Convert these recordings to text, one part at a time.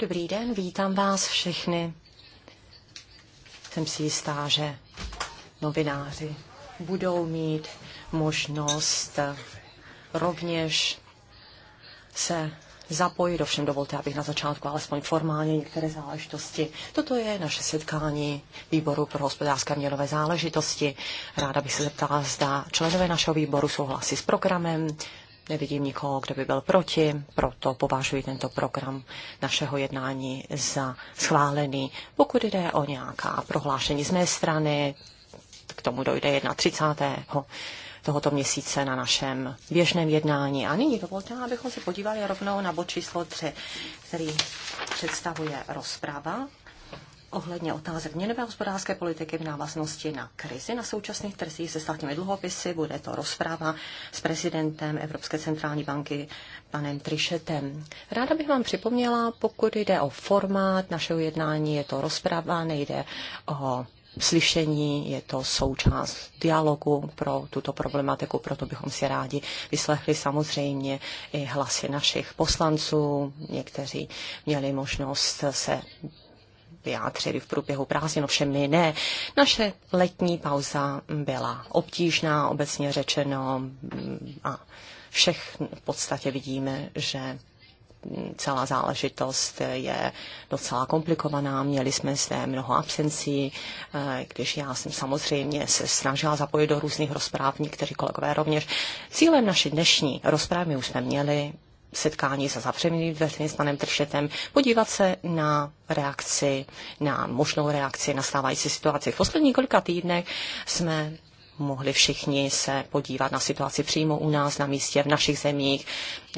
Dobrý den, vítám vás všechny. Jsem si jistá, že novináři budou mít možnost rovněž se zapojit. Ovšem dovolte, abych na začátku alespoň formálně některé záležitosti. Toto je naše setkání výboru pro hospodářské měnové záležitosti. Ráda bych se zeptala, zda členové našeho výboru souhlasí s programem. Nevidím nikoho, kdo by byl proti, proto považuji tento program našeho jednání za schválený. Pokud jde o nějaká prohlášení z mé strany, k tomu dojde 31. tohoto měsíce na našem běžném jednání. A nyní dovolte, abychom se podívali rovnou na bod číslo 3, který představuje rozprava ohledně otázek měnové hospodářské politiky v návaznosti na krizi na současných trzích se státními dluhopisy. Bude to rozpráva s prezidentem Evropské centrální banky panem Trišetem. Ráda bych vám připomněla, pokud jde o formát našeho jednání, je to rozpráva, nejde o slyšení, je to součást dialogu pro tuto problematiku, proto bychom si rádi vyslechli samozřejmě i hlasy našich poslanců. Někteří měli možnost se vyjádřili v průběhu prázdnin, ovšem my ne. Naše letní pauza byla obtížná, obecně řečeno, a všech v podstatě vidíme, že celá záležitost je docela komplikovaná. Měli jsme zde mnoho absencí, eh, když já jsem samozřejmě se snažila zapojit do různých rozpráv, kteří kolegové rovněž. Cílem naší dnešní rozprávy už jsme měli setkání se zavřenými dveřmi s panem Tršetem, podívat se na reakci, na možnou reakci na stávající situaci. V posledních několika týdnech jsme mohli všichni se podívat na situaci přímo u nás na místě, v našich zemích.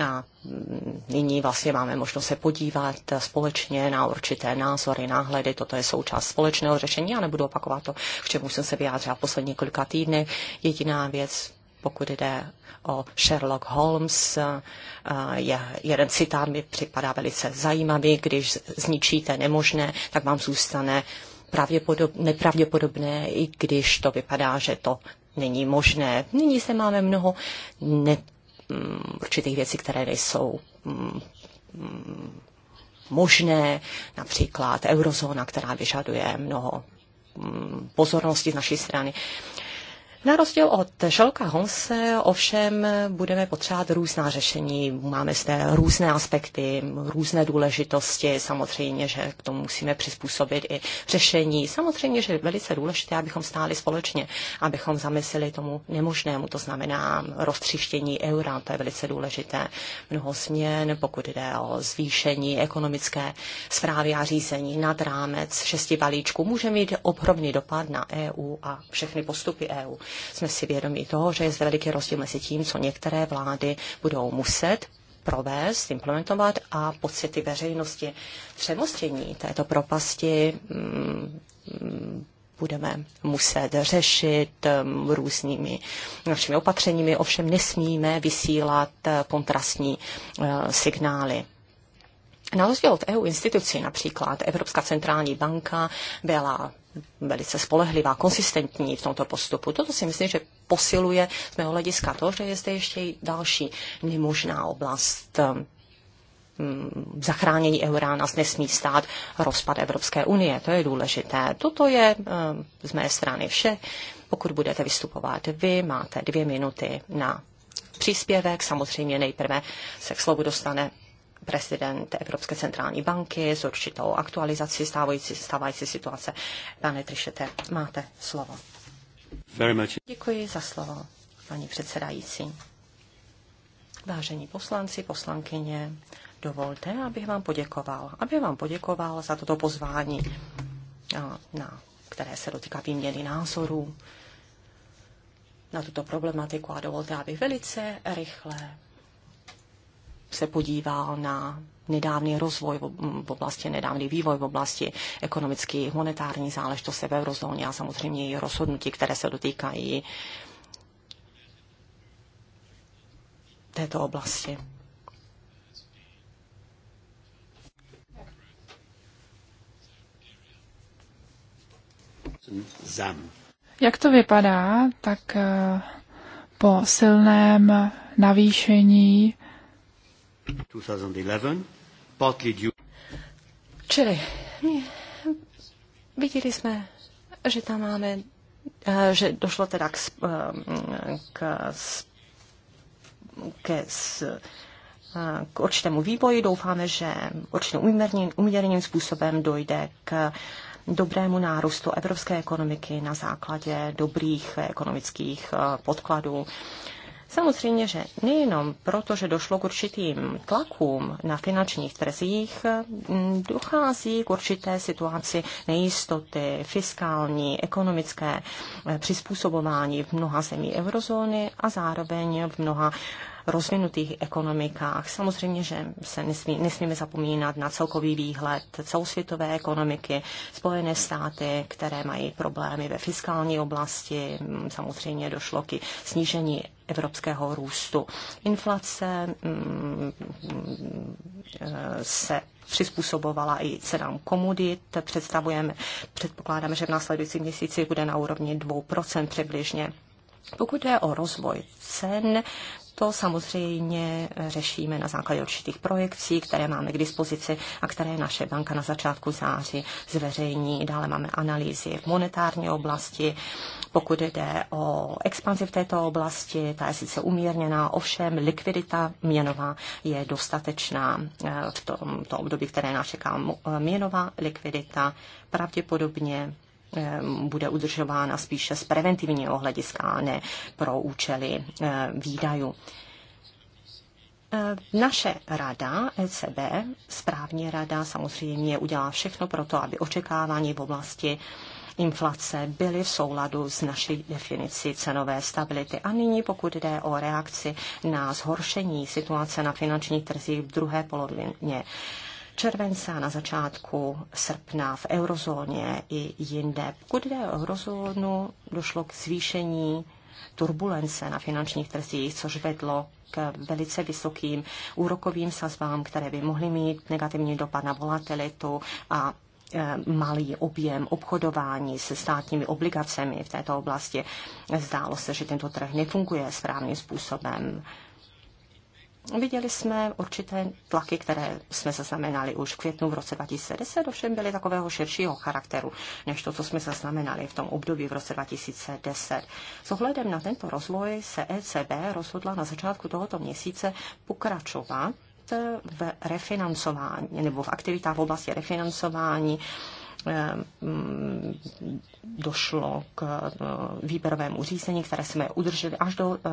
A mm, nyní vlastně máme možnost se podívat společně na určité názory, náhledy. Toto je součást společného řešení. Já nebudu opakovat to, k čemu jsem se vyjádřila v posledních několika týdnech. Jediná věc, pokud jde o Sherlock Holmes. Eh, je, jeden citát mi připadá velice zajímavý, když zničíte nemožné, tak vám zůstane pravděpodob, nepravděpodobné, i když to vypadá, že to není možné. Nyní se máme mnoho ne, um, určitých věcí, které nejsou um, um, možné, například eurozóna, která vyžaduje mnoho pozornosti z naší strany. Na rozdíl od šelka Honse ovšem budeme potřebovat různá řešení. Máme zde různé aspekty, různé důležitosti. Samozřejmě, že k tomu musíme přizpůsobit i řešení. Samozřejmě, že je velice důležité, abychom stáli společně, abychom zamysleli tomu nemožnému, to znamená roztřištění eura, to je velice důležité. Mnoho změn, pokud jde o zvýšení ekonomické zprávy a řízení nad rámec šesti balíčků, může mít obrovný dopad na EU a všechny postupy EU. Jsme si vědomi toho, že je zde veliký rozdíl mezi tím, co některé vlády budou muset provést, implementovat a pocity veřejnosti. Přemostění této propasti mm, budeme muset řešit mm, různými našimi opatřeními, ovšem nesmíme vysílat eh, kontrastní eh, signály. Na rozdíl od EU institucí například Evropská centrální banka byla velice spolehlivá, konsistentní v tomto postupu. Toto si myslím, že posiluje z mého hlediska to, že je zde ještě další nemožná oblast um, zachránění eura nás nesmí stát rozpad Evropské unie. To je důležité. Toto je um, z mé strany vše. Pokud budete vystupovat vy, máte dvě minuty na příspěvek. Samozřejmě nejprve se k slovu dostane prezident Evropské centrální banky s určitou aktualizací stávající, stávající situace. Pane Trišete, máte slovo. Very much. Děkuji za slovo, paní předsedající. Vážení poslanci, poslankyně, dovolte, abych vám poděkoval. Abych vám poděkoval za toto pozvání, na které se dotýká výměny názorů na tuto problematiku a dovolte, abych velice rychle se podíval na nedávný rozvoj v oblasti, nedávný vývoj v oblasti ekonomické, monetární záležitosti ve eurozóně a samozřejmě i rozhodnutí, které se dotýkají této oblasti. Jak to vypadá, tak eh, po silném navýšení Čili my viděli jsme, že tam máme, eh, že došlo teda k, eh, k, k, eh, k určitému vývoji. Doufáme, že určitým uměrným, uměrným způsobem dojde k dobrému nárůstu evropské ekonomiky na základě dobrých ekonomických podkladů. Samozřejmě, že nejenom proto, že došlo k určitým tlakům na finančních trzích, mm, dochází k určité situaci nejistoty, fiskální, ekonomické eh, přizpůsobování v mnoha zemí eurozóny a zároveň v mnoha rozvinutých ekonomikách. Samozřejmě, že se nesmí, nesmíme zapomínat na celkový výhled celosvětové ekonomiky, Spojené státy, které mají problémy ve fiskální oblasti. Samozřejmě došlo k snížení evropského růstu. Inflace mm, e, se přizpůsobovala i cenám komodit. Představujeme, předpokládáme, že v následujícím měsíci bude na úrovni 2% přibližně. Pokud jde o rozvoj cen, to samozřejmě řešíme na základě určitých projekcí, které máme k dispozici a které naše banka na začátku září zveřejní. Dále máme analýzy v monetární oblasti. Pokud jde o expanzi v této oblasti, ta je sice umírněná, ovšem likvidita měnová je dostatečná eh, v tomto období, které nás čeká. Eh, měnová likvidita pravděpodobně Ehm, bude udržována spíše z preventivního hlediska, a ne pro účely ehm, výdajů. Ehm, naše rada ECB, správní rada, samozřejmě udělá všechno pro to, aby očekávání v oblasti inflace byly v souladu s naší definicí cenové stability. A nyní, pokud jde o reakci na zhoršení situace na finančních trzích v druhé polovině července a na začátku srpna v eurozóně i jinde. Pokud jde o eurozónu, došlo k zvýšení turbulence na finančních trzích, což vedlo k velice vysokým úrokovým sazbám, které by mohly mít negativní dopad na volatilitu a e, malý objem obchodování se státními obligacemi v této oblasti. Zdálo se, že tento trh nefunguje správným způsobem. Viděli jsme určité tlaky, které jsme zaznamenali už v květnu v roce 2010, ovšem byly takového širšího charakteru, než to, co jsme zaznamenali v tom období v roce 2010. S ohledem na tento rozvoj se ECB rozhodla na začátku tohoto měsíce pokračovat v refinancování nebo v aktivitách v oblasti refinancování Eh, došlo k eh, výběrovému řízení, které jsme udrželi až do eh,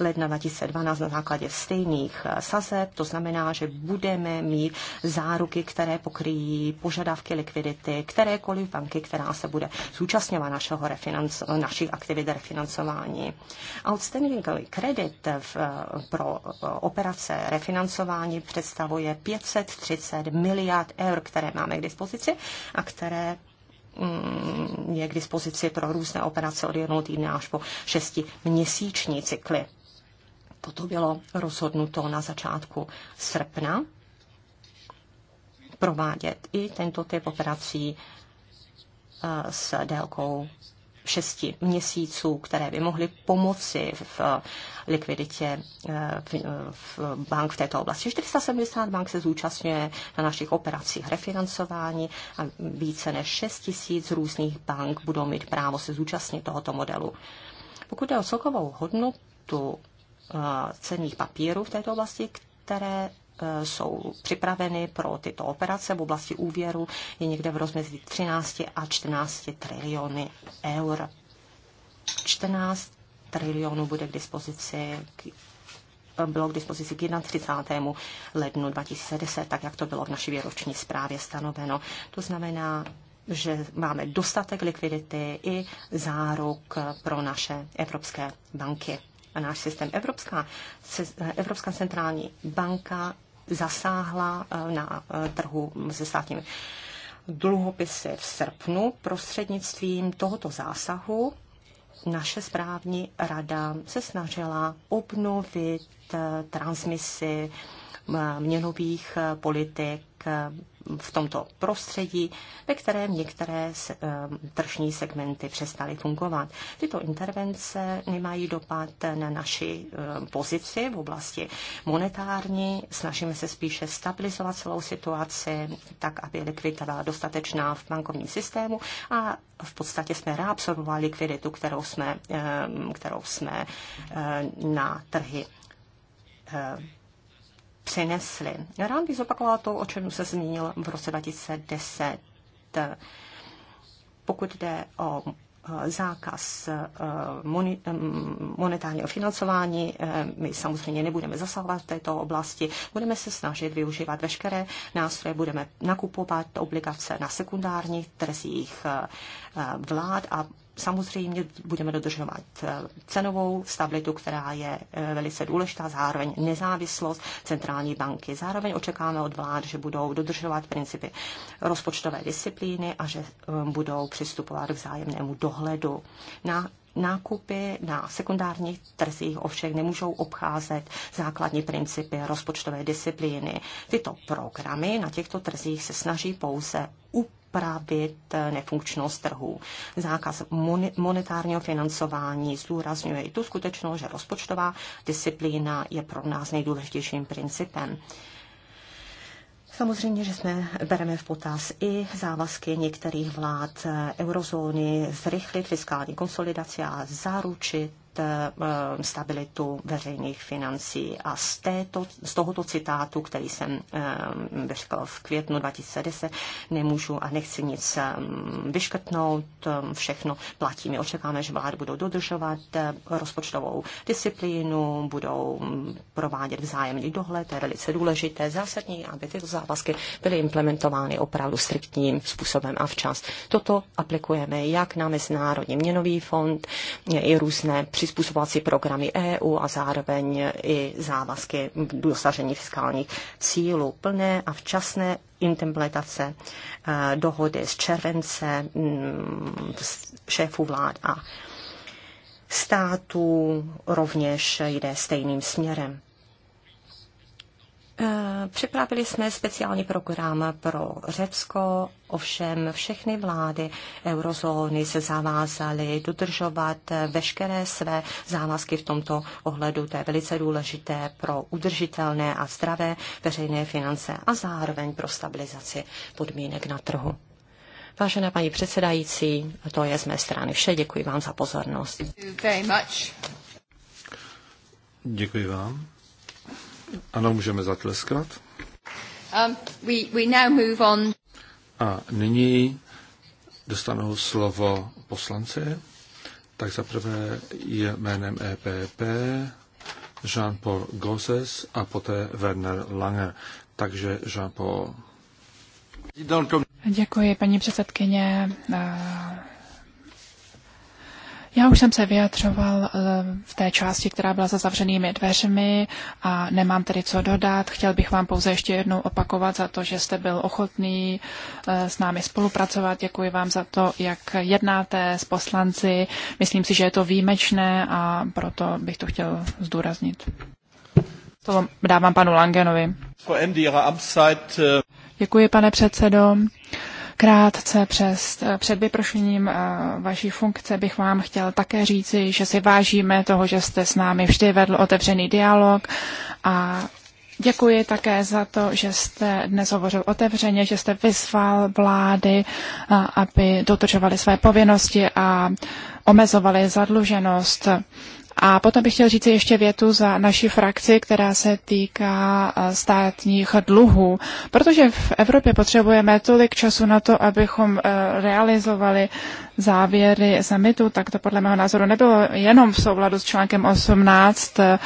ledna 2012 na základě stejných sazeb. To znamená, že budeme mít záruky, které pokryjí požadavky likvidity kterékoliv banky, která se bude zúčastňovat našeho refinanc- našich aktivit refinancování. Outstanding kredit pro operace refinancování představuje 530 miliard eur, které máme k dispozici a které mm, je k dispozici pro různé operace od jednoho týdne až po šesti měsíční cykly. Toto bylo rozhodnuto na začátku srpna provádět i tento typ operací eh, s délkou šesti měsíců, které by mohly pomoci v likviditě eh, eh, v, bank v této oblasti. 470 bank se zúčastňuje na našich operacích refinancování a více než 6 tisíc různých bank budou mít právo se zúčastnit tohoto modelu. Pokud jde o celkovou hodnotu eh, cených papírů v této oblasti, které Eh, jsou připraveny pro tyto operace v oblasti úvěru je někde v rozmezí 13 a 14 triliony eur. 14 trilionů bude k dispozici k eh, bylo k dispozici k 31. lednu 2010, tak jak to bylo v naší výroční zprávě stanoveno. To znamená, že máme dostatek likvidity i záruk pro naše evropské banky. A náš systém Evropská, Evropská centrální banka zasáhla eh, na eh, trhu se státními dluhopisy v srpnu. Prostřednictvím tohoto zásahu naše správní rada se snažila obnovit eh, transmisy měnových politik Eh, v tomto prostředí, ve kterém některé eh, tržní segmenty přestaly fungovat. Tyto intervence nemají dopad na naši eh, pozici v oblasti monetární. Snažíme se spíše stabilizovat celou situaci tak, aby likvidita byla dostatečná v bankovním systému a v podstatě jsme reabsorbovali likviditu, kterou jsme, kterou jsme na trhy přinesly. Rád bych zopakovala to, o čem se zmínil v roce 2010. Pokud jde o eh, zákaz eh, eh, monetárního financování. My samozřejmě nebudeme zasahovat v této oblasti. Budeme se snažit využívat veškeré nástroje, budeme nakupovat obligace na sekundárních trzích vlád a samozřejmě budeme dodržovat eh, cenovou stabilitu, která je eh, velice důležitá, zároveň nezávislost centrální banky. Zároveň očekáváme od vlád, že budou dodržovat principy rozpočtové disciplíny a že eh, budou přistupovat k vzájemnému dohledu na nákupy na sekundárních trzích ovšem nemůžou obcházet základní principy rozpočtové disciplíny. Tyto programy na těchto trzích se snaží pouze up napravit eh, nefunkčnost trhu. Zákaz monetárního financování zdůrazňuje i tu skutečnost, že rozpočtová disciplína je pro nás nejdůležitějším principem. Samozřejmě, že jsme bereme v potaz i závazky některých vlád eh, eurozóny zrychlit fiskální konsolidaci a zaručit Eh, stabilitu veřejných financí. A z, této, z tohoto citátu, který jsem eh, řekl v květnu 2010, nemůžu a nechci nic eh, vyškrtnout, všechno platí. My očekáváme, že vlády budou dodržovat rozpočtovou disciplínu, budou mm, provádět vzájemný dohled, to je velice důležité, zásadní, aby tyto závazky byly implementovány opravdu striktním způsobem a včas. Toto aplikujeme jak na Mezinárodní měnový fond, i různé při přizpůsobovací programy EU a zároveň i závazky dosažení fiskálních cílů. Plné a včasné implementace eh, dohody z července mm, šéfů vlád a států rovněž jde stejným směrem. Eh, připravili jsme speciální program pro Řecko, ovšem všechny vlády eurozóny se zavázaly dodržovat veškeré své závazky v tomto ohledu. To je velice důležité pro udržitelné a zdravé veřejné finance a zároveň pro stabilizaci podmínek na trhu. Vážená paní předsedající, to je z mé strany vše. Děkuji vám za pozornost. Děkuji vám. Ano, můžeme zatleskat. Um, we, we now move on. A nyní dostanou slovo poslanci. Tak zaprvé je jménem EPP Jean-Paul Gosses a poté Werner Lange. Takže Jean-Paul. Děkuji, paní předsedkyně. Eh, já už jsem se vyjadřoval eh, v té části, která byla za zavřenými dveřmi a nemám tedy co dodat. Chtěl bych vám pouze ještě jednou opakovat za to, že jste byl ochotný eh, s námi spolupracovat. Děkuji vám za to, jak jednáte s poslanci. Myslím si, že je to výjimečné a proto bych to chtěl zdůraznit. To dávám panu Langenovi. Eh, Děkuji, pane předsedo. Krátce přes, před vyprošením eh, vaší funkce bych vám chtěl také říci, že si vážíme toho, že jste s námi vždy vedl otevřený dialog a Děkuji také za to, že jste dnes hovořil otevřeně, že jste vyzval vlády, eh, aby dotočovali své povinnosti a omezovali zadluženost. A potom bych chtěl říct ještě větu za naši frakci, která se týká eh, státních dluhů, protože v Evropě potřebujeme tolik času na to, abychom eh, realizovali závěry summitu, tak to podle mého názoru nebylo jenom v souladu s článkem 18 eh,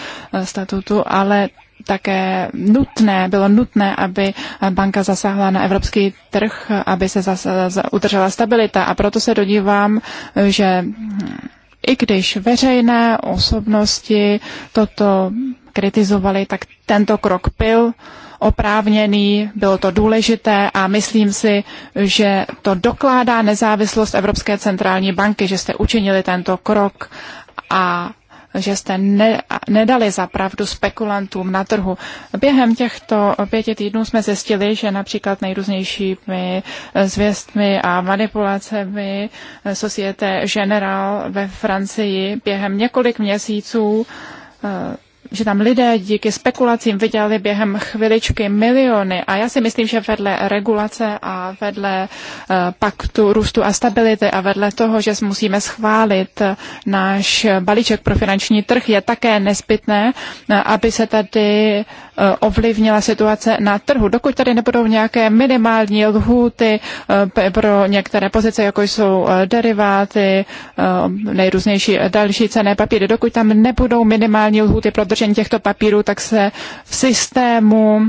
statutu, ale také nutné, bylo nutné, aby banka zasáhla na evropský trh, aby se zase udržela stabilita. A proto se dodívám, že i když veřejné osobnosti toto kritizovali, tak tento krok byl oprávněný, bylo to důležité a myslím si, že to dokládá nezávislost Evropské centrální banky, že jste učinili tento krok a že jste ne, nedali za pravdu spekulantům na trhu. Během těchto pěti týdnů jsme zjistili, že například nejrůznějšími zvěstmi a manipulacemi Societe General ve Francii během několik měsíců eh, že tam lidé díky spekulacím vydělali během chviličky miliony. A já si myslím, že vedle regulace a vedle eh, paktu růstu a stability a vedle toho, že musíme schválit eh, náš balíček pro finanční trh, je také nezbytné, eh, aby se tady ovlivnila situace na trhu. Dokud tady nebudou nějaké minimální lhůty pro některé pozice, jako jsou deriváty, nejrůznější další cené papíry, dokud tam nebudou minimální lhůty pro obdržení těchto papírů, tak se v systému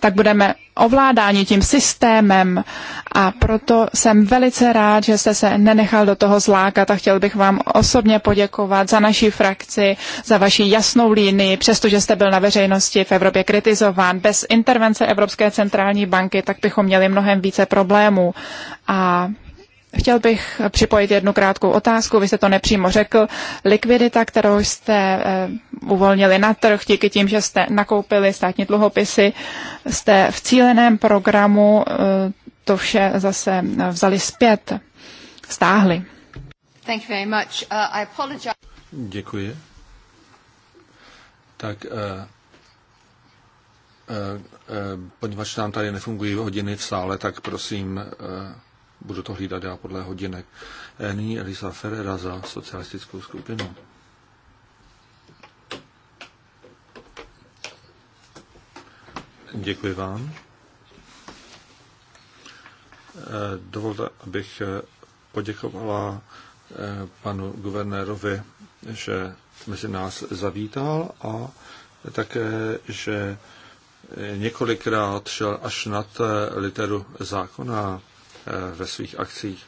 tak budeme ovládáni tím systémem a proto jsem velice rád, že jste se nenechal do toho zlákat a chtěl bych vám osobně poděkovat za naší frakci, za vaši jasnou línii, přestože jste byl na veřejnosti v Evropě kritizován. Bez intervence Evropské centrální banky tak bychom měli mnohem více problémů a Chtěl bych připojit jednu krátkou otázku. Vy jste to nepřímo řekl. Likvidita, kterou jste eh, uvolnili na trh díky tím, že jste nakoupili státní dluhopisy, jste v cíleném programu eh, to vše zase eh, vzali zpět, stáhli. Thank you very much. Uh, I apologize. Děkuji. Tak uh, uh, uh, poněvadž nám tady nefungují hodiny v sále, tak prosím uh, budu to hlídat já podle hodinek. Nyní Elisa Ferreira za socialistickou skupinu. Děkuji vám. Eh, dovolte, abych eh, poděkovala eh, panu guvernérovi, že mezi nás zavítal a také, že několikrát šel až nad literu zákona Eh, ve svých akcích.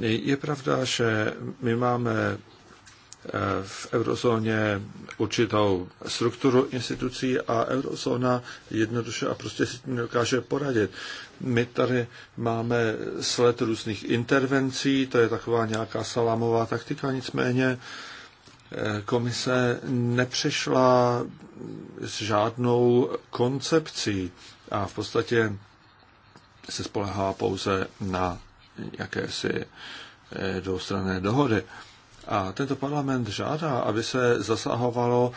Je pravda, že my máme eh, v eurozóně určitou strukturu institucí a eurozóna jednoduše a prostě si tím dokáže poradit. My tady máme sled různých intervencí, to je taková nějaká salámová taktika, nicméně eh, komise nepřišla s žádnou koncepcí a v podstatě se spolehá pouze na jakési eh, dvoustranné dohody. A tento parlament žádá, aby se zasahovalo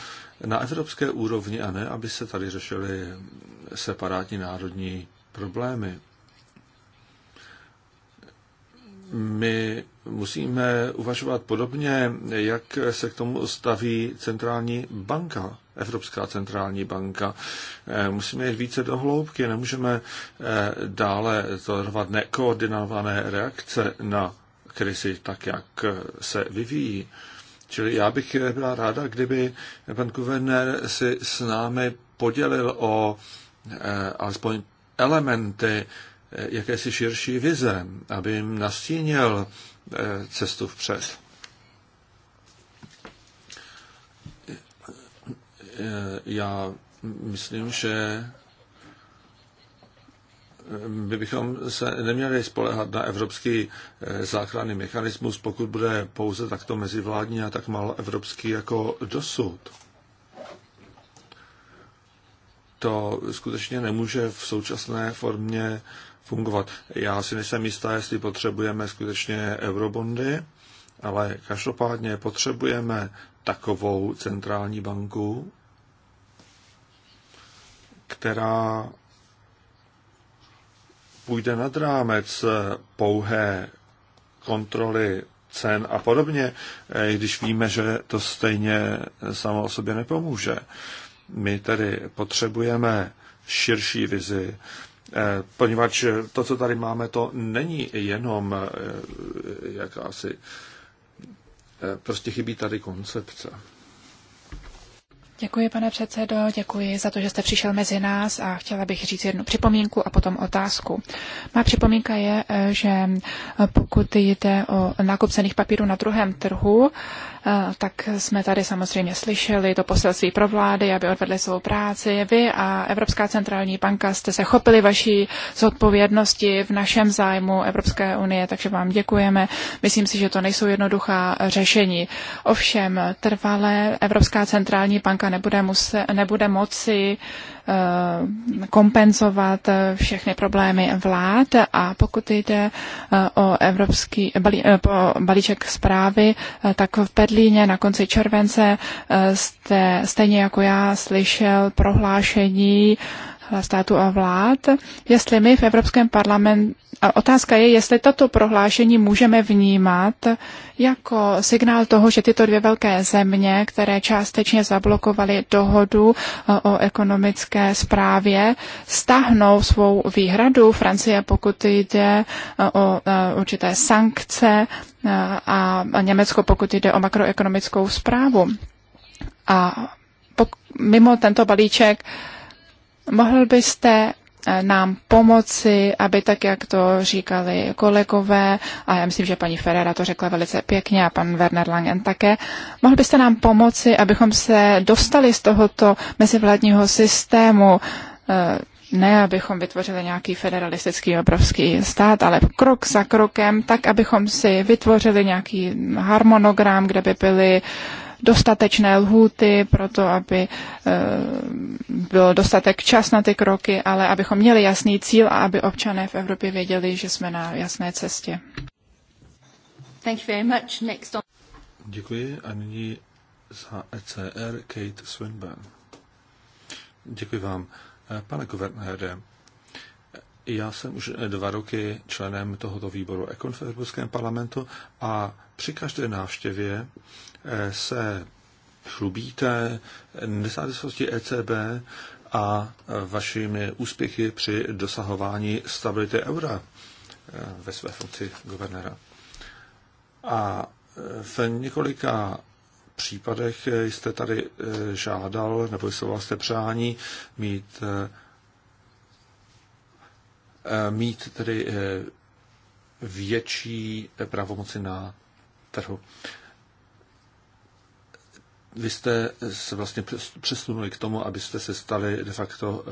na evropské úrovni a ne, aby se tady řešily separátní národní problémy. My musíme uvažovat podobně, jak se k tomu staví centrální banka. Evropská centrální banka. Eh, musíme jít více do hloubky, nemůžeme eh, dále tolerovat nekoordinované reakce na krizi tak, jak eh, se vyvíjí. Čili já bych byla ráda, kdyby pan guvernér si s námi podělil o alespoň elementy jakési širší vize, aby jim nastínil cestu vpřed. Eh, já myslím, že eh, my bychom se neměli spolehat na evropský eh, záchranný mechanismus, pokud bude pouze takto mezivládní a tak málo evropský jako dosud. To skutečně nemůže v současné formě fungovat. Já si nejsem jistá, jestli potřebujeme skutečně eurobondy, ale každopádně potřebujeme takovou centrální banku, která půjde nad rámec pouhé kontroly cen a podobně, když víme, že to stejně samo o sobě nepomůže. My tedy potřebujeme širší vizi, eh, poněvadž to, co tady máme, to není jenom eh, jakási, eh, prostě chybí tady koncepce. Děkuji, pane předsedo, děkuji za to, že jste přišel mezi nás a chtěla bych říct jednu připomínku a potom otázku. Má připomínka je, eh, že pokud jde o nákup cených papírů na druhém trhu, Eh, tak jsme tady samozřejmě slyšeli to poselství pro vlády, aby odvedli svou práci. Vy a Evropská centrální banka jste se chopili vaší zodpovědnosti v našem zájmu Evropské unie, takže vám děkujeme. Myslím si, že to nejsou jednoduchá řešení. Ovšem, trvalé Evropská centrální banka nebude, muse, nebude moci eh, kompenzovat všechny problémy vlád a pokud jde eh, o evropský balíček zprávy, tak v Pedli Zlíně na konci července eh, jste stejně jako já slyšel prohlášení státu a vlád, jestli my v Evropském parlamentu, a otázka je, jestli toto prohlášení můžeme vnímat jako signál toho, že tyto dvě velké země, které částečně zablokovaly dohodu e, o ekonomické správě, stáhnou svou výhradu Francie, pokud jde e, o e, určité sankce a Německo, pokud jde o makroekonomickou zprávu. A mimo tento balíček Mohl byste eh, nám pomoci, aby tak, jak to říkali kolegové, a já myslím, že paní Ferrera to řekla velice pěkně a pan Werner Langen také, mohl byste nám pomoci, abychom se dostali z tohoto mezivládního systému, eh, ne abychom vytvořili nějaký federalistický obrovský stát, ale krok za krokem, tak, abychom si vytvořili nějaký harmonogram, kde by byly uh, dostatečné lhůty pro to, aby eh, byl dostatek čas na ty kroky, ale abychom měli jasný cíl a aby občané v Evropě věděli, že jsme na jasné cestě. Thank you very much. Next on... Děkuji a nyní za ECR Kate Swinburne. Děkuji vám. Eh, pane guvernére, já jsem už eh, dva roky členem tohoto výboru Ekon v Evropském parlamentu a při každé návštěvě se chlubíte nezávislosti ECB a vašimi úspěchy při dosahování stability eura eh, ve své funkci guvernéra. A eh, v několika případech jste tady eh, žádal, nebo jste jste přání mít, mít tedy větší pravomoci na trhu vy jste se vlastně přesunuli k tomu, abyste se stali de facto eh,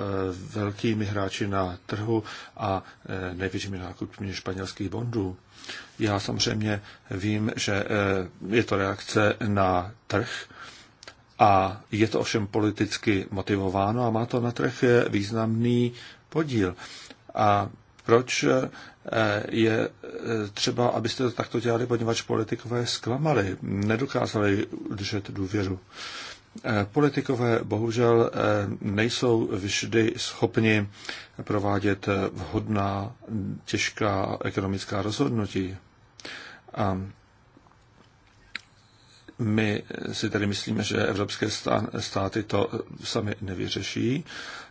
velkými hráči na trhu a eh, největšími nákupními španělských bondů. Já samozřejmě vím, že eh, je to reakce na trh a je to ovšem politicky motivováno a má to na trh významný podíl. A proč Eh, je eh, třeba, abyste to takto dělali, poněvadž politikové zklamali, nedokázali udržet důvěru. Eh, politikové bohužel nejsou vždy schopni provádět vhodná, těžká ekonomická rozhodnutí. A my si tedy myslíme, že evropské státy to sami nevyřeší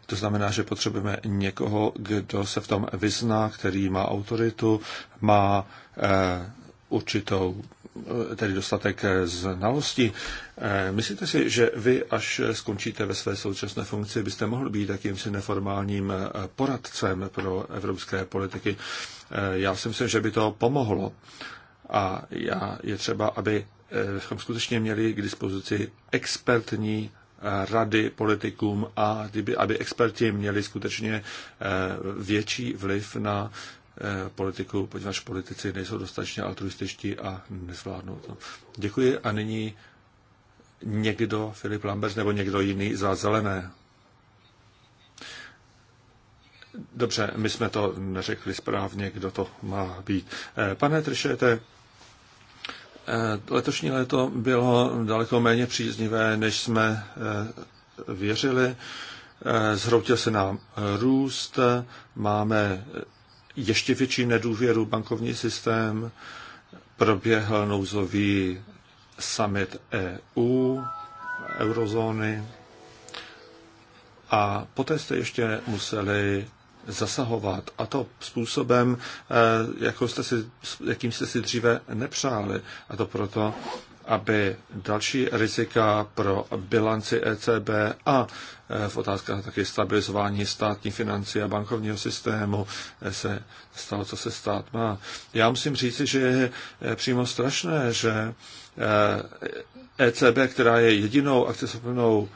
to znamená, že potřebujeme někoho, kdo se v tom vyzná, který má autoritu, má eh, určitou eh, tedy dostatek eh, znalosti. Myslíte si, že vy, až skončíte ve své současné funkci, byste mohl být jakýmsi neformálním poradcem pro evropské politiky? Já si myslím, že by to pomohlo. A já, je třeba, aby skutečně měli k dispozici expertní rady politikům a aby experti měli skutečně eh, větší vliv na eh, politiku, poněvadž politici nejsou dostatečně altruističtí a nezvládnou to. Děkuji a nyní někdo, Filip Lambert nebo někdo jiný za zelené. Dobře, my jsme to neřekli správně, kdo to má být. Eh, pane Tršete, Eh, letošní léto bylo daleko méně příznivé, než jsme eh, věřili. Eh, zhroutil se nám růst, máme ještě větší nedůvěru bankovní systém, proběhl nouzový summit EU, eurozóny a poté jste ještě museli zasahovat a to způsobem, jako jste si, jakým jste si dříve nepřáli. A to proto, aby další rizika pro bilanci ECB a eh, v otázkách taky stabilizování státní financí a bankovního systému eh, se stalo, co se stát má. Já musím říct, že je přímo strašné, že ECB, e která je jedinou akceschopnou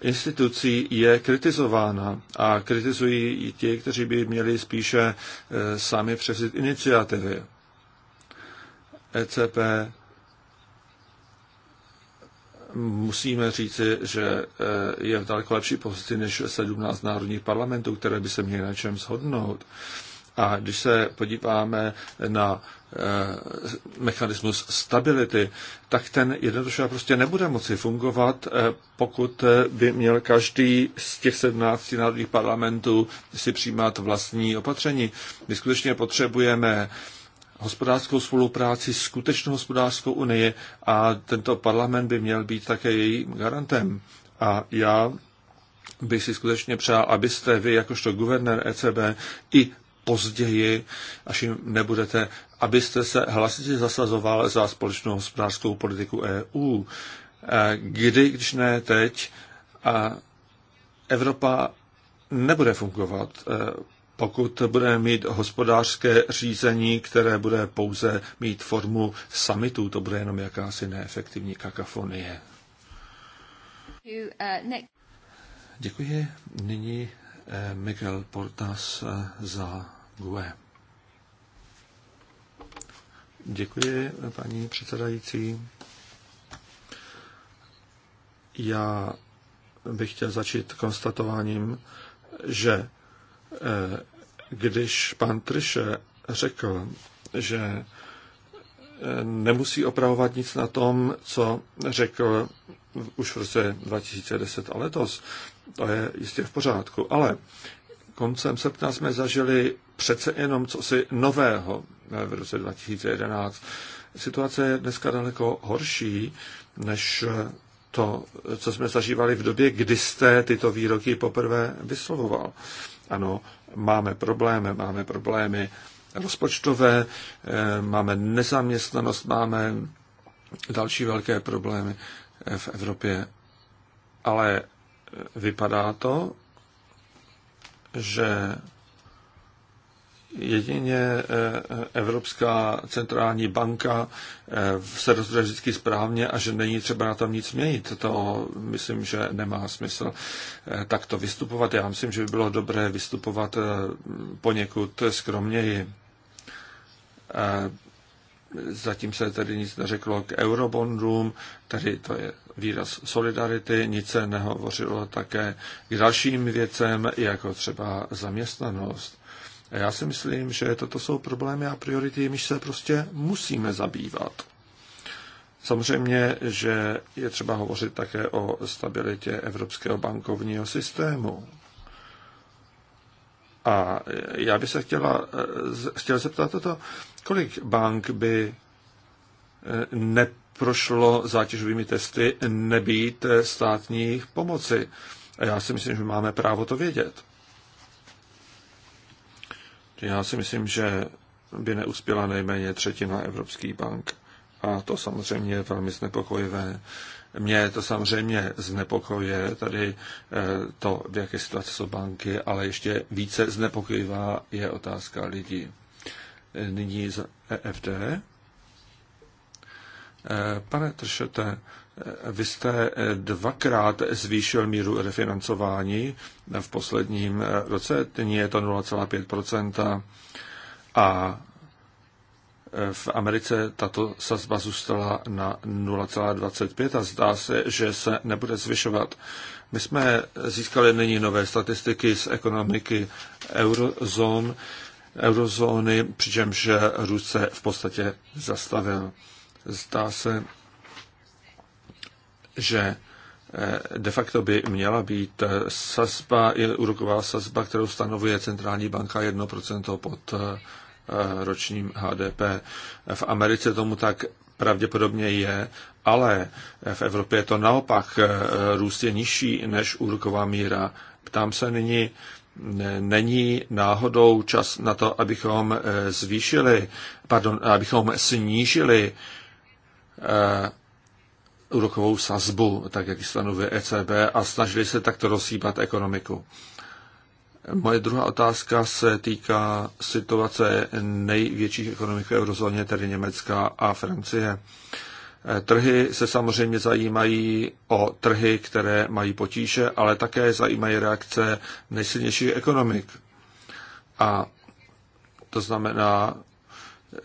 institucí je kritizována a kritizují i ti, kteří by měli spíše eh, sami převzít iniciativy. ECP musíme říci, že eh, je v daleko lepší pozici než 17 národních parlamentů, které by se měly na čem shodnout. A když se podíváme na Eh, mechanismus stability, tak ten jednoduše prostě nebude moci fungovat, eh, pokud eh, by měl každý z těch 17 národních parlamentů si přijímat vlastní opatření. My skutečně potřebujeme hospodářskou spolupráci, skutečnou hospodářskou unii a tento parlament by měl být také jejím garantem. A já bych si skutečně přál, abyste vy, jakožto guvernér ECB, i později, až jim nebudete abyste se hlasitě zasazoval za společnou hospodářskou politiku EU. Eh, kdy, když ne teď, a Evropa nebude fungovat, eh, pokud bude mít hospodářské řízení, které bude pouze mít formu summitu, to bude jenom jakási neefektivní kakafonie. Děkuji. Nyní eh, Miguel Portas za GUE. Děkuji, paní předsedající. Já bych chtěl začít konstatováním, že eh, když pan Trše řekl, že eh, nemusí opravovat nic na tom, co řekl už v roce 2010 a letos. To je jistě v pořádku. Ale koncem srpna jsme zažili přece jenom cosi nového. Eh, v roce 2011. Situace je dneska daleko horší, než eh, to, co jsme zažívali v době, kdy jste tyto výroky poprvé vyslovoval. Ano, máme problémy, máme problémy rozpočtové, eh, máme nezaměstnanost, máme další velké problémy v Evropě. Ale vypadá to, že Jedině eh, eh, Evropská centrální banka eh, se rozhoduje vždycky správně a že není třeba na tom nic měnit. To myslím, že nemá smysl takto vystupovat. Já myslím, že by bylo dobré vystupovat poněkud skromněji. Zatím se tedy nic neřeklo k eurobondům, tedy to je výraz solidarity, nic se nehovořilo také k dalším věcem, jako třeba zaměstnanost. Já si myslím, že toto jsou problémy a priority, jimiž se prostě musíme zabývat. Samozřejmě, že je třeba hovořit také o stabilitě evropského bankovního systému. A já bych se chtěla, chtěla zeptat toto, kolik bank by eh, neprošlo zátěžovými testy nebýt eh, státních pomoci. A já si myslím, že máme právo to vědět. Já si myslím, že by neuspěla nejméně třetina evropských bank. A to samozřejmě je velmi znepokojivé. Mě to samozřejmě znepokojuje tady eh, to, v jaké situaci jsou banky, ale ještě více znepokojivá je otázka lidí. Eh, nyní z EFD. Eh, pane Tršete, Eh, vy jste eh, dvakrát zvýšil míru refinancování v posledním eh, roce, nyní je to 0,5 a v Americe tato sazba zůstala na 0,25 a zdá se, že se nebude zvyšovat. My jsme získali nyní nové statistiky z ekonomiky eurozón, eurozóny, přičemž růst se v podstatě zastavil. Zdá se, že eh, de facto by měla být eh, sazba, úroková sazba, kterou stanovuje centrální banka 1% pod eh, ročním HDP. V Americe tomu tak pravděpodobně je, ale v Evropě je to naopak. Růst je nižší než úroková míra. Ptám se nyní, není náhodou čas na to, abychom zvýšili, pardon, abychom snížili úrokovou sazbu, tak jak ji stanovuje ECB, a snažili se takto rozsýpat ekonomiku. Moje druhá otázka se týká situace největších ekonomik v eurozóně, tedy Německa a Francie. Trhy se samozřejmě zajímají o trhy, které mají potíže, ale také zajímají reakce nejsilnějších ekonomik. A to znamená,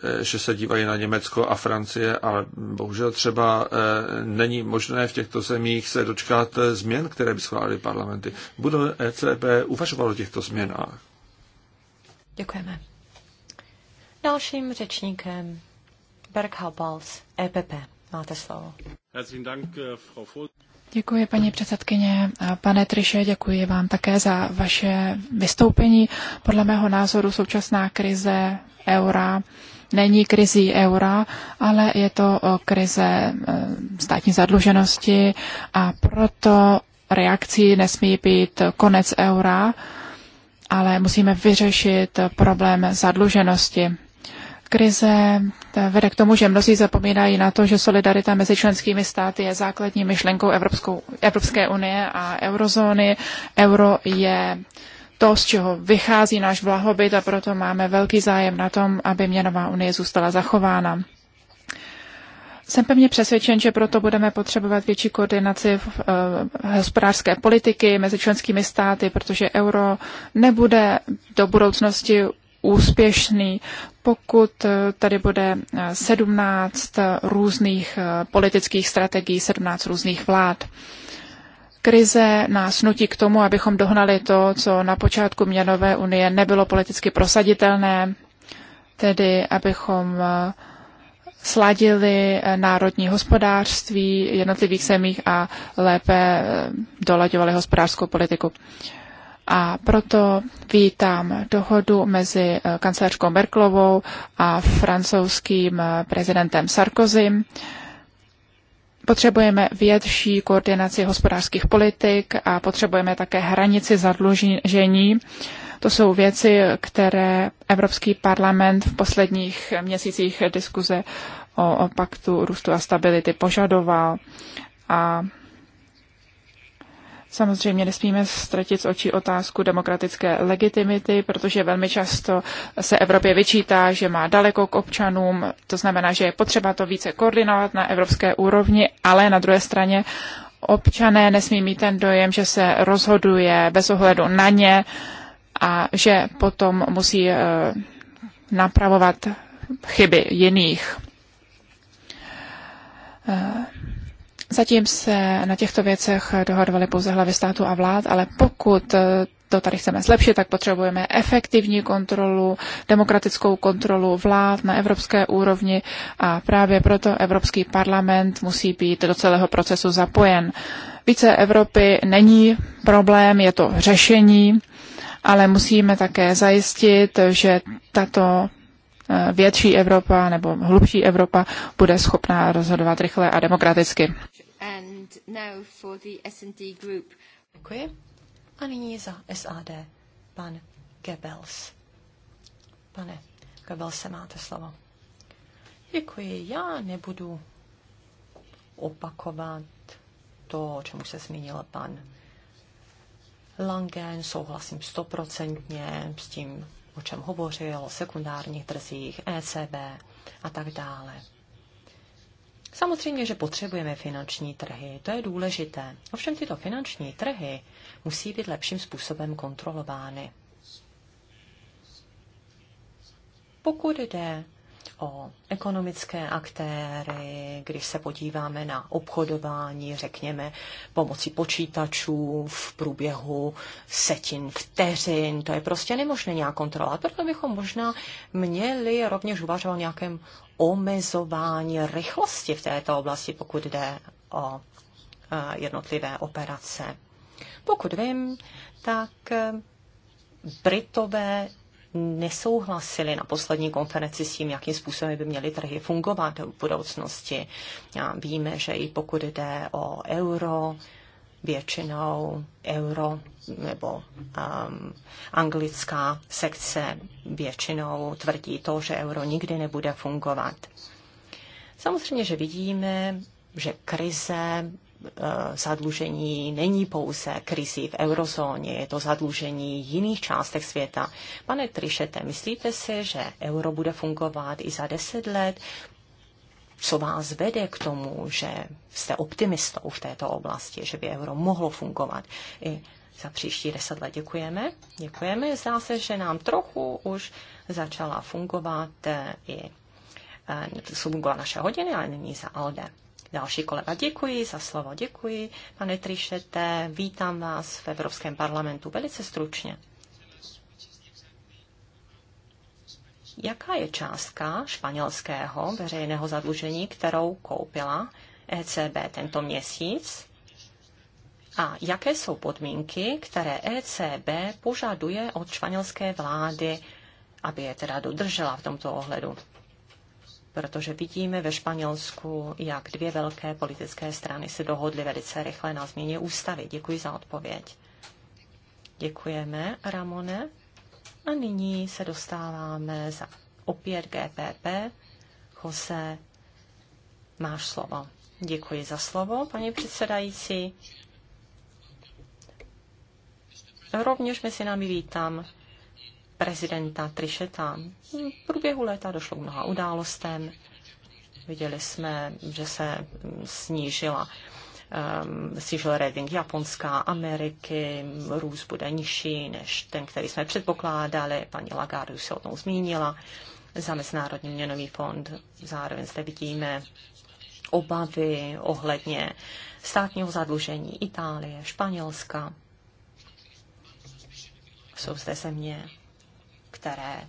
Eh, že se dívají na Německo a Francie, ale bohužel třeba eh, není možné v těchto zemích se dočkat eh, změn, které by schválili parlamenty. Bude ECB uvažovat o těchto změnách? Děkujeme. Dalším řečníkem Berghaubals, EPP. Máte slovo. Děkuji, paní předsedkyně. Pane Triše, děkuji vám také za vaše vystoupení. Podle mého názoru současná krize eura není krizí eura, ale je to eh, krize eh, státní zadluženosti a proto reakcí nesmí být konec eura, ale musíme vyřešit problém zadluženosti. Krize vede k tomu, že mnozí zapomínají na to, že solidarita mezi členskými státy je základní myšlenkou Evropskou, Evropské unie a eurozóny. Euro je to, z čeho vychází náš blahobyt a proto máme velký zájem na tom, aby měnová unie zůstala zachována. Jsem pevně přesvědčen, že proto budeme potřebovat větší koordinaci v, v eh, hospodářské politiky mezi členskými státy, protože euro nebude do budoucnosti úspěšný, pokud eh, tady bude 17 eh, různých politických strategií, 17 různých vlád. Krize nás nutí k tomu, abychom dohnali to, co na počátku měnové unie nebylo politicky prosaditelné, tedy abychom eh, sladili eh, národní hospodářství jednotlivých zemích a lépe eh, dolaďovali hospodářskou politiku. A proto vítám dohodu mezi kancelářkou Merklovou a francouzským prezidentem Sarkozym Potřebujeme větší koordinaci hospodářských politik a potřebujeme také hranici zadlužení. To jsou věci, které Evropský parlament v posledních měsících diskuze o, o paktu růstu a stability požadoval. A Samozřejmě nesmíme ztratit z očí otázku demokratické legitimity, protože velmi často se Evropě vyčítá, že má daleko k občanům, to znamená, že je potřeba to více koordinovat na evropské úrovni, ale na druhé straně občané nesmí mít ten dojem, že se rozhoduje bez ohledu na ně a že potom musí eh, napravovat chyby jiných. Eh, Zatím se na těchto věcech dohadovaly pouze hlavy státu a vlád, ale pokud eh, to tady chceme zlepšit, tak potřebujeme efektivní kontrolu, demokratickou kontrolu vlád na evropské úrovni a právě proto Evropský parlament musí být do celého procesu zapojen. Více Evropy není problém, je to řešení, ale musíme také zajistit, že tato eh, větší Evropa nebo hlubší Evropa bude schopná rozhodovat rychle a demokraticky. And now for the S&D group. Děkuji. A nyní za SAD pan Goebbels. Pane Goebbelse, máte slovo. Děkuji. Já nebudu opakovat to, o čemu se zmínil pan Langen, souhlasím stoprocentně s tím, o čem hovořil, o sekundárních trzích, ECB a tak dále. Samozřejmě, že potřebujeme finanční trhy, to je důležité. Ovšem tyto finanční trhy musí být lepším způsobem kontrolovány. Pokud jde o ekonomické aktéry, když se podíváme na obchodování, řekněme, pomocí počítačů v průběhu setin vteřin. To je prostě nemožné nějak kontrolovat. Proto bychom možná měli rovněž uvažovat o nějakém omezování rychlosti v této oblasti, pokud jde o e, jednotlivé operace. Pokud vím, tak e, Britové nesouhlasili na poslední konferenci s tím, jakým způsobem by měly trhy fungovat v budoucnosti. víme, že i pokud jde o euro, většinou euro nebo um, anglická sekce většinou tvrdí to, že euro nikdy nebude fungovat. Samozřejmě, že vidíme, že krize eh, zadlužení není pouze krizí v eurozóně, je to zadlužení jiných částech světa. Pane Trišete, myslíte si, že euro bude fungovat i za deset let? co vás vede k tomu, že jste optimistou v této oblasti, že by euro mohlo fungovat i za příští deset let. Děkujeme. Děkujeme. Zdá se, že nám trochu už začala fungovat eh, i eh, fungovat naše hodiny, ale není za Alde. Další kolega, děkuji za slovo, děkuji. Pane Trišete, vítám vás v Evropském parlamentu velice stručně. jaká je částka španělského veřejného zadlužení, kterou koupila ECB tento měsíc a jaké jsou podmínky, které ECB požaduje od španělské vlády, aby je teda dodržela v tomto ohledu. Protože vidíme ve Španělsku, jak dvě velké politické strany se dohodly velice rychle na změně ústavy. Děkuji za odpověď. Děkujeme, Ramone. A nyní se dostáváme za opět GPP. Jose, máš slovo. Děkuji za slovo, paní předsedající. Rovněž mezi námi vítám prezidenta Trišeta. V průběhu léta došlo k mnoha událostem. Viděli jsme, že se snížila um, Civil Japonská, Ameriky, růst bude nižší než ten, který jsme předpokládali. Paní Lagarde už se o tom zmínila. Za Mezinárodní měnový fond zároveň zde vidíme obavy ohledně státního zadlužení Itálie, Španělska. Jsou zde země, které,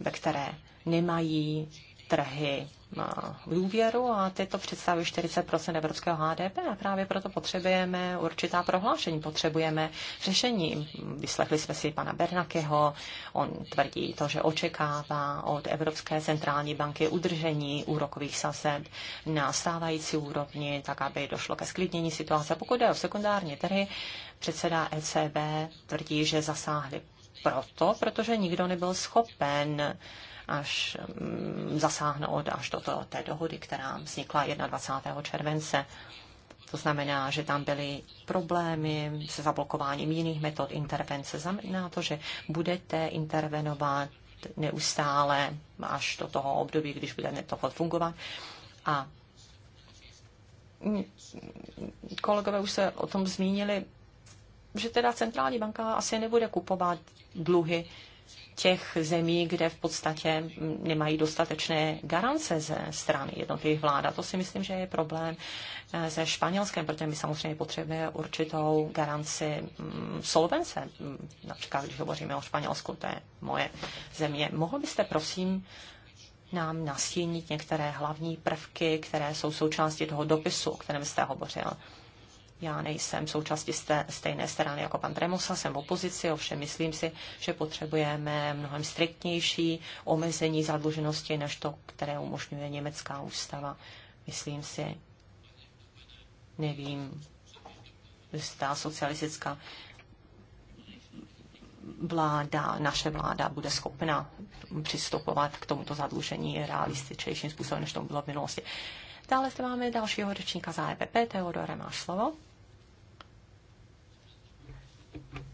ve které nemají trhy v důvěru a tyto představují 40 evropského HDP a právě proto potřebujeme určitá prohlášení, potřebujeme řešení. Vyslechli jsme si pana Bernakeho, on tvrdí to, že očekává od Evropské centrální banky udržení úrokových sazeb na stávající úrovni, tak aby došlo ke sklidnění situace. Pokud jde o sekundární trhy, předseda ECB tvrdí, že zasáhli proto, protože nikdo nebyl schopen až mm, zasáhnout až do to, té dohody, která vznikla 21. července. To znamená, že tam byly problémy se zablokováním jiných metod intervence. Znamená to, že budete intervenovat neustále až do toho období, když bude toho fungovat. A kolegové už se o tom zmínili, že teda centrální banka asi nebude kupovat dluhy těch zemí, kde v podstatě nemají dostatečné garance ze strany jednotlivých vlád. A to si myslím, že je problém eh, se Španělskem, protože my samozřejmě potřebujeme určitou garanci mm, solvence. Mm, například, když hovoříme o Španělsku, to je moje země. Mohl byste, prosím, nám nastínit některé hlavní prvky, které jsou součástí toho dopisu, o kterém jste hovořil? Já nejsem součástí stejné strany jako pan Tremosa, jsem v opozici, ovšem myslím si, že potřebujeme mnohem striktnější omezení zadluženosti, než to, které umožňuje německá ústava. Myslím si, nevím, ta socialistická vláda, naše vláda bude schopna přistupovat k tomuto zadlužení realističnějším způsobem, než to bylo v minulosti. Dále zde máme dalšího řečníka za EPP, Teodore, máš slovo.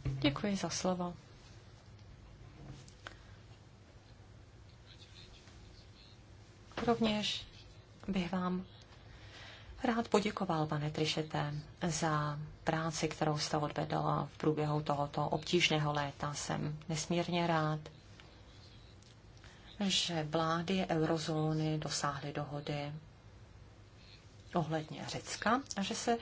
Děkuji za slovo. Rovněž bych vám rád poděkoval, pane Trišete, za práci, kterou jste odvedl v průběhu tohoto obtížného léta. Jsem nesmírně rád, že vlády eurozóny dosáhly dohody ohledně Řecka a že se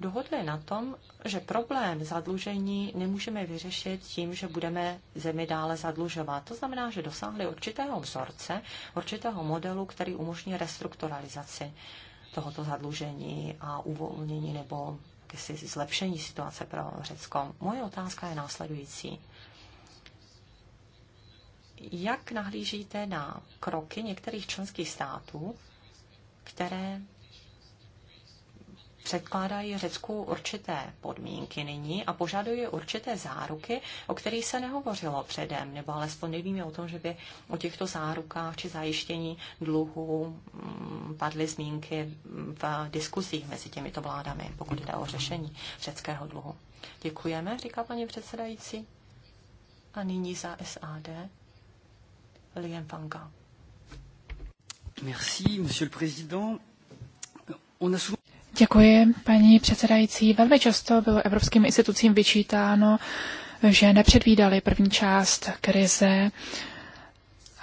dohodli na tom, že problém zadlužení nemůžeme vyřešit tím, že budeme zemi dále zadlužovat. To znamená, že dosáhli určitého vzorce, určitého modelu, který umožní restrukturalizaci tohoto zadlužení a uvolnění nebo zlepšení situace pro Řecko. Moje otázka je následující. Jak nahlížíte na kroky některých členských států, které předkládají Řecku určité podmínky nyní a požadují určité záruky, o kterých se nehovořilo předem, nebo alespoň nevíme o tom, že by o těchto zárukách či zajištění dluhu mm, padly zmínky v diskuzích mezi těmito vládami, pokud jde o řešení řeckého dluhu. Děkujeme, říká paní předsedající. A nyní za SAD Liam Vanga. Merci, monsieur le président. On a souvent... Děkuji, paní předsedající. Velmi často bylo evropským institucím vyčítáno, že nepředvídali první část krize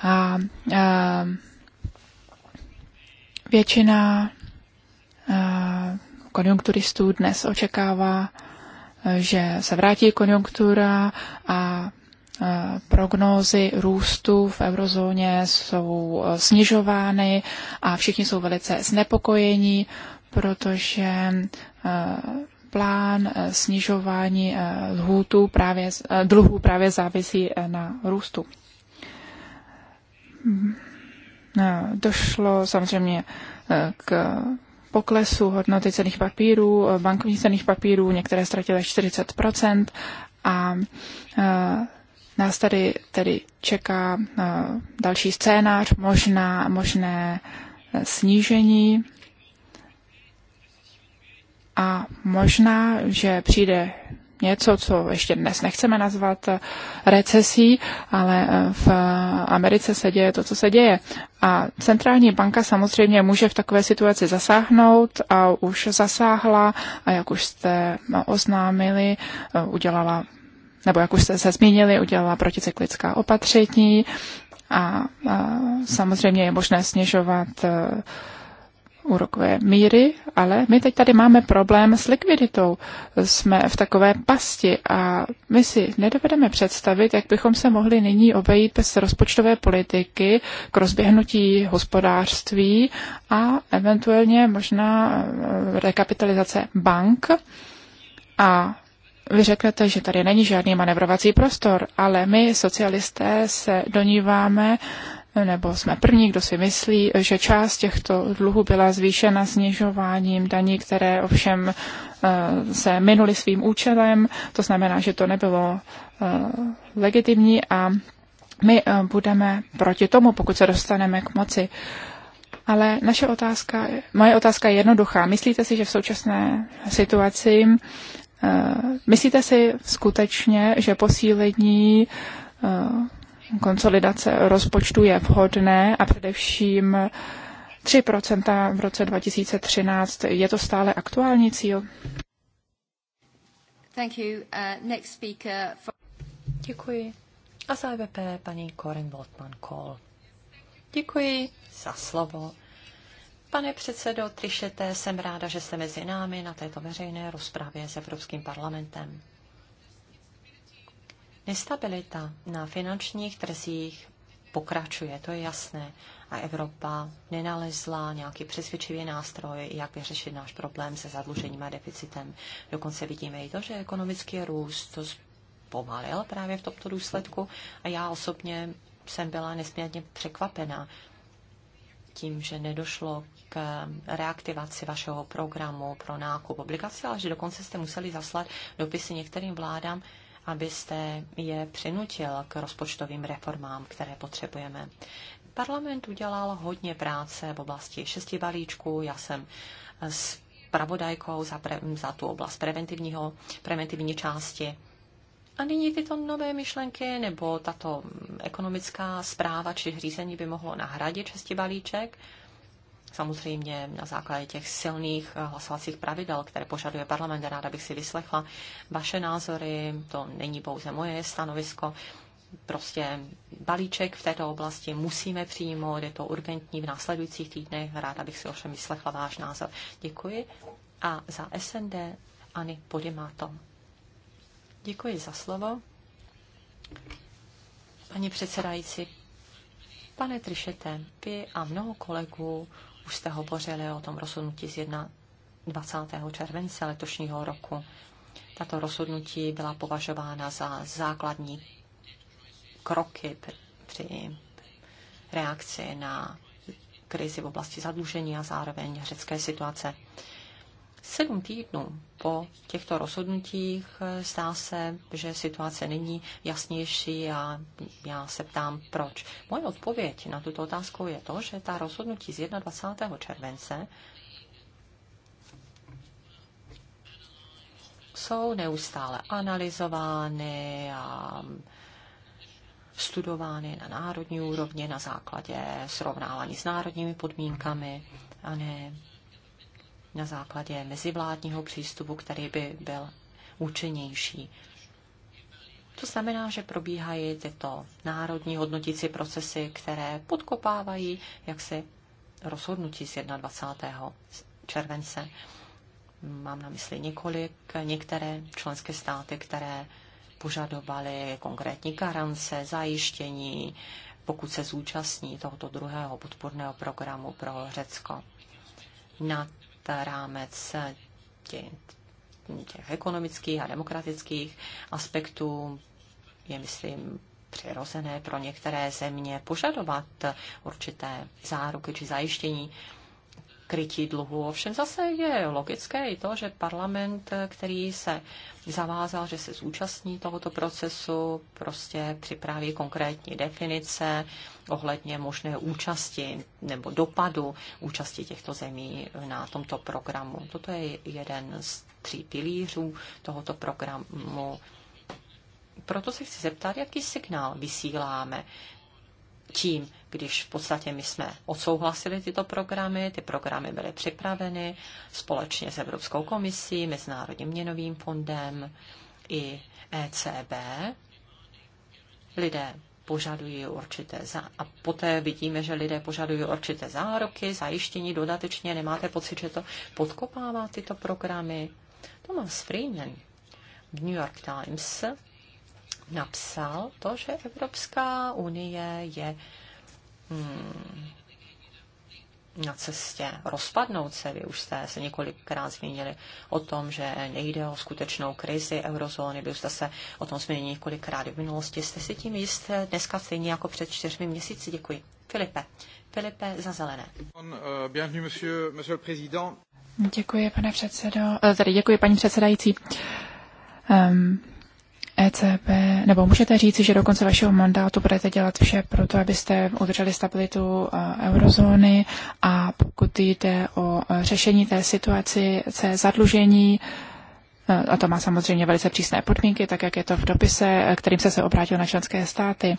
a, a většina a, konjunkturistů dnes očekává, že se vrátí konjunktura a prognózy růstu v eurozóně jsou e, snižovány a všichni jsou velice znepokojení, protože eh, plán eh, snižování eh, lhůtu právě, dluhů právě závisí na růstu. Mm, došlo samozřejmě k poklesu hodnoty cených papírů, bankovních cených papírů, některé ztratily 40% a nás tady tedy čeká další scénář, možná, možné snížení a možná, že přijde něco, co ještě dnes nechceme nazvat eh, recesí, ale eh, v Americe se děje to, co se děje. A centrální banka samozřejmě může v takové situaci zasáhnout a už zasáhla a jak už jste eh, oznámili, udělala nebo jak už jste se zmínili, udělala proticyklická opatření a, a samozřejmě je možné snižovat a, úrokové míry, ale my teď tady máme problém s likviditou. Jsme v takové pasti a my si nedovedeme představit, jak bychom se mohli nyní obejít bez rozpočtové politiky k rozběhnutí hospodářství a eventuálně možná eh, rekapitalizace bank. A vy řeknete, že tady není žádný manevrovací prostor, ale my, socialisté, se doníváme, nebo jsme první, kdo si myslí, že část těchto dluhů byla zvýšena snižováním daní, které ovšem eh, se minuli svým účelem. To znamená, že to nebylo eh, legitimní a my eh, budeme proti tomu, pokud se dostaneme k moci. Ale naše otázka, moje otázka je jednoduchá. Myslíte si, že v současné situaci, myslíte si skutečně, že posílení konsolidace rozpočtu je vhodné a především 3 v roce 2013. Je to stále aktuální cíl? Thank you. Uh, next speaker for... Děkuji. A za EVP paní Corin Botman Kohl. Děkuji za slovo. Pane předsedo Trišete, jsem ráda, že jste mezi námi na této veřejné rozpravě s Evropským parlamentem. Nestabilita na finančních trzích pokračuje, to je jasné. A Evropa nenalezla nějaký přesvědčivý nástroj, jak vyřešit náš problém se zadlužením a deficitem. Dokonce vidíme i to, že ekonomický růst to zpomalil právě v tomto důsledku. A já osobně jsem byla nesmírně překvapena tím, že nedošlo k reaktivaci vašeho programu pro nákup obligací, ale že dokonce jste museli zaslat dopisy některým vládám, abyste je přinutil k rozpočtovým reformám, které potřebujeme. Parlament udělal hodně práce v oblasti šesti balíčků. Já jsem s pravodajkou za, pre, za tu oblast preventivního, preventivní části. A nyní tyto nové myšlenky nebo tato ekonomická zpráva či řízení by mohlo nahradit šesti balíček samozřejmě na základě těch silných eh, hlasovacích pravidel, které požaduje parlament. Ráda bych si vyslechla vaše názory, to není pouze moje stanovisko. Prostě balíček v této oblasti musíme přijmout, je to urgentní v následujících týdnech. Ráda bych si ovšem vyslechla váš názor. Děkuji. A za SND Ani Podimato. Děkuji za slovo. Paní předsedající, pane Trišete, vy a mnoho kolegů už jste hovořili o tom rozhodnutí z 21. července letošního roku. Tato rozhodnutí byla považována za základní kroky při reakci na krizi v oblasti zadlužení a zároveň řecké situace. Sedm týdnů po těchto rozhodnutích eh, zdá se, že situace není jasnější a já se ptám, proč. Moje odpověď na tuto otázku je to, že ta rozhodnutí z 21. července jsou neustále analyzovány a studovány na národní úrovni na základě srovnávání s národními podmínkami a ne na základě mezivládního přístupu, který by byl účinnější. To znamená, že probíhají tyto národní hodnotící procesy, které podkopávají jaksi rozhodnutí z 21. července. Mám na mysli několik, některé členské státy, které požadovaly konkrétní garance, zajištění, pokud se zúčastní tohoto druhého podporného programu pro Řecko. Nad rámec těch, ekonomických a demokratických aspektů. Je, myslím, přirozené pro některé země požadovat určité záruky či zajištění krytí dluhu. Ovšem zase je logické i to, že parlament, který se zavázal, že se zúčastní tohoto procesu, prostě připraví konkrétní definice ohledně možné účasti nebo dopadu účasti těchto zemí na tomto programu. Toto je jeden z tří pilířů tohoto programu proto se chci zeptat, jaký signál vysíláme tím, když v podstatě my jsme odsouhlasili tyto programy, ty programy byly připraveny společně s Evropskou komisí, Mezinárodním měnovým fondem i ECB. Lidé požadují určité za a poté vidíme, že lidé požadují určité zároky, zajištění dodatečně, nemáte pocit, že to podkopává tyto programy. Thomas Freeman v New York Times napsal to, že Evropská unie je hmm, na cestě rozpadnout se. Vy už jste se několikrát zmínili o tom, že nejde o skutečnou krizi eurozóny. Vy už jste se o tom zmínili několikrát v minulosti. Jste si tím jist dneska stejně jako před čtyřmi měsíci. Děkuji. Filipe. Filipe za zelené. Euh, děkuji, pane předsedo. Eh, Tady děkuji, paní předsedající. Um, ECB, nebo můžete říci, že do konce vašeho mandátu budete dělat vše pro to, abyste udrželi stabilitu eh, eurozóny a pokud jde o eh, řešení té situaci se zadlužení, eh, a to má samozřejmě velice přísné podmínky, tak jak je to v dopise, kterým se se obrátil na členské státy.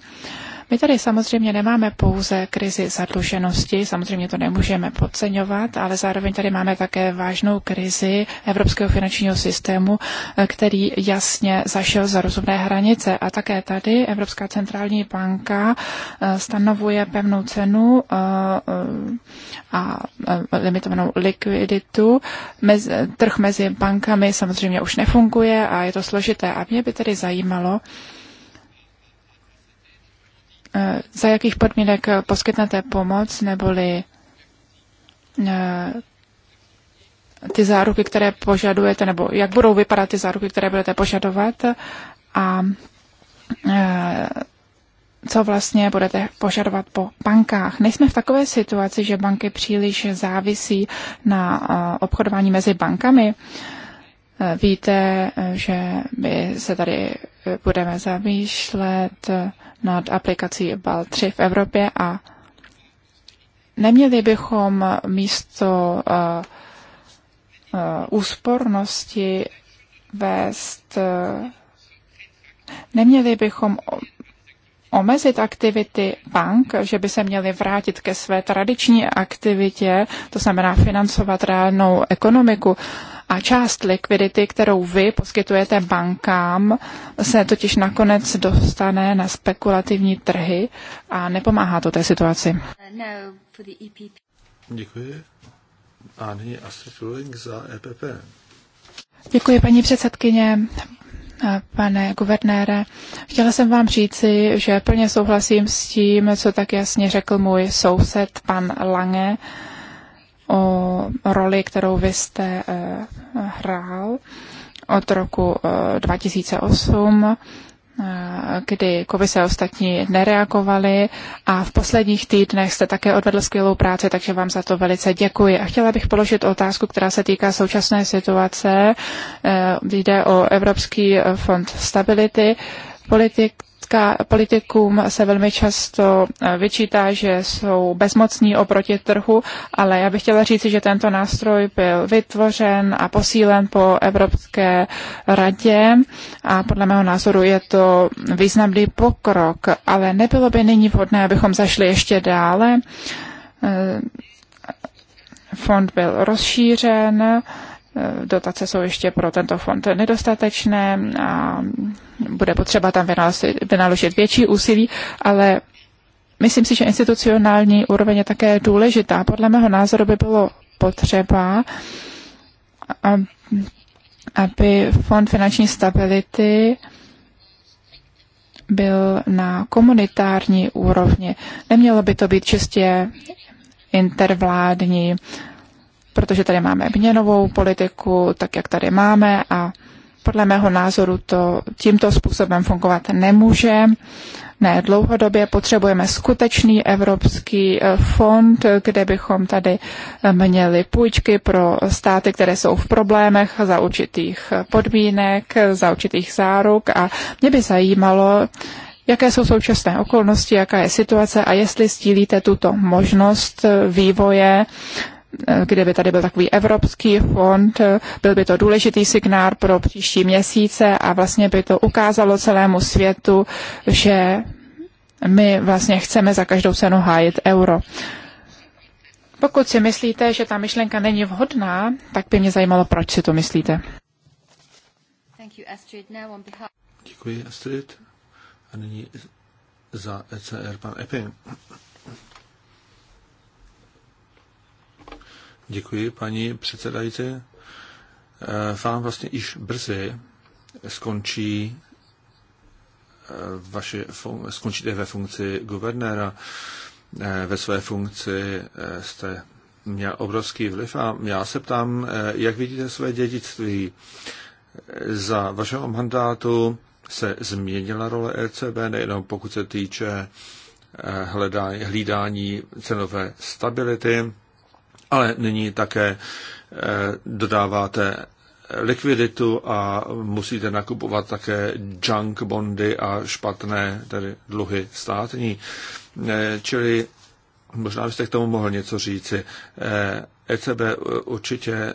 My tady samozřejmě nemáme pouze krizi zadluženosti, samozřejmě to nemůžeme podceňovat, ale zároveň tady máme také vážnou krizi evropského finančního systému, eh, který jasně zašel za rozumné hranice. A také tady Evropská centrální banka eh, stanovuje pevnou cenu eh, a limitovanou likviditu. Trh mezi bankami samozřejmě už nefunguje a je to složité. A mě by tedy zajímalo, za jakých podmínek poskytnete pomoc, neboli eh, ty záruky, které požadujete, nebo jak budou vypadat ty záruky, které budete požadovat a eh, co vlastně budete požadovat po bankách. Nejsme v takové situaci, že banky příliš závisí na eh, obchodování mezi bankami. Víte, že my se tady budeme zamýšlet nad aplikací BAL 3 v Evropě a neměli bychom místo uh, uh, úspornosti vést, uh, neměli bychom omezit aktivity bank, že by se měly vrátit ke své tradiční aktivitě, to znamená financovat reálnou ekonomiku. A část likvidity, kterou vy poskytujete bankám, se totiž nakonec dostane na spekulativní trhy a nepomáhá to té situaci. Děkuji. A nyní asi Luling za EPP. Děkuji, paní předsedkyně. Pane guvernére, chtěla jsem vám říci, že plně souhlasím s tím, co tak jasně řekl můj soused, pan Lange, o roli, kterou vy jste eh, hrál od roku 2008 eh, eh, kdy kovy se ostatní nereagovali a v posledních týdnech jste také odvedl skvělou práci, takže vám za to velice děkuji. A chtěla bych položit otázku, která se týká současné situace. Jde o Evropský fond stability. Politik, Politická, politikům se velmi často eh, vyčítá, že jsou bezmocní oproti trhu, ale já bych chtěla říci, že tento nástroj byl vytvořen a posílen po Evropské radě a podle mého názoru je to významný pokrok, ale nebylo by nyní vhodné, abychom zašli ještě dále. Eh, fond byl rozšířen dotace jsou ještě pro tento fond nedostatečné a bude potřeba tam vynaložit větší úsilí, ale myslím si, že institucionální úroveň je také důležitá. Podle mého názoru by bylo potřeba, aby fond finanční stability byl na komunitární úrovni. Nemělo by to být čistě intervládní protože tady máme měnovou politiku, tak jak tady máme a podle mého názoru to tímto způsobem fungovat nemůže. Ne dlouhodobě potřebujeme skutečný evropský eh, fond, kde bychom tady eh, měli půjčky pro státy, které jsou v problémech za určitých eh, podmínek, za určitých záruk a mě by zajímalo, jaké jsou současné okolnosti, jaká je situace a jestli stílíte tuto možnost vývoje kdyby tady byl takový evropský fond, byl by to důležitý signál pro příští měsíce a vlastně by to ukázalo celému světu, že my vlastně chceme za každou cenu hájit euro. Pokud si myslíte, že ta myšlenka není vhodná, tak by mě zajímalo, proč si to myslíte. Děkuji, Astrid. A nyní za ECR pan Epping. Děkuji, paní předsedající. Vám eh, vlastně již brzy skončí eh, vaše, skončíte ve funkci guvernéra. Eh, ve své funkci jste měl obrovský vliv a já se ptám, jak vidíte své dědictví. Za vašeho mandátu se změnila role ECB, nejenom pokud se týče hledání, hlídání cenové stability, ale nyní také eh, dodáváte likviditu a musíte nakupovat také junk bondy a špatné tedy dluhy státní. Eh, čili možná byste k tomu mohl něco říci. ECB eh, e určitě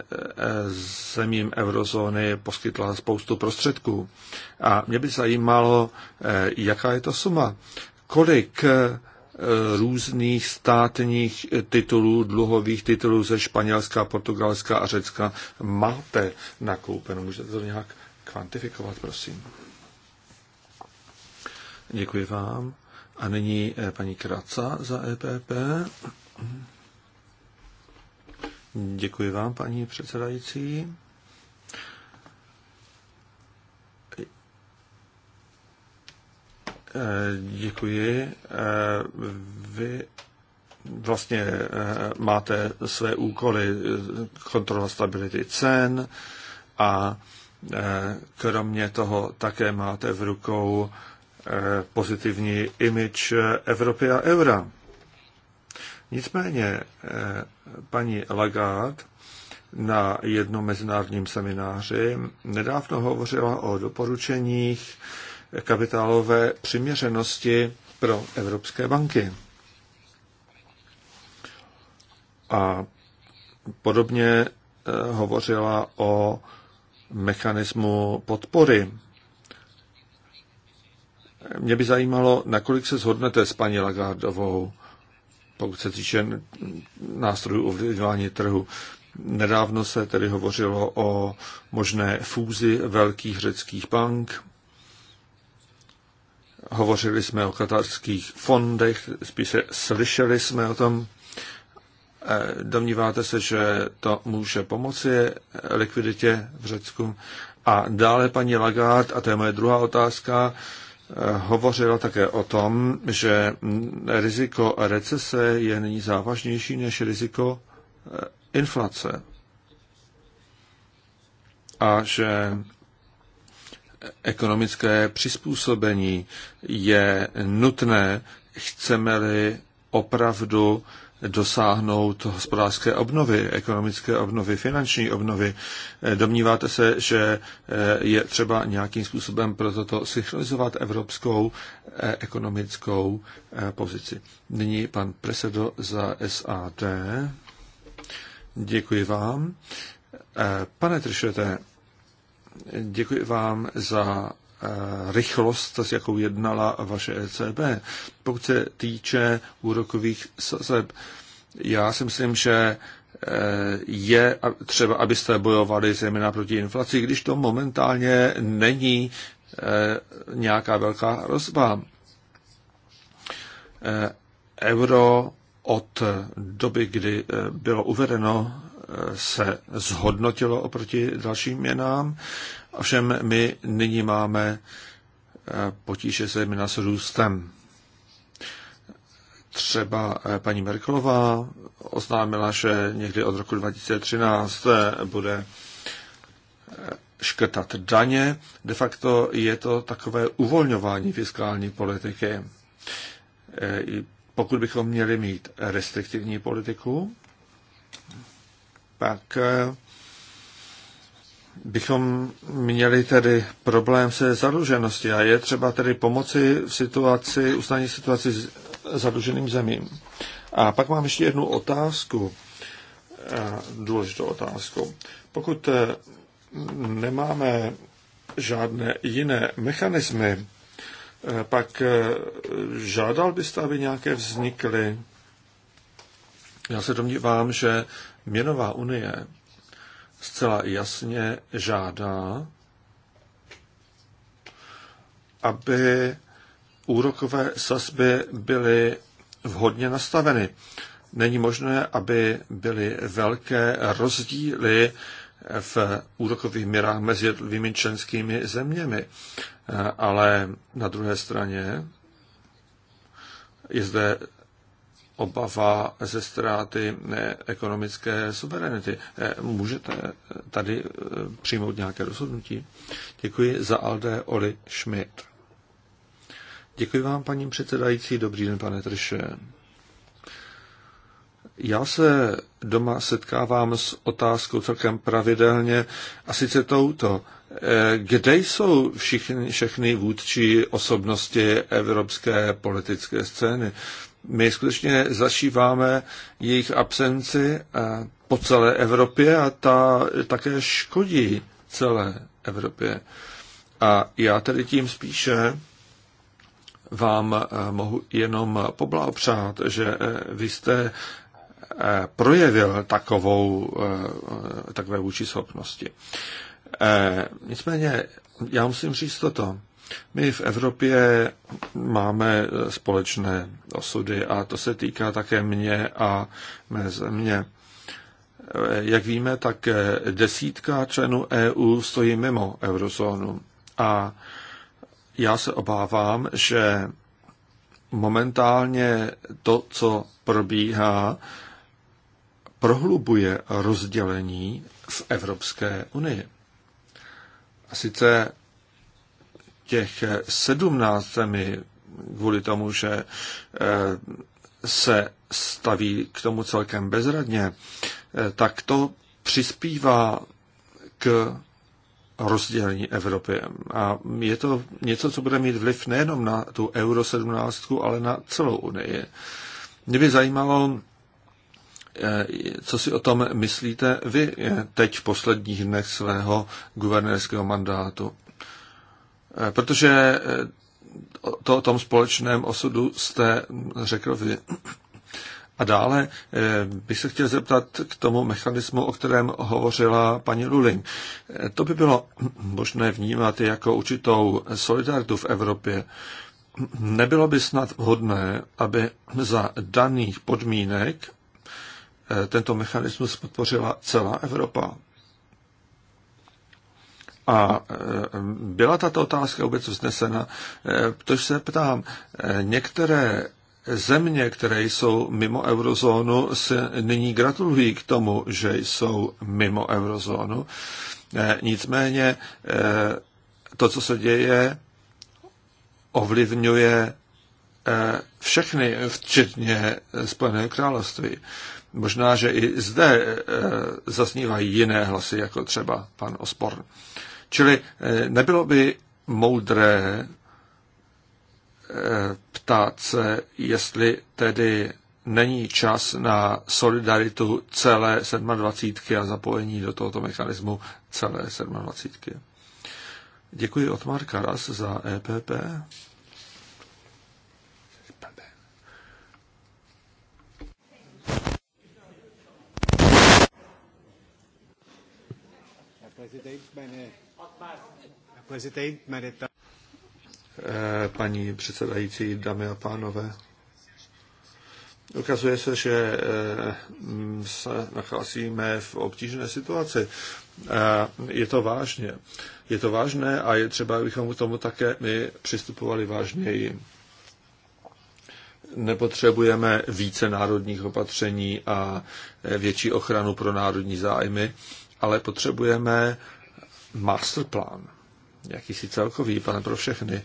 zemím eurozóny poskytla spoustu prostředků. A mě by zajímalo, jaká je to suma. Kolik různých státních titulů, dluhových titulů ze Španělska, Portugalska a Řecka máte nakoupeno. Můžete to nějak kvantifikovat, prosím. Děkuji vám. A nyní eh, paní Kraca za EPP. Děkuji vám, paní předsedající. Eh, děkuji. Eh, vy vlastně eh, máte své úkoly kontrola stability cen a kromě toho také máte v rukou pozitivní image Evropy a eura. Nicméně paní Lagarde na jednom mezinárodním semináři nedávno hovořila o doporučeních kapitálové přiměřenosti pro evropské banky. A podobně eh, hovořila o mechanismu podpory. Mě by zajímalo, nakolik se shodnete s paní Lagardovou, pokud se týče nástrojů ovlivňování trhu. Nedávno se tedy hovořilo o možné fúzi velkých řeckých bank Hovořili jsme o katarských fondech, spíše slyšeli jsme o tom. Eh, domníváte se, že to může pomoci likviditě v Řecku? A dále paní Lagarde, a to je moje druhá otázka, eh, hovořila také o tom, že riziko recese je nyní závažnější než riziko eh, inflace. A že ekonomické přizpůsobení je nutné, chceme-li opravdu dosáhnout hospodářské obnovy, ekonomické obnovy, finanční obnovy. Domníváte se, že eh, je třeba nějakým způsobem pro toto synchronizovat evropskou eh, ekonomickou eh, pozici. Nyní pan Presedo za SAD. Děkuji vám. Pane Tršete, Děkuji vám za eh, rychlost, s jakou jednala vaše ECB. Pokud se týče úrokových sazeb, já si myslím, že eh, je třeba, abyste bojovali zejména proti inflaci, když to momentálně není eh, nějaká velká hrozba. Euro od doby, kdy bylo uvedeno se zhodnotilo oproti dalším měnám. Ovšem my nyní máme eh, potíže zejména s růstem. Třeba eh, paní Merkelová oznámila, že někdy od roku 2013 eh, bude škrtat daně. De facto je to takové uvolňování fiskální politiky. Pokud bychom měli mít restriktivní politiku, pak eh, bychom měli tedy problém se zadlužeností a je třeba tedy pomoci v situaci, usnadnit situaci s zadluženým zemím. A pak mám ještě jednu otázku, eh, důležitou otázku. Pokud eh, nemáme žádné jiné mechanismy, pak žádal byste, aby nějaké vznikly. Já se domnívám, že Měnová unie zcela jasně žádá, aby úrokové sazby byly vhodně nastaveny. Není možné, aby byly velké rozdíly v úrokových měrách mezi jednotlivými členskými zeměmi. Ale na druhé straně je zde obava ze ztráty eh, ekonomické suverenity. Eh, můžete eh, tady přijmout nějaké rozhodnutí? Děkuji za Alde Oli Schmidt. Děkuji vám, paní předsedající. Dobrý den, pane Trše. Já se doma setkávám s otázkou celkem pravidelně a sice touto. Kde jsou všichni, všechny vůdčí osobnosti evropské politické scény? My skutečně zašíváme jejich absenci eh, po celé Evropě a ta také škodí celé Evropě. A já tedy tím spíše vám eh, mohu jenom poblahopřát, že eh, vy jste projevil takovou, takové vůči schopnosti. Nicméně já musím říct toto. My v Evropě máme společné osudy a to se týká také mě a mé země. Jak víme, tak desítka členů EU stojí mimo eurozónu. A já se obávám, že momentálně to, co probíhá, prohlubuje rozdělení v Evropské unii. A sice těch sedmnáctemi zemí, kvůli tomu, že eh, se staví k tomu celkem bezradně, eh, tak to přispívá k rozdělení Evropy. A je to něco, co bude mít vliv nejenom na tu Euro 17, ale na celou Unii. Mě by zajímalo, eh, co si o tom myslíte vy teď v posledních dnech svého guvernérského mandátu. Eh, protože eh, to, o tom společném osudu jste řekl vy. A dále eh, bych se chtěl zeptat k tomu mechanismu, o kterém hovořila paní Lulin. To by bylo možné vnímat jako určitou solidaritu v Evropě. Nebylo by snad vhodné, aby za daných podmínek tento mechanismus podpořila celá Evropa. A e, byla tato otázka vůbec vznesena, protože e, se ptám, e, některé země, které jsou mimo eurozónu, se nyní gratulují k tomu, že jsou mimo eurozónu. Nicméně to, co se děje, ovlivňuje všechny, včetně Spojené království. Možná, že i zde zasnívají jiné hlasy, jako třeba pan Osporn. Čili eh, nebylo by moudré eh, ptát se, jestli tedy není čas na solidaritu celé 27 a zapojení do tohoto mechanismu celé 27. Děkuji Otmar Karas za EPP. Herr Präsident, meine Eh, paní předsedající, dámy a pánové, ukazuje se, že eh, mm, se nacházíme v obtížné situaci. Eh, je to vážně. Je to vážné a je třeba, abychom k tomu také my přistupovali vážněji nepotřebujeme více národních opatření a větší ochranu pro národní zájmy, ale potřebujeme masterplan jakýsi celkový plán pro všechny.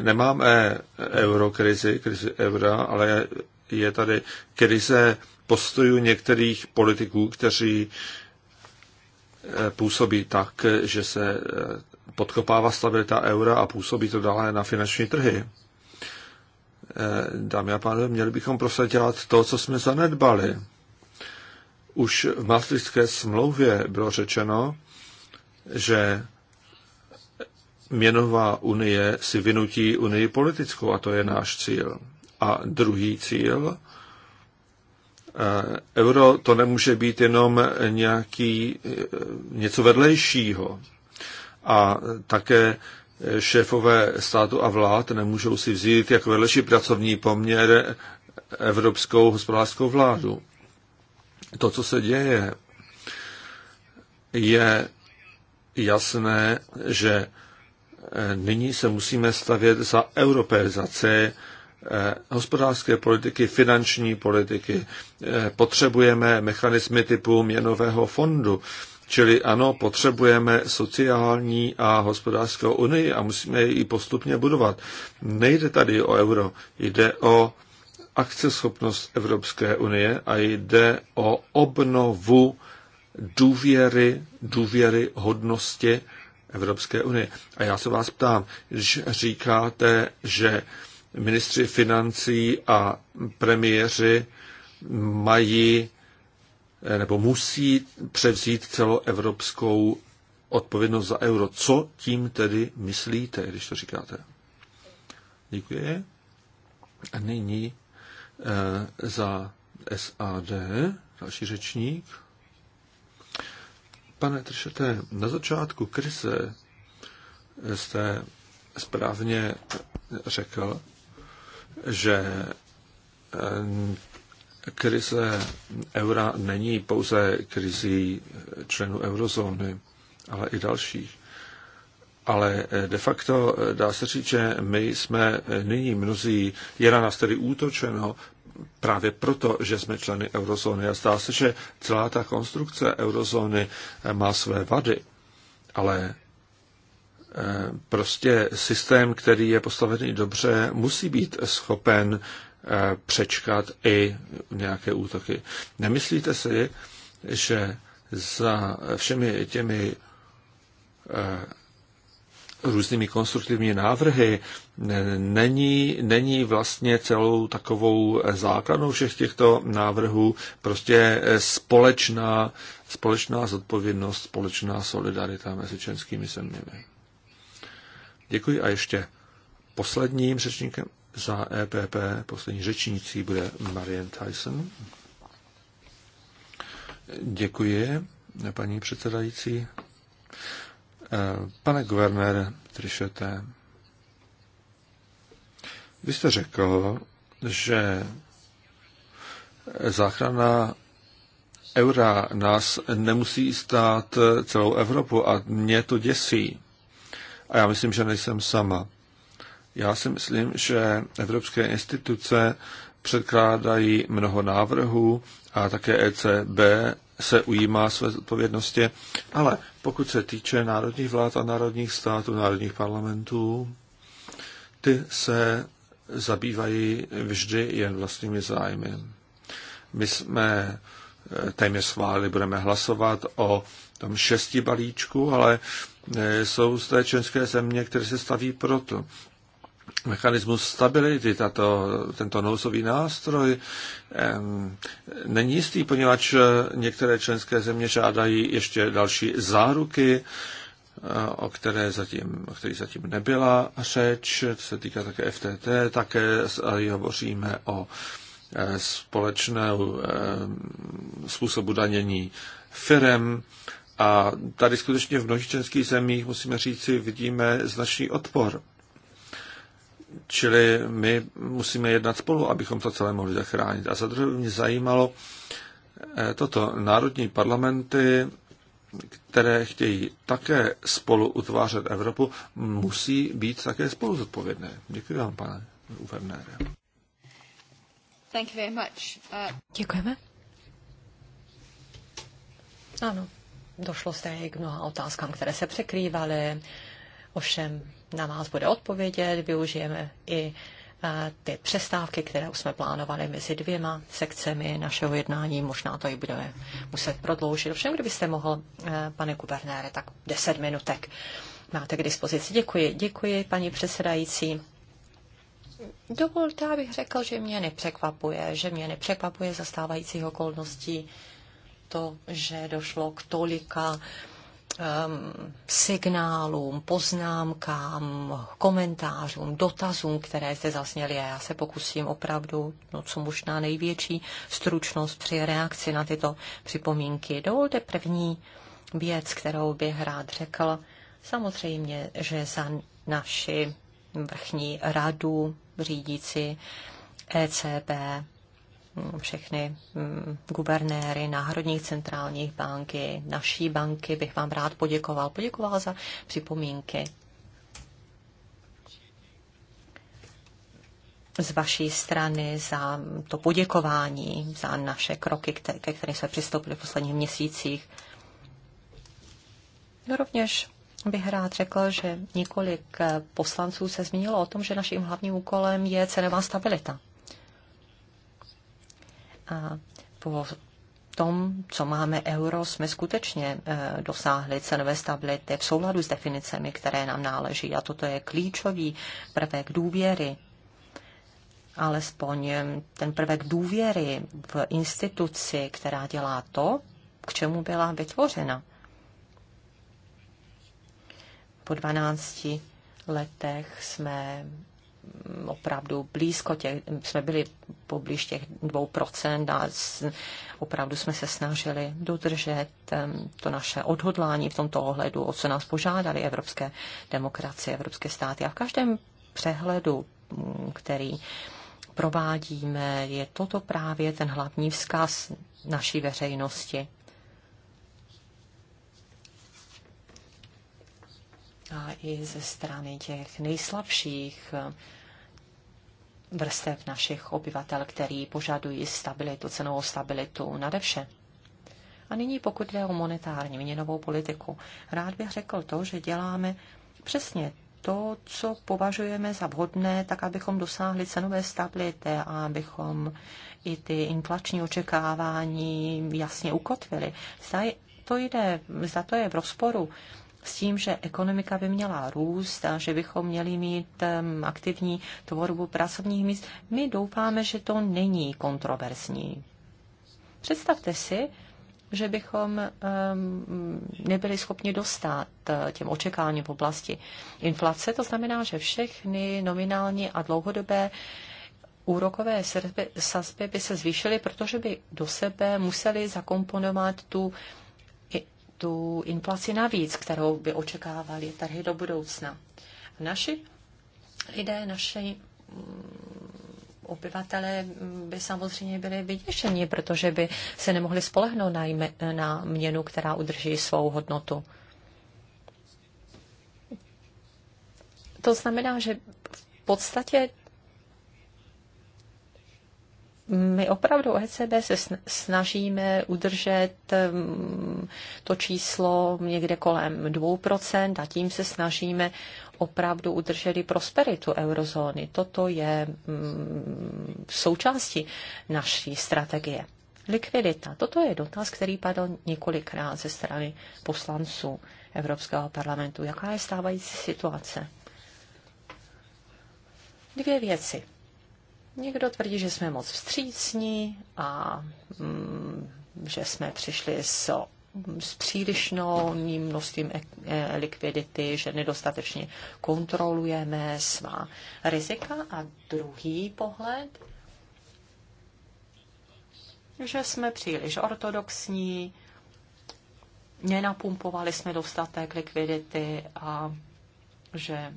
Nemáme eurokrizi, krizi eura, ale je tady krize postojů některých politiků, kteří e, působí tak, že se e, podkopává stabilita eura a působí to dále na finanční trhy. E, dámy a pánové, měli bychom prostě dělat to, co jsme zanedbali. Už v Maastrichtské smlouvě bylo řečeno, že měnová unie si vynutí unii politickou a to je náš cíl. A druhý cíl, eh, euro to nemůže být jenom nějaký, eh, něco vedlejšího. A také šéfové státu a vlád nemůžou si vzít jako vedlejší pracovní poměr evropskou hospodářskou vládu. To, co se děje, je jasné, že nyní se musíme stavět za europeizace eh, hospodářské politiky, finanční politiky. Eh, potřebujeme mechanismy typu měnového fondu, čili ano, potřebujeme sociální a hospodářskou unii a musíme ji postupně budovat. Nejde tady o euro, jde o akceschopnost Evropské unie a jde o obnovu důvěry, důvěry hodnosti Evropské unie. A já se vás ptám, když říkáte, že ministři financí a premiéři mají eh, nebo musí převzít celoevropskou odpovědnost za euro. Co tím tedy myslíte, když to říkáte? Děkuji. A nyní e, za SAD další řečník. Pane Tršete, na začátku krize jste správně řekl, že eh, krize eura není pouze krizí členů eurozóny, ale i dalších. Ale eh, de facto eh, dá se říct, že my jsme nyní mnozí, je na nás tedy útočeno právě proto, že jsme členy eurozóny. A zdá se, že celá ta konstrukce eurozóny eh, má své vady, ale eh, prostě systém, který je postavený dobře, musí být schopen eh, přečkat i nějaké útoky. Nemyslíte si, že za všemi těmi různými konstruktivními návrhy není, není vlastně celou takovou základnou všech těchto návrhů prostě společná, společná zodpovědnost, společná solidarita mezi českými zeměmi. Děkuji a ještě posledním řečníkem za EPP, poslední řečnící bude Marian Tyson. Děkuji, paní předsedající. Pane guvernér Trišeté, vy jste řekl, že záchrana eura nás nemusí stát celou Evropu a mě to děsí. A já myslím, že nejsem sama. Já si myslím, že evropské instituce předkládají mnoho návrhů a také ECB se ujímá své odpovědnosti. Ale pokud se týče národních vlád a národních států, národních parlamentů, ty se zabývají vždy jen vlastními zájmy. My jsme eh, téměř schválili, budeme hlasovat o tom šesti balíčku, ale eh, jsou té členské země, které se staví proto mechanismus stability, tato, tento nouzový nástroj, em, není jistý, poněvadž některé členské země žádají ještě další záruky, eh, o, které zatím, o který zatím nebyla řeč, co se týká také FTT, také hovoříme o eh, společnou eh, způsobu danění firem. A tady skutečně v mnohých členských zemích, musíme říci, vidíme značný odpor Čili my musíme jednat spolu, abychom to celé mohli zachránit. A za druhé mě zajímalo eh, toto. Národní parlamenty, které chtějí také spolu utvářet Evropu, musí být také spolu zodpovědné. Děkuji vám, pane guvernére. Thank you very much. Uh, Děkujeme. Ano, došlo se i k mnoha otázkám, které se překrývaly. Ovšem na vás bude odpovědět, využijeme i eh, ty přestávky, které už jsme plánovali mezi dvěma sekcemi našeho jednání, možná to i budeme muset prodloužit. Všem, kdybyste mohl, eh, pane guvernére, tak 10 minutek máte k dispozici. Děkuji, děkuji, paní předsedající. Dovolte, abych řekl, že mě nepřekvapuje, že mě nepřekvapuje zastávajících okolností to, že došlo k tolika Ehm, signálům, poznámkám, komentářům, dotazům, které zde zasněly. A já se pokusím opravdu, no co možná největší, stručnost při reakci na tyto připomínky. Dovolte první věc, kterou bych rád řekl. Samozřejmě, že za naši vrchní radu řídící ECB všechny mm, guvernéry, národních centrálních banky, naší banky bych vám rád poděkoval. Poděkoval za připomínky. z vaší strany za to poděkování, za naše kroky, ke kterým jsme přistoupili v posledních měsících. No rovněž bych rád řekl, že několik poslanců se zmínilo o tom, že naším hlavním úkolem je cenová stabilita. A po tom, co máme euro, jsme skutečně eh, dosáhli cenové stability v souladu s definicemi, které nám náleží. A toto je klíčový prvek důvěry alespoň eh, ten prvek důvěry v instituci, která dělá to, k čemu byla vytvořena. Po 12 letech jsme opravdu blízko těch, jsme byli poblíž těch 2% a opravdu jsme se snažili dodržet to naše odhodlání v tomto ohledu, o co nás požádali evropské demokracie, evropské státy. A v každém přehledu, mm, který provádíme, je toto právě ten hlavní vzkaz naší veřejnosti. A i ze strany těch nejslabších vrstev našich obyvatel, který požadují stabilitu, cenovou stabilitu nade vše. A nyní pokud jde o monetární měnovou politiku, rád bych řekl to, že děláme přesně to, co považujeme za vhodné, tak abychom dosáhli cenové stability a abychom i ty inflační očekávání jasně ukotvili. Zda to jde, zda to je v rozporu s tím, že ekonomika by měla růst a že bychom měli mít aktivní tvorbu pracovních míst, my doufáme, že to není kontroverzní. Představte si, že bychom nebyli schopni dostat eh, těm očekáním v oblasti inflace. To znamená, že všechny nominální a dlouhodobé úrokové sazby by se zvýšily, protože by do sebe museli zakomponovat tu tu inflaci navíc, kterou by očekávali trhy do budoucna. Naši lidé, naši mm, obyvatelé by samozřejmě byli vyděšeni, protože by se nemohli spolehnout na, jme, na měnu, která udrží svou hodnotu. To znamená, že v podstatě my opravdu ECB se snažíme udržet mm, to číslo někde kolem 2% a tím se snažíme opravdu udržet i prosperitu eurozóny. Toto je mm, součástí naší strategie. Likvidita. Toto je dotaz, který padl několikrát ze strany poslanců Evropského parlamentu. Jaká je stávající situace? Dvě věci. Někdo tvrdí, že jsme moc vstřícní a mm, že jsme přišli s, s přílišným množstvím e, e, likvidity, že nedostatečně kontrolujeme svá rizika. A druhý pohled, že jsme příliš ortodoxní, nenapumpovali jsme dostatek likvidity a že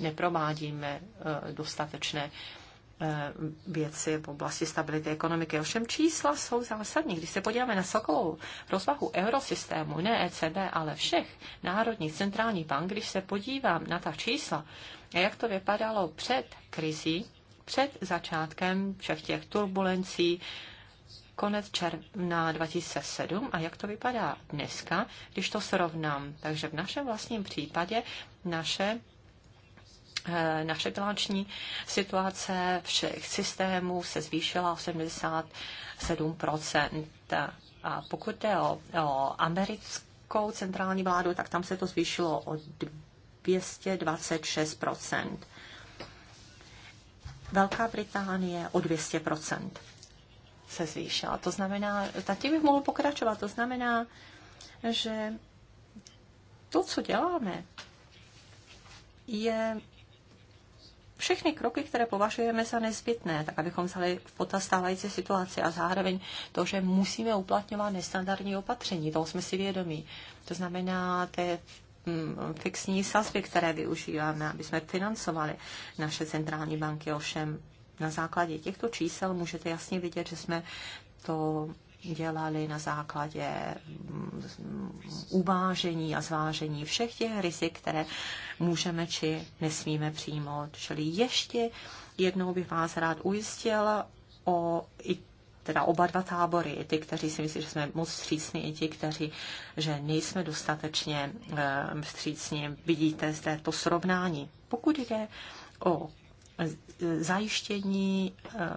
neprovádíme eh, dostatečné eh, věci v oblasti stability ekonomiky. Ovšem čísla jsou zásadní. Když se podíváme na celkovou rozvahu eurosystému, ne ECB, ale všech národních centrálních bank, když se podívám na ta čísla, jak to vypadalo před krizí, před začátkem všech těch turbulencí, konec června 2007 a jak to vypadá dneska, když to srovnám. Takže v našem vlastním případě naše eh, naše bilanční situace všech systémů se zvýšila 87 A pokud jde o, o americkou centrální vládu, tak tam se to zvýšilo o 226 Velká Británie o 200 se zvýšila. To znamená, tady bych mohl pokračovat, to znamená, že to, co děláme, je všechny kroky, které považujeme za nezbytné, tak abychom vzali v potaz stávající situaci a zároveň to, že musíme uplatňovat nestandardní opatření, toho jsme si vědomí. To znamená, té mm, fixní sazby, které využíváme, aby jsme financovali naše centrální banky. Ovšem na základě těchto čísel můžete jasně vidět, že jsme to dělali na základě mm, uvážení a zvážení všech těch rizik, které můžeme či nesmíme přijmout. Čili ještě jednou bych vás rád ujistil o i teda oba dva tábory, i ty, kteří si myslí, že jsme moc vstřícní, i ti, kteří, že nejsme dostatečně e, vstřícní. Vidíte zde to srovnání. Pokud jde o zajištění eh,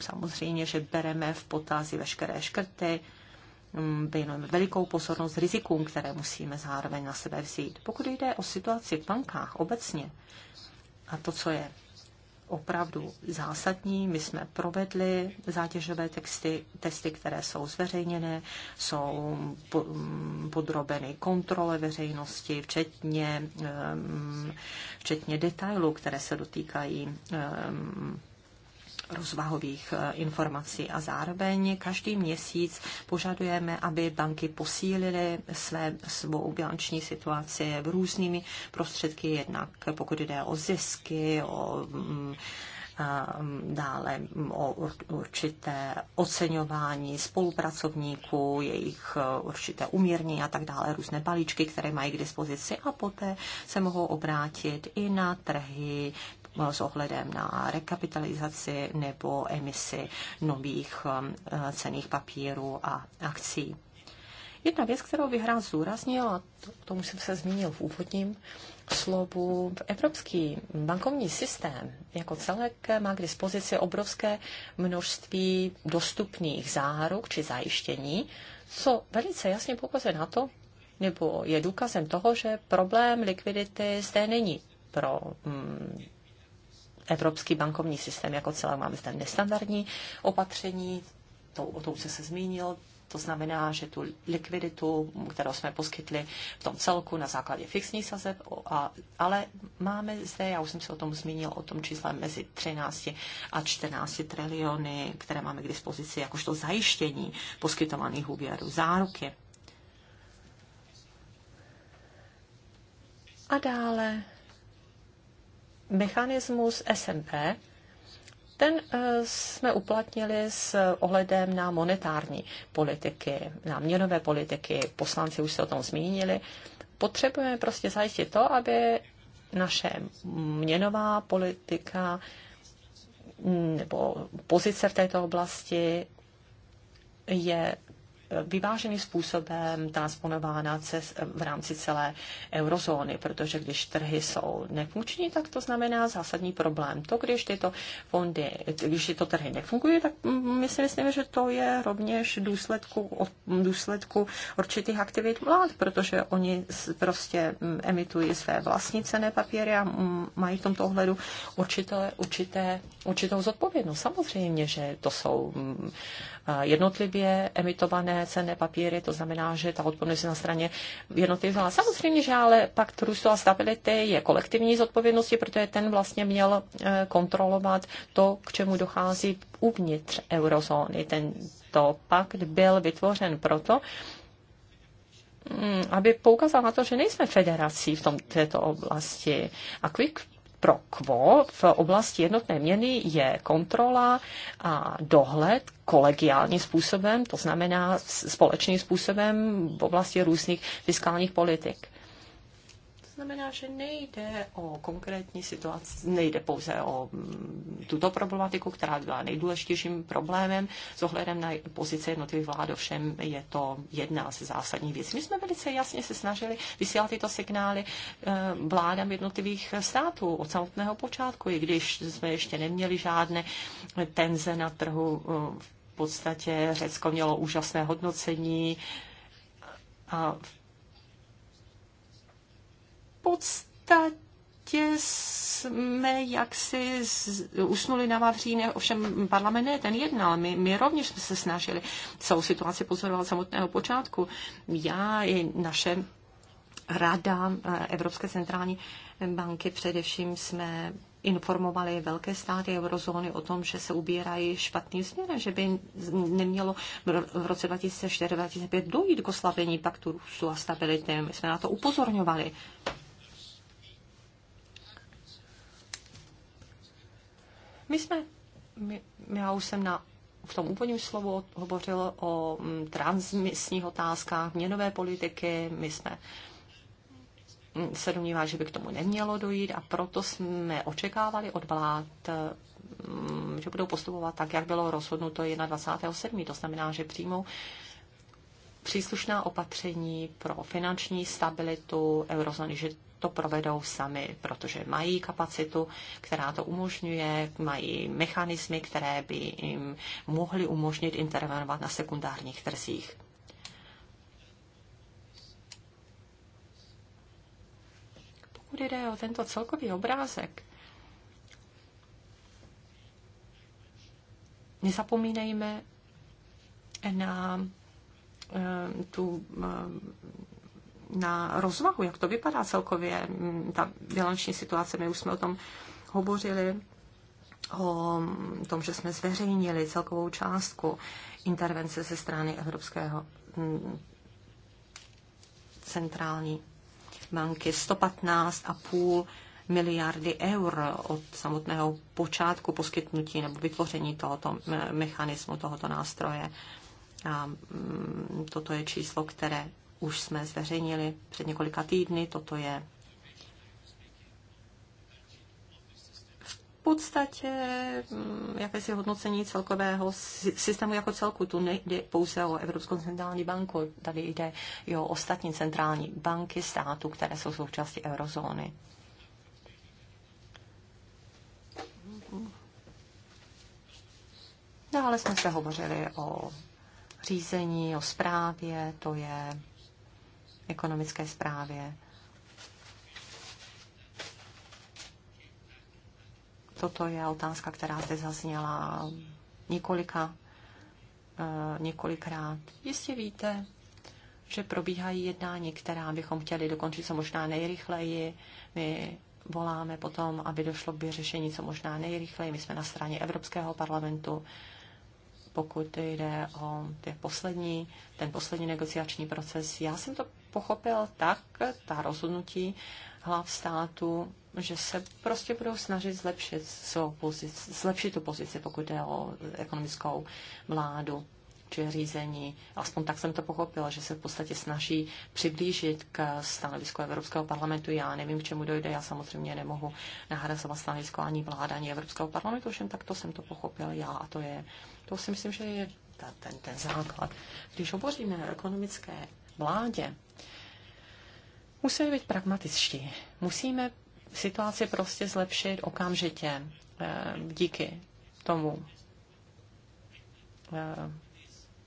samozřejmě, že bereme v potaz i veškeré škrty, věnujeme velikou pozornost rizikům, které musíme zároveň na sebe vzít. Pokud jde o situaci v bankách obecně a to, co je opravdu zásadní. My jsme provedli zátěžové texty, testy, které jsou zveřejněné, jsou mm, podrobeny kontrole veřejnosti, včetně, mm, včetně detailů, které se dotýkají mm, rozvahových eh, informací a zároveň každý měsíc požadujeme, aby banky posílily své, svou bilanční situaci v různými prostředky, jednak pokud jde o zisky, o mm, mm, dále mm, o určité oceňování spolupracovníků, jejich eh, určité umírnění a tak dále, různé balíčky, které mají k dispozici a poté se mohou obrátit i na trhy s ohledem na rekapitalizaci nebo emisi nových um, eh, cených papírů a akcí. Jedna věc, kterou bych rád zúraznil, a to, tomu jsem se zmínil v úvodním slovu, evropský bankovní systém jako celek má k dispozici obrovské množství dostupných záruk či zajištění, co velice jasně pokazuje na to, nebo je důkazem toho, že problém likvidity zde není pro mm, evropský bankovní systém jako celé. Máme zde nestandardní opatření, to, o tom se se zmínil, to znamená, že tu likviditu, kterou jsme poskytli v tom celku na základě fixní sazeb, a, ale máme zde, já už jsem se o tom zmínil, o tom čísle mezi 13 a 14 triliony, které máme k dispozici jakožto zajištění poskytovaných úvěrů, záruky. A dále mechanismus SMP, ten eh, jsme uplatnili s ohledem na monetární politiky, na měnové politiky, poslanci už se o tom zmínili. Potřebujeme prostě zajistit to, aby naše měnová politika mm, nebo pozice v této oblasti je vyváženým způsobem transponována cez, v rámci celé eurozóny, protože když trhy jsou nefunkční, tak to znamená zásadní problém. To, když tyto fondy, když tyto trhy nefungují, tak my si myslíme, že to je rovněž důsledku, důsledku určitých aktivit vlád, protože oni prostě emitují své vlastní cené papíry a mají v tomto ohledu určité, určité, určitou zodpovědnost. Samozřejmě, že to jsou Eh, jednotlivě emitované cenné papíry, to znamená, že ta odpovědnost je na straně jednotlivá. Samozřejmě, že ale pak růstu a stability je kolektivní zodpovědnosti, protože ten vlastně měl eh, kontrolovat to, k čemu dochází uvnitř eurozóny. Tento pakt byl vytvořen proto, mm, aby poukázal na to, že nejsme federací v tom, této oblasti. A quick pro kvo v oblasti jednotné měny je kontrola a dohled kolegiálním způsobem, to znamená společným způsobem v oblasti různých fiskálních politik znamená, že nejde o konkrétní situaci, nejde pouze o mm, tuto problematiku, která byla nejdůležitějším problémem. S ohledem na pozice jednotlivých vlád ovšem je to jedna z zásadních věcí. My jsme velice jasně se snažili vysílat tyto signály eh, vládám jednotlivých států od samotného počátku, i když jsme ještě neměli žádné tenze na trhu. Eh, v podstatě Řecko mělo úžasné hodnocení a v podstatě jsme jaksi z, usnuli na Vavříně, ovšem parlament ne, ten jednal. My, my rovněž jsme se snažili celou situaci pozorovat samotného počátku. Já i naše rada eh, Evropské centrální banky především jsme informovali velké státy eurozóny o tom, že se ubírají špatným směrem, že by nemělo v roce 2004-2005 dojít k oslabení paktu růstu a stability. My jsme na to upozorňovali. My jsme, my, já už jsem na, v tom úvodním slovu hovořil o m, mm, transmisních otázkách, měnové politiky, my jsme mm, se domnívá, že by k tomu nemělo dojít a proto jsme očekávali od vlád, mm, že budou postupovat tak, jak bylo rozhodnuto 21.7. To znamená, že přijmou příslušná opatření pro finanční stabilitu eurozóny, že to provedou sami, protože mají kapacitu, která to umožňuje, mají mechanismy, které by jim mohly umožnit intervenovat na sekundárních trzích. Pokud jde o tento celkový obrázek, nezapomínejme na eh, tu eh, na rozvahu, jak to vypadá celkově, mm, ta bilanční situace, my už jsme o tom hovořili, o tom, že jsme zveřejnili celkovou částku intervence ze strany Evropského mm, centrální banky 115,5 miliardy eur od samotného počátku poskytnutí nebo vytvoření tohoto mm, mechanismu, tohoto nástroje. A toto je číslo, které už jsme zveřejnili před několika týdny. Toto je v podstatě mm, jakési hodnocení celkového systému jako celku. Tu nejde pouze o Evropskou centrální banku, tady jde i o ostatní centrální banky států, které jsou součástí eurozóny. Dále jsme se hovořili o řízení, o správě, to je ekonomické zprávě. Toto je otázka, která zde zazněla několika, eh, několikrát. Jistě víte, že probíhají jednání, která bychom chtěli dokončit co možná nejrychleji. My voláme potom, aby došlo k vyřešení co možná nejrychleji. My jsme na straně Evropského parlamentu, pokud jde o ty poslední, ten poslední negociační proces. Já jsem to pochopil tak, ta rozhodnutí hlav státu, že se prostě budou snažit zlepšit svou pozici, zlepšit tu pozici, pokud jde o ekonomickou vládu či řízení. Aspoň tak jsem to pochopila, že se v podstatě snaží přiblížit k stanovisku Evropského parlamentu. Já nevím, k čemu dojde, já samozřejmě nemohu nahrazovat stanovisko ani vláda, ani Evropského parlamentu, všem tak to jsem to pochopil já a to je, to si myslím, že je ta, ten, ten základ. Když hovoříme o ekonomické vládě, musíme být pragmatičtí. Musíme situaci prostě zlepšit okamžitě eh, díky tomu eh,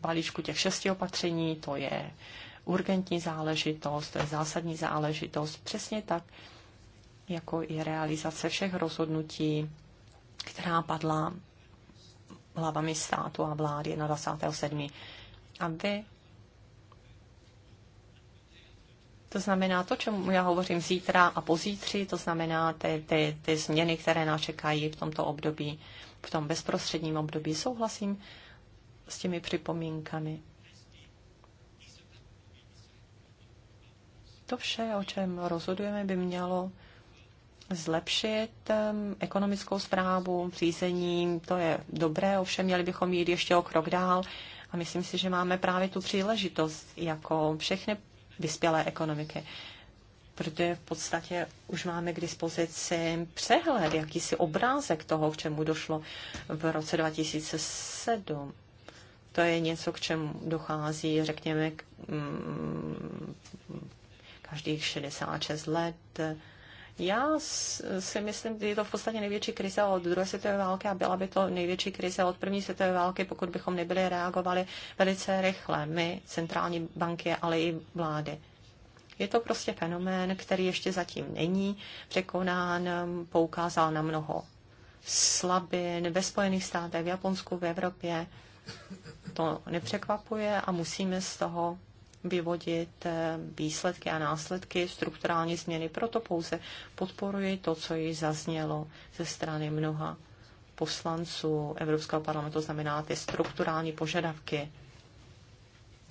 balíčku těch šesti opatření, to je urgentní záležitost, to je zásadní záležitost, přesně tak, jako i realizace všech rozhodnutí, která padla hlavami státu a vlády na 27. A vy To znamená to, čemu já hovořím zítra a pozítří, to znamená ty, ty, ty změny, které nás čekají v tomto období, v tom bezprostředním období. Souhlasím s těmi připomínkami. To vše, o čem rozhodujeme, by mělo zlepšit um, ekonomickou zprávu, řízení, to je dobré, ovšem měli bychom jít ještě o krok dál a myslím si, že máme právě tu příležitost jako všechny vyspělé ekonomiky, protože v podstatě už máme k dispozici přehled, jakýsi obrázek toho, k čemu došlo v roce 2007 to je něco, k čemu dochází, řekněme, k, mm, každých 66 let. Já si myslím, že je to v podstatě největší krize od druhé světové války a byla by to největší krize od první světové války, pokud bychom nebyli reagovali velice rychle, my, centrální banky, ale i vlády. Je to prostě fenomén, který ještě zatím není překonán, poukázal na mnoho slabin ve Spojených státech, v Japonsku, v Evropě to nepřekvapuje a musíme z toho vyvodit eh, výsledky a následky strukturální změny. Proto pouze podporuji to, co již zaznělo ze strany mnoha poslanců Evropského parlamentu, znamená ty strukturální požadavky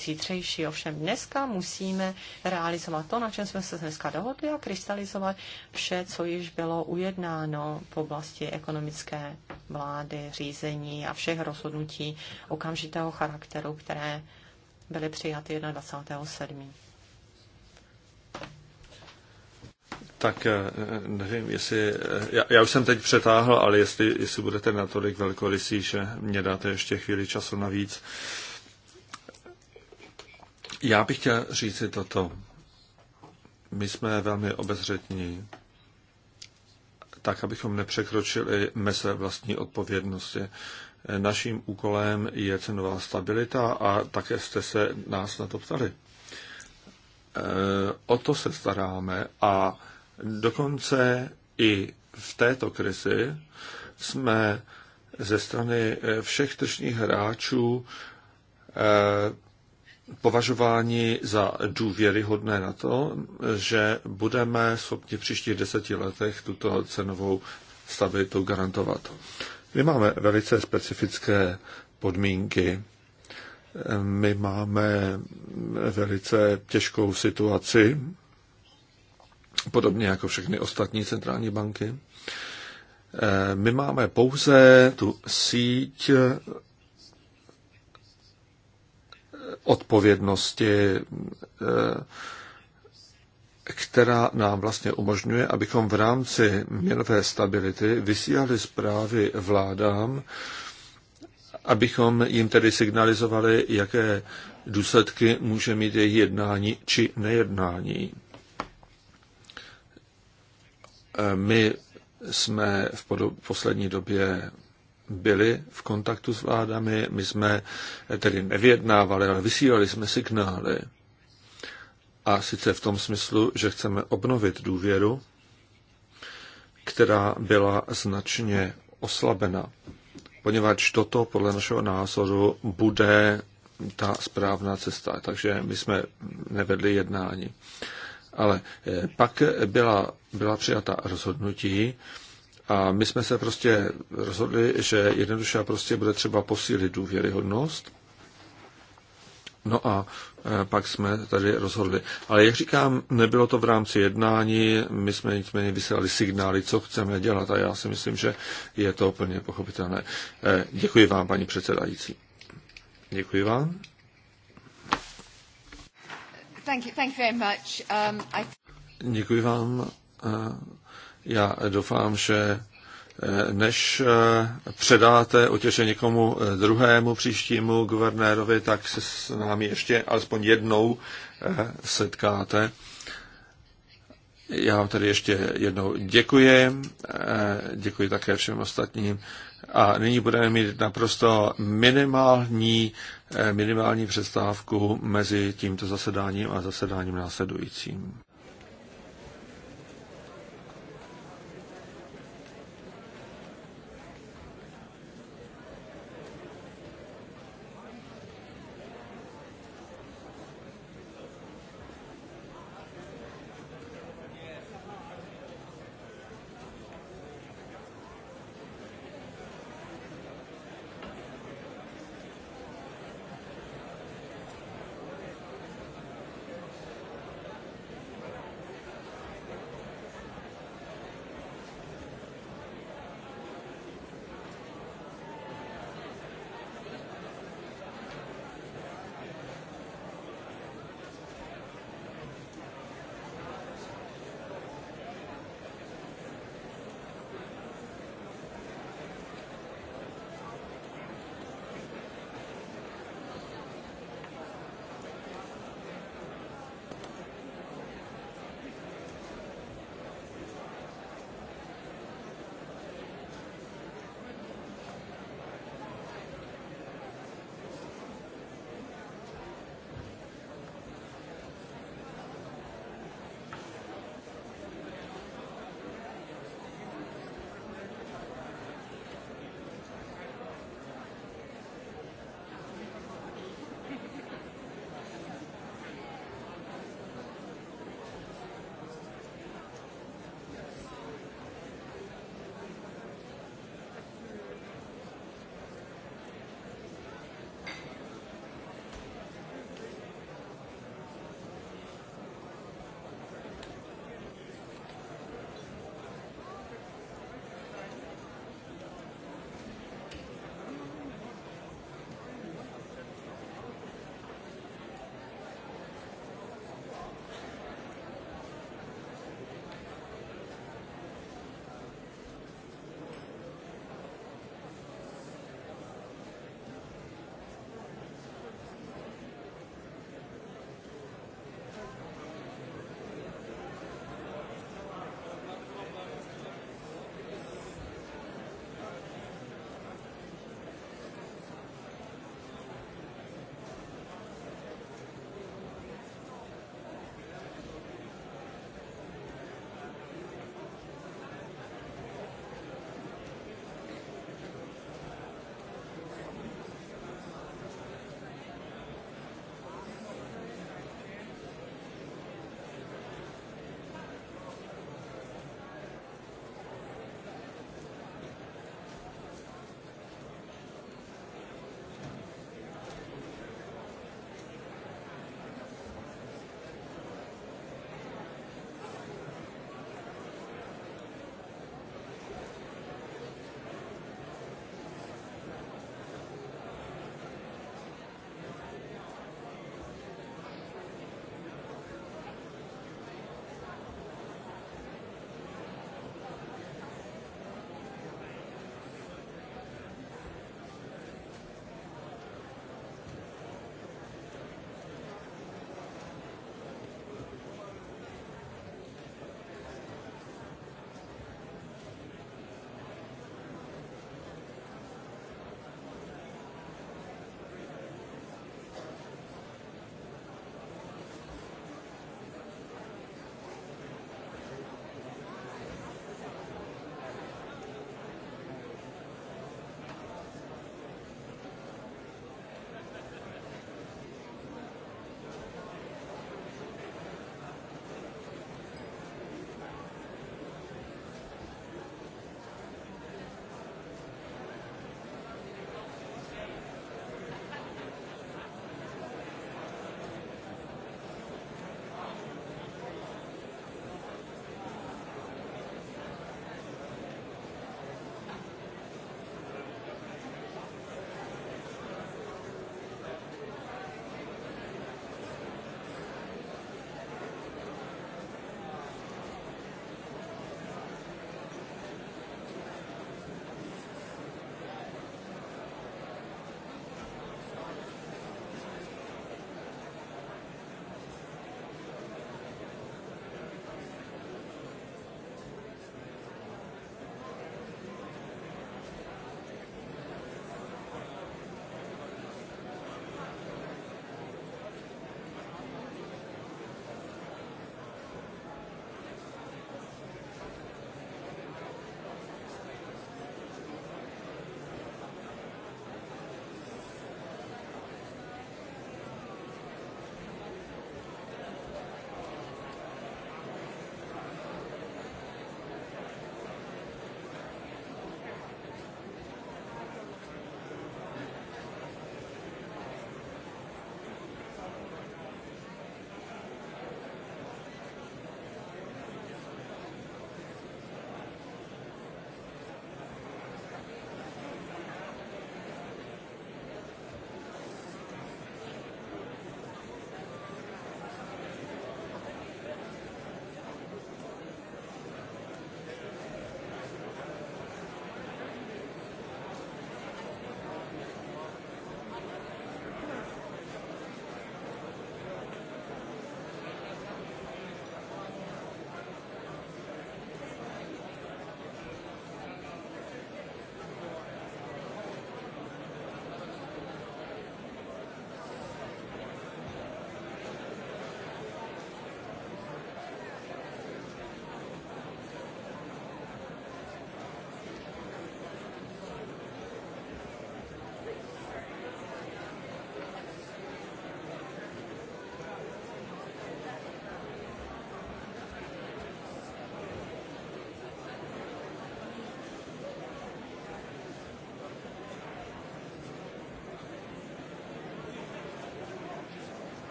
zítřejší. Ovšem dneska musíme realizovat to, na čem jsme se dneska dohodli a krystalizovat vše, co již bylo ujednáno v oblasti ekonomické vlády, řízení a všech rozhodnutí okamžitého charakteru, které byly přijaty 21.7. Tak eh, nevím, jestli, eh, já, já už jsem teď přetáhl, ale jestli, jestli budete natolik velkorysí, že mě dáte ještě chvíli času navíc, já bych chtěl říct si toto. My jsme velmi obezřetní, tak abychom nepřekročili mese vlastní odpovědnosti. Naším úkolem je cenová stabilita a také jste se nás na to ptali. E, o to se staráme a dokonce i v této krizi jsme ze strany všech tržních hráčů e, považováni za důvěryhodné na to, že budeme schopni v příštích deseti letech tuto cenovou stabilitu garantovat. My máme velice specifické podmínky. My máme velice těžkou situaci, podobně jako všechny ostatní centrální banky. My máme pouze tu síť odpovědnosti, eh, která nám vlastně umožňuje, abychom v rámci měnové stability vysílali zprávy vládám, abychom jim tedy signalizovali, jaké důsledky může mít jejich jednání či nejednání. Eh, my jsme v poslední době byli v kontaktu s vládami, my jsme eh, tedy nevyjednávali, ale vysílali jsme signály. A sice v tom smyslu, že chceme obnovit důvěru, která byla značně oslabena, poněvadž toto podle našeho názoru bude ta správná cesta. Takže my jsme nevedli jednání. Ale eh, pak byla, byla přijata rozhodnutí, a my jsme se prostě rozhodli, že jednoduše prostě bude třeba posílit důvěryhodnost. No a e, pak jsme tady rozhodli. Ale jak říkám, nebylo to v rámci jednání, my jsme nicméně vysílali signály, co chceme dělat a já si myslím, že je to úplně pochopitelné. E, děkuji vám, paní předsedající. Děkuji vám. Thank you, thank you very much. Um, I... Děkuji vám. E, já doufám, že eh, než eh, předáte otěže někomu eh, druhému příštímu guvernérovi, tak se s námi ještě alespoň jednou setkáte. Já vám tady ještě jednou děkuji. Děkuji také všem ostatním. A nyní budeme mít naprosto minimální, minimální přestávku mezi tímto zasedáním a zasedáním následujícím.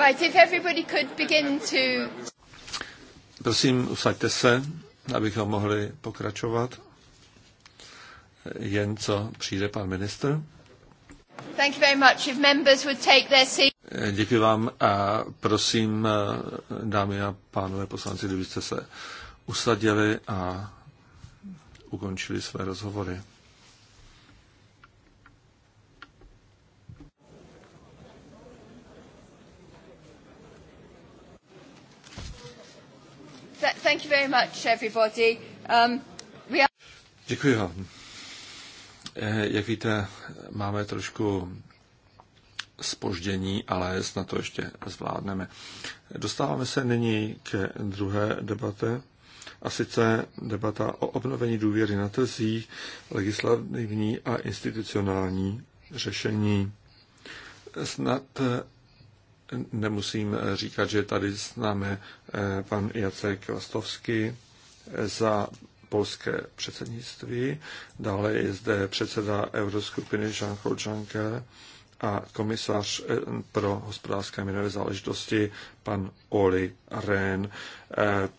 Right, if everybody could begin to... Prosím, usaďte se, abychom mohli pokračovat. Jen co přijde pan ministr. Thank you very much. If members would take their seat. Děkuji vám a prosím, dámy a pánové poslanci, kdybyste se usadili a ukončili své rozhovory. much, everybody. Um, we are... Děkuji vám. Eh, jak víte, máme trošku spoždění, ale snad to ještě zvládneme. Dostáváme se nyní ke druhé debate, a sice debata o obnovení důvěry na trzích, legislativní a institucionální řešení. Snad eh, nemusím eh, říkat, že tady známe eh, pan Jacek Lastovský eh, za polské předsednictví. Dále je zde předseda Euroskupiny Jean-Claude Juncker a komisař pro hospodářské minové záležitosti pan Oli Rehn.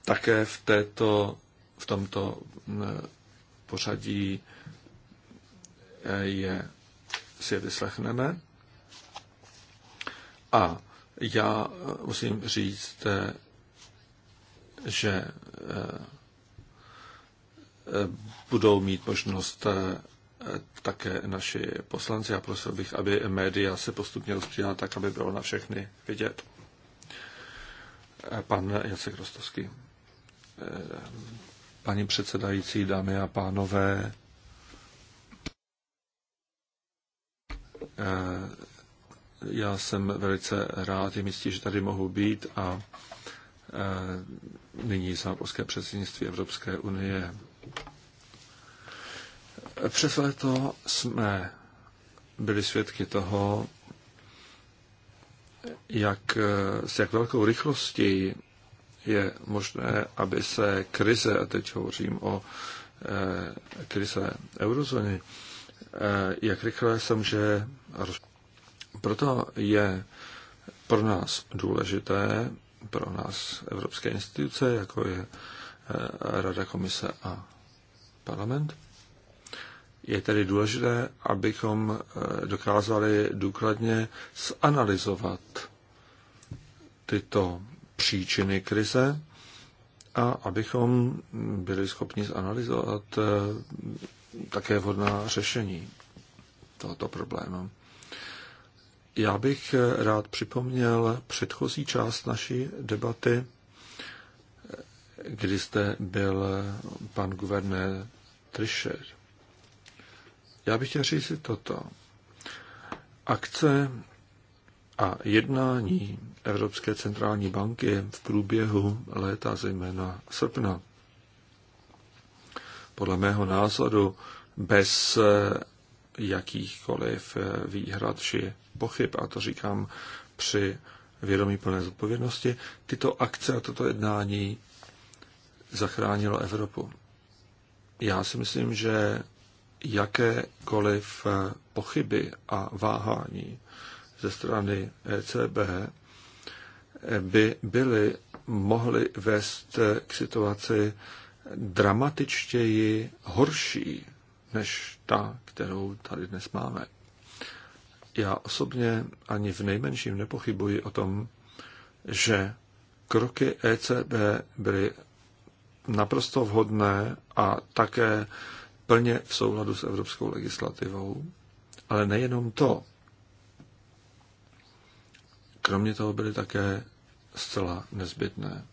Také v, této, v tomto mm, pořadí je si je vyslechneme. A já eh, musím říct, eh, že eh, budou mít možnost také naši poslanci. Já prosil bych, aby média se postupně rozpřídala tak, aby bylo na všechny vidět. Pan Jacek Rostovský. Paní předsedající, dámy a pánové, já jsem velice rád, je mi že tady mohu být a e, nyní za polské předsednictví Evropské unie. Přes léto jsme byli svědky toho, jak, e, s jak velkou rychlostí je možné, aby se krize, a teď hovořím o e, krize eurozóny, e, jak rychle se může rozpočítat proto je pro nás důležité, pro nás evropské instituce, jako je eh, Rada komise a parlament, je tedy důležité, abychom eh, dokázali důkladně zanalizovat tyto příčiny krize a abychom byli schopni zanalizovat eh, také vhodná řešení tohoto problému. Já bych rád připomněl předchozí část naší debaty, kdy jste byl pan guvernér Trischer. Já bych chtěl říct si toto. Akce a jednání Evropské centrální banky v průběhu léta, zejména srpna, podle mého názoru bez jakýchkoliv výhrad či pochyb, a to říkám při vědomí plné zodpovědnosti, tyto akce a toto jednání zachránilo Evropu. Já si myslím, že jakékoliv pochyby a váhání ze strany ECB by byly mohly vést k situaci dramatičtěji horší než ta, kterou tady dnes máme. Já osobně ani v nejmenším nepochybuji o tom, že kroky ECB byly naprosto vhodné a také plně v souladu s evropskou legislativou. Ale nejenom to. Kromě toho byly také zcela nezbytné.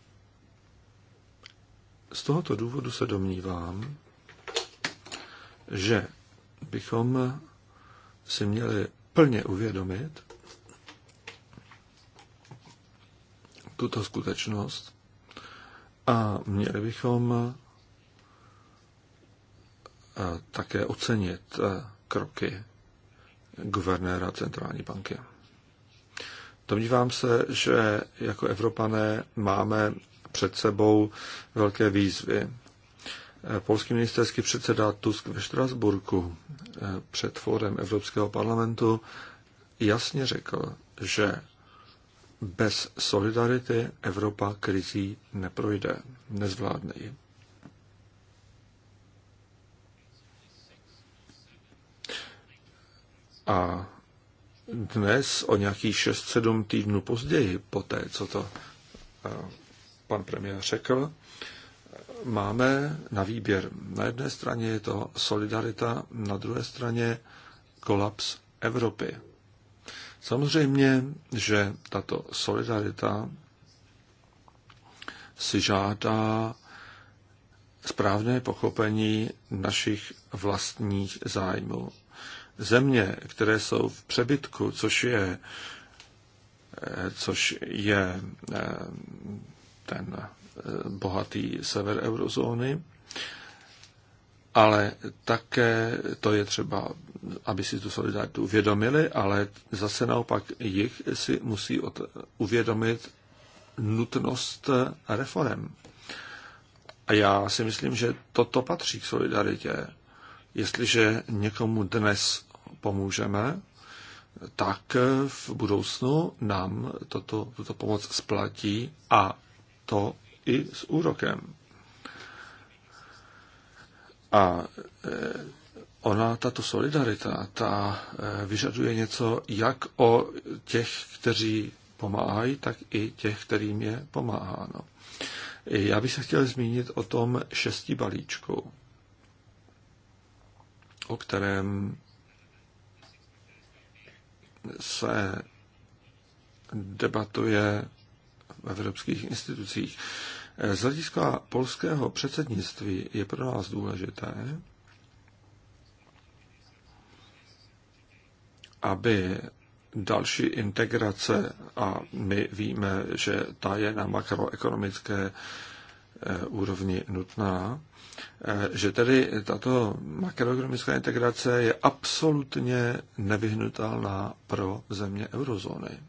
Z tohoto důvodu se domnívám, že bychom si měli plně uvědomit tuto skutečnost a měli bychom eh, také ocenit eh, kroky guvernéra centrální banky. Domnívám se, že jako Evropané máme před sebou velké výzvy polský ministerský předseda Tusk ve Štrasburku eh, před fórem Evropského parlamentu jasně řekl, že bez solidarity Evropa krizí neprojde, nezvládne ji. A dnes, o nějakých 6-7 týdnů později, po té, co to eh, pan premiér řekl, máme na výběr. Na jedné straně je to solidarita, na druhé straně kolaps Evropy. Samozřejmě, že tato solidarita si žádá správné pochopení našich vlastních zájmů. Země, které jsou v přebytku, což je, eh, což je eh, ten bohatý sever eurozóny, ale také to je třeba, aby si tu solidaritu uvědomili, ale zase naopak jich si musí od, uvědomit nutnost reform. A já si myslím, že toto patří k solidaritě. Jestliže někomu dnes pomůžeme, tak v budoucnu nám toto, tuto pomoc splatí a to i s úrokem. A e, ona, tato solidarita, ta e, vyžaduje něco jak o těch, kteří pomáhají, tak i těch, kterým je pomáháno. E, já bych se chtěl zmínit o tom šesti balíčku, o kterém se debatuje v evropských institucích. Z hlediska polského předsednictví je pro nás důležité, aby další integrace, a my víme, že ta je na makroekonomické eh, úrovni nutná, eh, že tedy tato makroekonomická integrace je absolutně nevyhnutelná pro země eurozóny.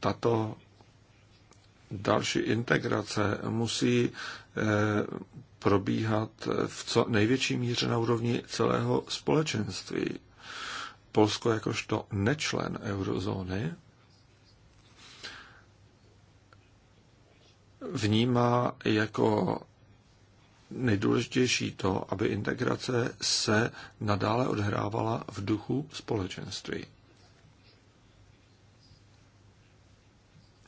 Tato další integrace musí eh, probíhat v co největší míře na úrovni celého společenství. Polsko jakožto nečlen eurozóny vnímá jako nejdůležitější to, aby integrace se nadále odhrávala v duchu společenství.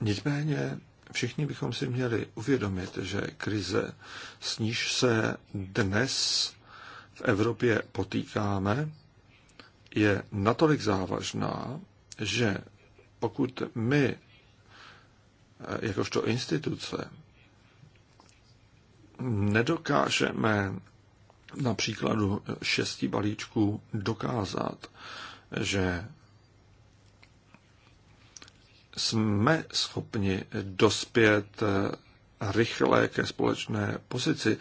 Nicméně všichni bychom si měli uvědomit, že krize, s níž se dnes v Evropě potýkáme, je natolik závažná, že pokud my, eh, jakožto instituce, nedokážeme na příkladu šesti balíčků dokázat, že jsme schopni dospět eh, rychle ke společné pozici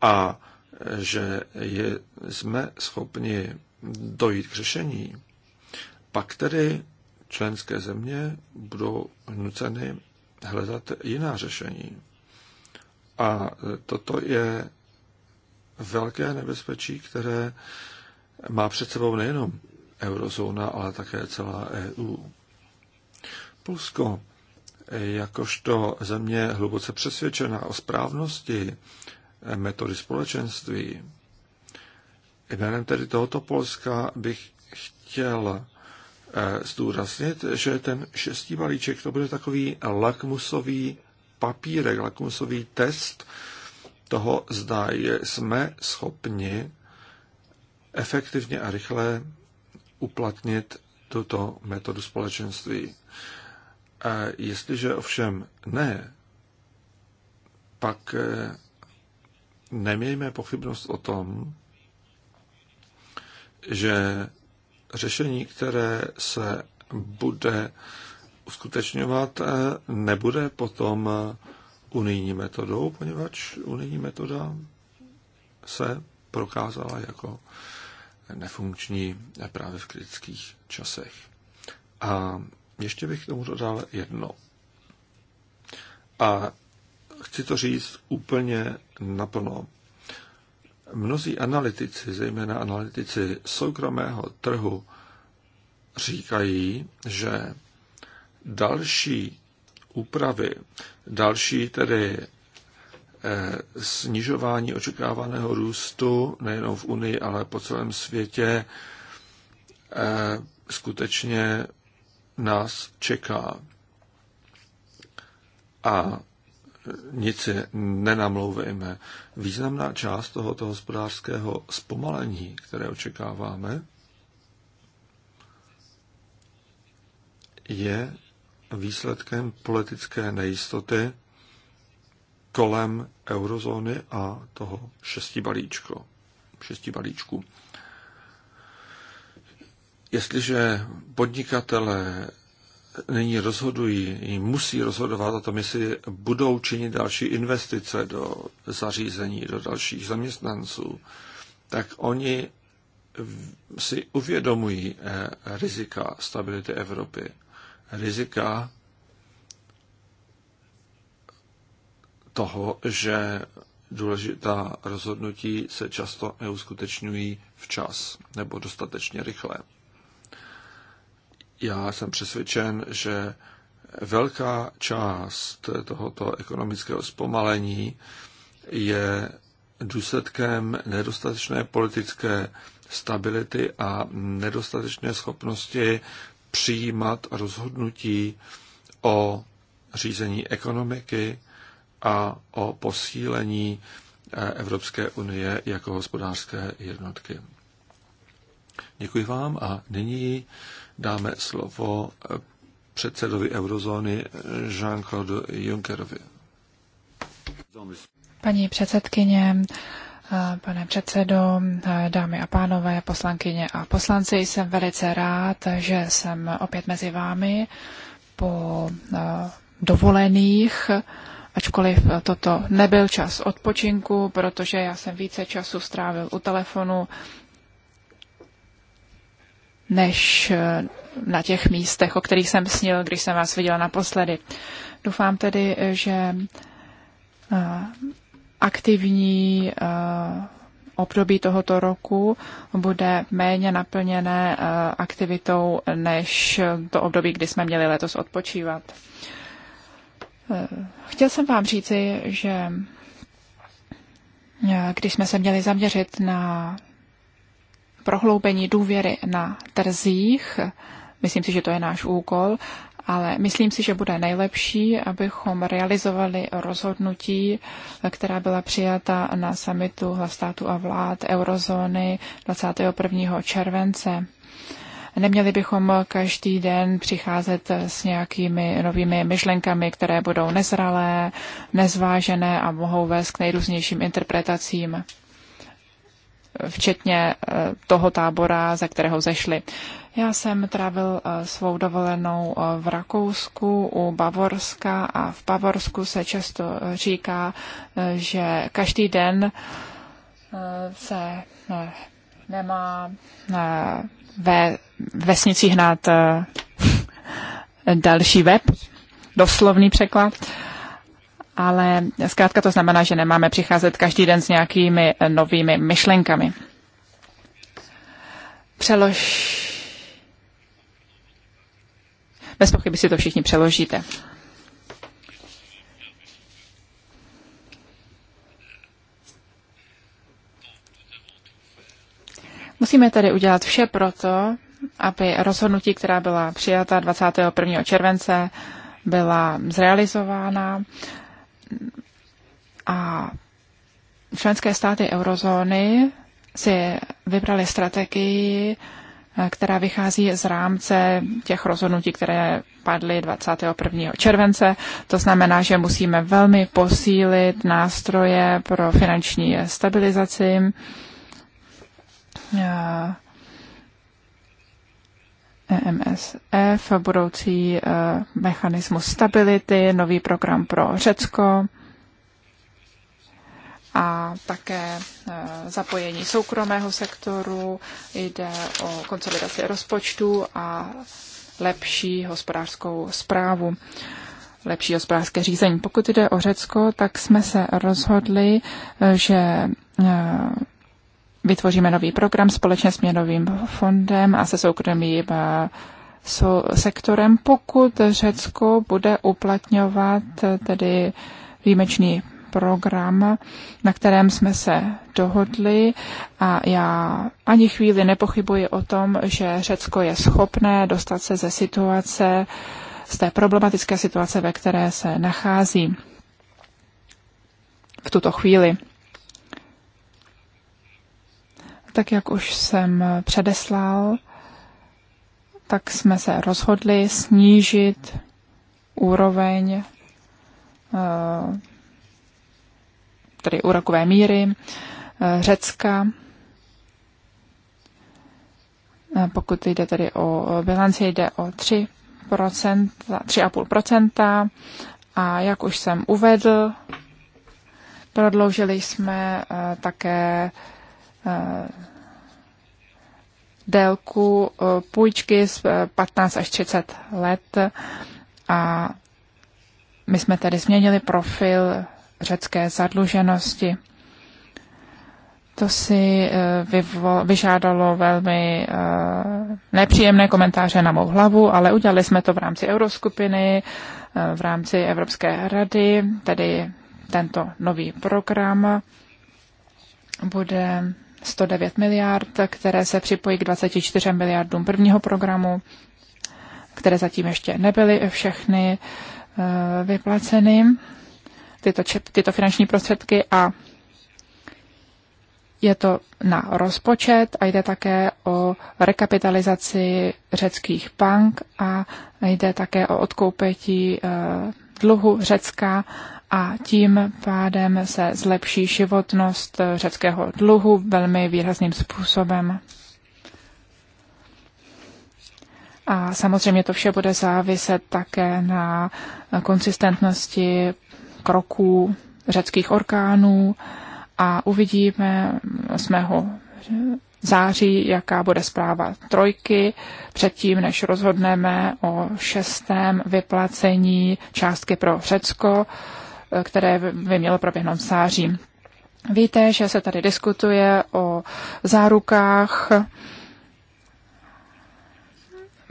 a eh, že je, jsme schopni dojít k řešení, pak tedy členské země budou nuceny hledat jiná řešení. A eh, toto je velké nebezpečí, které má před sebou nejenom eurozóna, ale také celá EU. Polsko, jakožto země hluboce přesvědčená o správnosti metody společenství, jménem tedy tohoto Polska bych chtěl eh, zdůraznit, že ten šestý balíček to bude takový lakmusový papírek, lakmusový test toho, zda jsme schopni efektivně a rychle uplatnit tuto metodu společenství. A jestliže ovšem ne, pak eh, nemějme pochybnost o tom, že řešení, které se bude uskutečňovat, eh, nebude potom unijní metodou, poněvadž unijní metoda se prokázala jako nefunkční právě v kritických časech. A ještě bych k tomu dodal jedno. A chci to říct úplně naplno. Mnozí analytici, zejména analytici soukromého trhu, říkají, že další úpravy, další tedy eh, snižování očekávaného růstu nejenom v Unii, ale po celém světě eh, skutečně nás čeká. A nic si nenamlouvejme. Významná část tohoto hospodářského zpomalení, které očekáváme, je výsledkem politické nejistoty kolem eurozóny a toho šesti balíčko, šesti balíčku. Jestliže podnikatele nyní rozhodují, musí rozhodovat o tom, jestli budou činit další investice do zařízení, do dalších zaměstnanců, tak oni si uvědomují eh, rizika stability Evropy. Rizika toho, že důležitá rozhodnutí se často neuskutečňují včas nebo dostatečně rychle já jsem přesvědčen, že velká část tohoto ekonomického zpomalení je důsledkem nedostatečné politické stability a nedostatečné schopnosti přijímat rozhodnutí o řízení ekonomiky a o posílení Evropské unie jako hospodářské jednotky. Děkuji vám a nyní dáme slovo eh, předsedovi eurozóny eh, Jean-Claude Junckerovi. Paní předsedkyně, eh, Pane předsedo, dámy a pánové, poslankyně a poslanci, jsem velice rád, že jsem opět mezi vámi po dovolených, ačkoliv toto nebyl čas odpočinku, protože já jsem více času strávil u telefonu než eh, na těch místech, o kterých jsem snil, když jsem vás viděla naposledy. Doufám tedy, že eh, aktivní eh, období tohoto roku bude méně naplněné aktivitou než to období, kdy jsme měli letos odpočívat. Chtěl jsem vám říci, že když jsme se měli zaměřit na prohloubení důvěry na trzích. Myslím si, že to je náš úkol, ale myslím si, že bude nejlepší, abychom realizovali rozhodnutí, která byla přijata na samitu států a vlád eurozóny 21. července. Neměli bychom každý den přicházet s nějakými novými myšlenkami, které budou nezralé, nezvážené a mohou vést k nejrůznějším interpretacím včetně eh, toho tábora, ze kterého zešli. Já jsem trávil eh, svou dovolenou eh, v Rakousku, u Bavorska a v Bavorsku se často říká, že každý den se nemá ve vesnicích hnát další web, doslovný překlad ale zkrátka to znamená, že nemáme přicházet každý den s nějakými eh, novými myšlenkami. Přelož. Bez pochyby si to všichni přeložíte. Musíme tedy udělat vše proto, aby rozhodnutí, která byla přijata 21. července, byla zrealizována a členské státy eurozóny si vybrali strategii, eh, která vychází z rámce těch rozhodnutí, které padly 21. července. To znamená, že musíme velmi posílit nástroje pro finanční stabilizaci. Eh, E MSF, budoucí e, mechanismus stability, nový program pro Řecko a také e, zapojení soukromého sektoru, jde o konsolidaci rozpočtu a lepší hospodářskou zprávu, lepší hospodářské řízení. Pokud jde o Řecko, tak jsme se rozhodli, že vytvoříme nový program společně s měnovým fondem a se soukromým eh, sektorem, pokud Řecko bude uplatňovat eh, tedy výjimečný program, na kterém jsme se dohodli a já ani chvíli nepochybuji o tom, že Řecko je schopné dostat se ze situace, z té problematické situace, ve které se nachází v tuto chvíli. Tak jak už jsem předeslal, tak jsme se rozhodli snížit úroveň eh, tedy úrokové míry eh, Řecka, eh, pokud jde tedy o bilanci, jde o 3%, 3,5%. A jak už jsem uvedl, prodloužili jsme také Eh, délku eh, půjčky z 15 eh, až 30 let a my jsme tady změnili profil řecké zadluženosti. To si vyžádalo velmi nepříjemné komentáře na mou hlavu, ale udělali jsme to v rámci euroskupiny, v rámci Evropské rady, tedy tento nový program bude 109 miliard, které se připojí k 24 miliardům prvního programu, které zatím ještě nebyly všechny eh, vyplaceny, tyto, tyto finanční prostředky a je to na rozpočet a jde také o rekapitalizaci řeckých bank a jde také o odkoupetí eh, dluhu Řecka a tím pádem se zlepší životnost řeckého dluhu velmi výrazným způsobem. A samozřejmě to vše bude záviset také na konsistentnosti kroků řeckých orgánů a uvidíme 8. září, jaká bude zpráva trojky, předtím, než rozhodneme o šestém vyplacení částky pro Řecko které by mělo proběhnout v září. Víte, že se tady diskutuje o zárukách,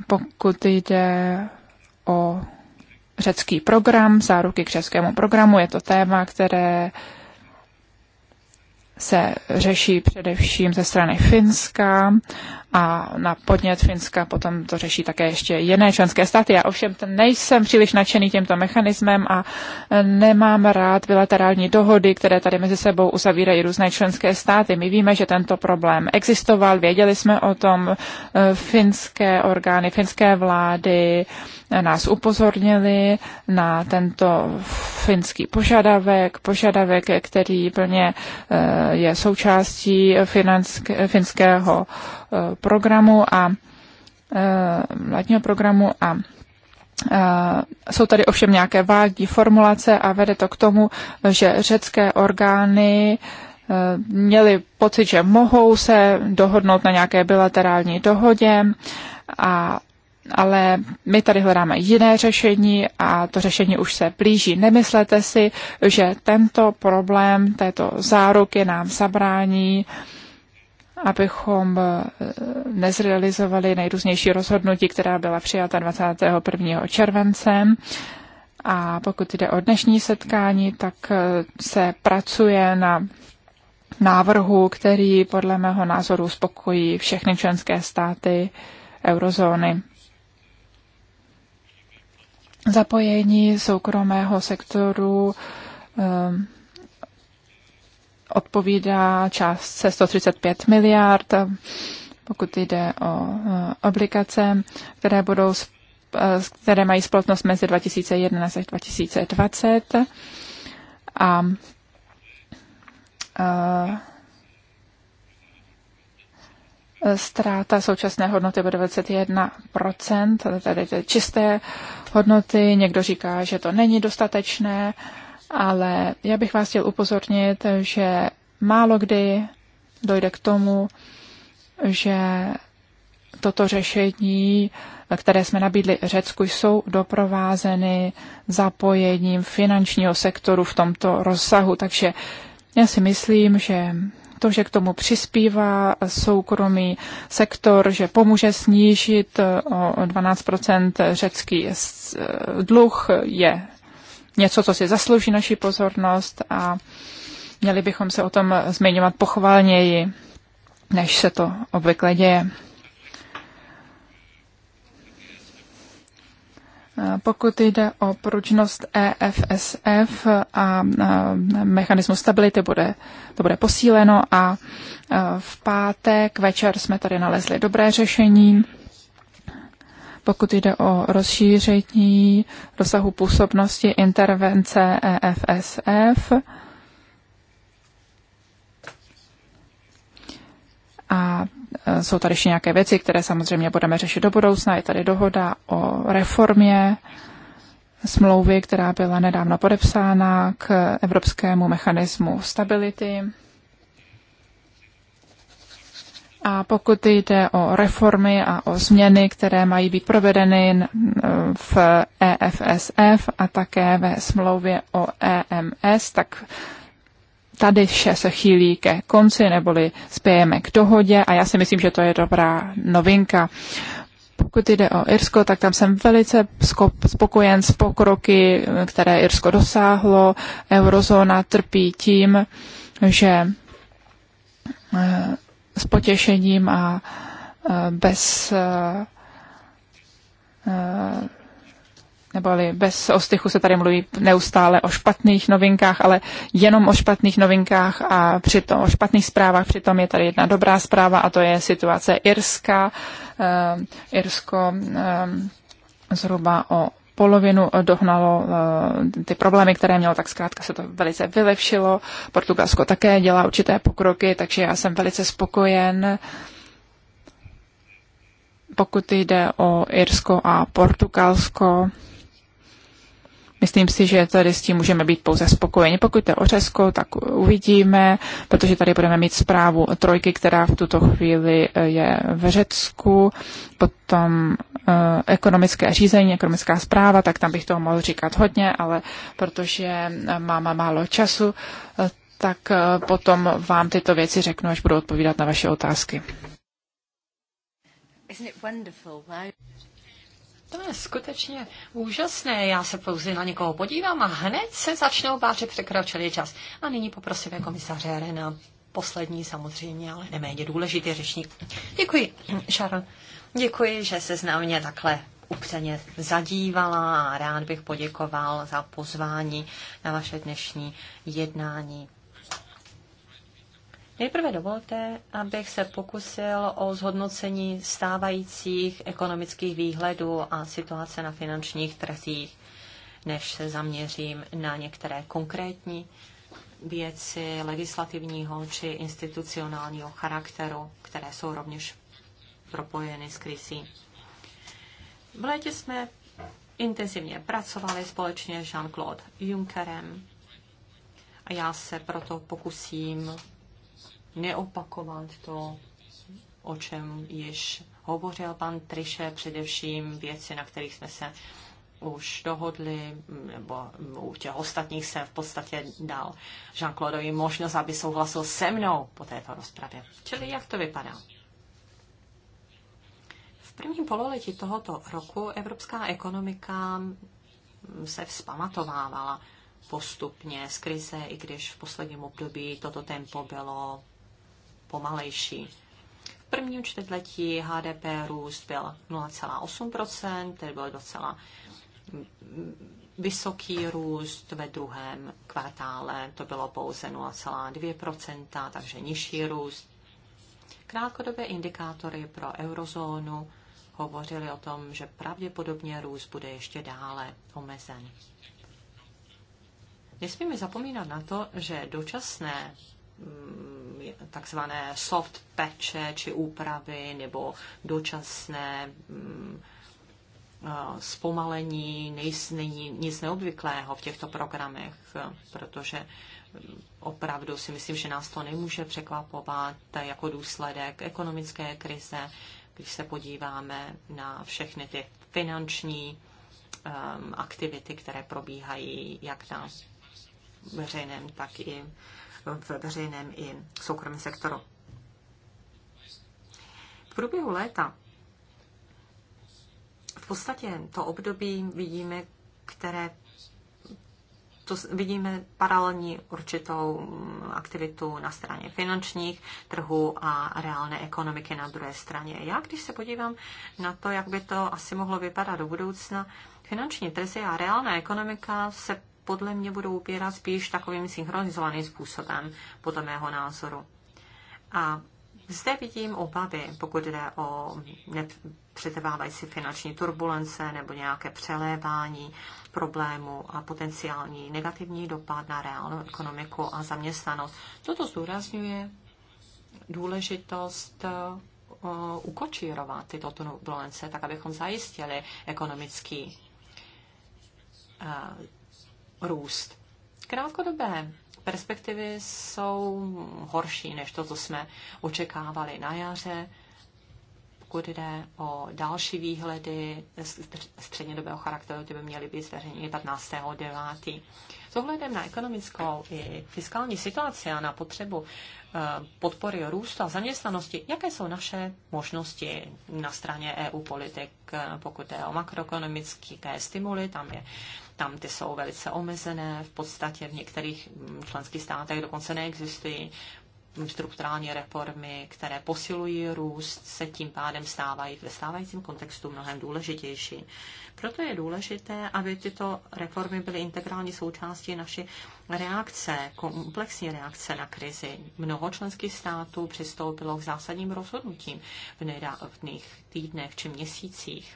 pokud jde o řecký program, záruky k řeckému programu. Je to téma, které se řeší především ze strany Finska a na podnět Finska potom to řeší také ještě jiné členské státy. Já ovšem nejsem příliš nadšený tímto mechanismem a e, nemám rád bilaterální dohody, které tady mezi sebou uzavírají různé členské státy. My víme, že tento problém existoval, věděli jsme o tom, e, finské orgány, finské vlády e, nás upozornili na tento finský požadavek, požadavek, který plně je součástí finansk, finského Eh, programu a eh, vládního programu a eh, jsou tady ovšem nějaké vágní formulace a vede to k tomu, že řecké orgány měli pocit, že mohou se dohodnout na nějaké bilaterální dohodě, a, ale my tady hledáme jiné řešení a to řešení už se blíží. Nemyslete si, že tento problém této záruky nám zabrání uh, abychom eh, nezrealizovali nejrůznější rozhodnutí, která byla přijata 21. července. A pokud jde o dnešní setkání, tak eh, se pracuje na návrhu, který podle mého názoru spokojí všechny členské státy eurozóny. Zapojení soukromého sektoru eh, odpovídá částce 135 miliard, pokud jde o eh, obligace, které budou eh, které mají splotnost mezi 2011 až 2020. A, a eh, ztráta současné hodnoty bude 21%, tedy čisté hodnoty. Někdo říká, že to není dostatečné ale já bych vás chtěl upozornit, že málo kdy dojde k tomu, že toto řešení, které jsme nabídli Řecku, jsou doprovázeny zapojením finančního sektoru v tomto rozsahu. Takže já si myslím, že to, že k tomu přispívá soukromý sektor, že pomůže snížit o 12 řecký dluh, je něco, co si zaslouží naši pozornost a měli bychom se o tom zmiňovat pochválněji, než se to obvykle děje. Pokud jde o pručnost EFSF a mechanismus stability, bude, to bude posíleno a v pátek večer jsme tady nalezli dobré řešení pokud jde o rozšíření rozsahu působnosti intervence EFSF. A e, jsou tady ještě nějaké věci, které samozřejmě budeme řešit do budoucna. Je tady dohoda o reformě smlouvy, která byla nedávno podepsána k Evropskému mechanismu stability. A pokud jde o reformy a o změny, které mají být provedeny v EFSF a také ve smlouvě o EMS, tak tady vše se chýlí ke konci, neboli spějeme k dohodě a já si myslím, že to je dobrá novinka. Pokud jde o Irsko, tak tam jsem velice spokojen s pokroky, které Irsko dosáhlo. Eurozóna trpí tím, že eh, s potěšením a e, bez e, e, neboli bez ostychu se tady mluví neustále o špatných novinkách, ale jenom o špatných novinkách a přitom o špatných zprávách. Přitom je tady jedna dobrá zpráva a to je situace Irska. Irsko zhruba o polovinu dohnalo eh, ty problémy, které mělo, tak zkrátka se to velice vylepšilo. Portugalsko také dělá určité pokroky, takže já jsem velice spokojen. Pokud jde o Irsko a Portugalsko, Myslím si, že tady s tím můžeme být pouze spokojeni. Pokud jde o Řesko, tak uvidíme, protože tady budeme mít zprávu trojky, která v tuto chvíli eh, je v Řecku, potom eh, ekonomické řízení, ekonomická zpráva, tak tam bych toho mohl říkat hodně, ale protože eh, máme málo času, tak potom vám tyto věci řeknu, až budu odpovídat na vaše otázky. To je skutečně úžasné. Já se pouze na někoho podívám a hned se začnou bát, že překročili čas. A nyní poprosíme komisaře Rena. Poslední samozřejmě, ale neméně důležitý řečník. Děkuji, Sharon. Děkuji, že se na mě takhle upřeně zadívala a rád bych poděkoval za pozvání na vaše dnešní jednání. Nejprve dovolte, abych se pokusil o zhodnocení stávajících ekonomických výhledů a situace na finančních trzích, než se zaměřím na některé konkrétní věci legislativního či institucionálního charakteru, které jsou rovněž propojeny s krizí. V létě jsme intenzivně pracovali společně s Jean-Claude Junckerem a já se proto pokusím neopakovat to, o čem již hovořil pan Triše, především věci, na kterých jsme se už dohodli, nebo u těch ostatních se v podstatě dal Jean-Claudeovi možnost, aby souhlasil se mnou po této rozpravě. Čili jak to vypadá? V prvním pololetí tohoto roku evropská ekonomika se vzpamatovávala postupně z krize, i když v posledním období toto tempo bylo pomalejší. V prvním čtvrtletí HDP růst byl 0,8%, tedy byl docela vysoký růst ve druhém kvartále, to bylo pouze 0,2%, takže nižší růst. Krátkodobé indikátory pro eurozónu hovořili o tom, že pravděpodobně růst bude ještě dále omezen. Nesmíme zapomínat na to, že dočasné Mm, takzvané soft peče či úpravy nebo dočasné mm, eh, zpomalení, není nic neobvyklého v těchto programech, protože mm, opravdu si myslím, že nás to nemůže překvapovat jako důsledek ekonomické krize, když se podíváme na všechny ty finanční ehm, aktivity, které probíhají jak na veřejném, tak i v veřejném i soukromém sektoru. V průběhu léta v podstatě to období vidíme, které to vidíme paralelní určitou mm, aktivitu na straně finančních trhů a reálné ekonomiky na druhé straně. Já, když se podívám na to, jak by to asi mohlo vypadat do budoucna, finanční trzy a reálná ekonomika se podle mě budou upírat spíš takovým synchronizovaným způsobem, podle mého názoru. A zde vidím obavy, pokud jde o přetrvávající finanční turbulence nebo nějaké přelévání problému a potenciální negativní dopad na reálnou ekonomiku a zaměstnanost. Toto zdůrazňuje důležitost eh, ukočírovat tyto turbulence, tak abychom zajistili ekonomický eh, růst. Krátkodobé perspektivy jsou horší než to, co jsme očekávali na jaře, pokud jde o další výhledy střednědobého charakteru, ty by měly být zveřejněny 15.9. S ohledem na ekonomickou i fiskální situaci a na potřebu eh, podpory růstu a zaměstnanosti, jaké jsou naše možnosti na straně EU politik, eh, pokud jde o makroekonomické stimuly, tam je tam ty jsou velice omezené, v podstatě v některých mm, členských státech dokonce neexistují strukturální reformy, které posilují růst, se tím pádem stávají ve stávajícím kontextu mnohem důležitější. Proto je důležité, aby tyto reformy byly integrální součástí naší reakce, komplexní reakce na krizi. Mnoho členských států přistoupilo k zásadním rozhodnutím v nedávných týdnech či měsících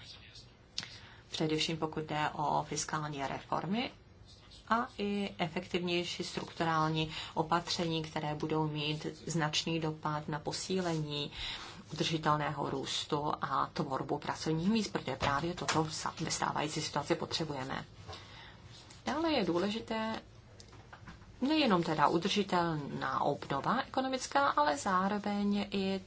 především pokud jde o fiskální reformy a i efektivnější strukturální opatření, které budou mít značný dopad na posílení udržitelného růstu a tvorbu pracovních míst, protože právě toto ve stávající situaci potřebujeme. Dále je důležité nejenom teda udržitelná obnova ekonomická, ale zároveň i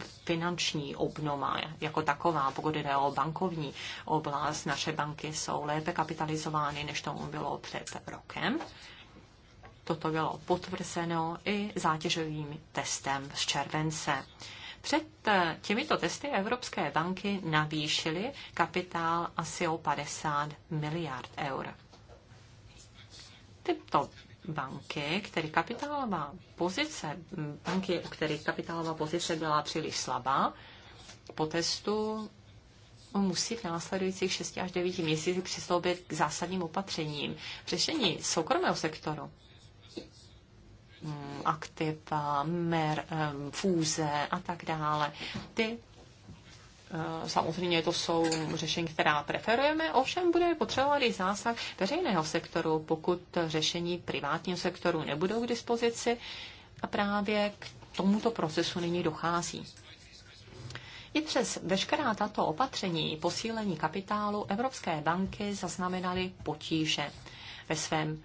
finanční obnova jako taková, pokud jde o bankovní oblast, naše banky jsou lépe kapitalizovány, než tomu bylo před rokem. Toto bylo potvrzeno i zátěžovým testem z července. Před těmito testy Evropské banky navýšily kapitál asi o 50 miliard eur. Tyto banky, které kapitálová pozice, banky, u kterých kapitálová pozice byla příliš slabá, po testu musí v následujících 6 až 9 měsících přistoupit k zásadním opatřením. Řešení soukromého sektoru, mm, aktiva, mer, fůze a tak dále. Ty Eh, samozřejmě to jsou řešení, která preferujeme, ovšem bude potřebovat i zásah veřejného sektoru, pokud řešení privátního sektoru nebudou k dispozici a právě k tomuto procesu nyní dochází. I přes veškerá tato opatření posílení kapitálu Evropské banky zaznamenaly potíže ve svém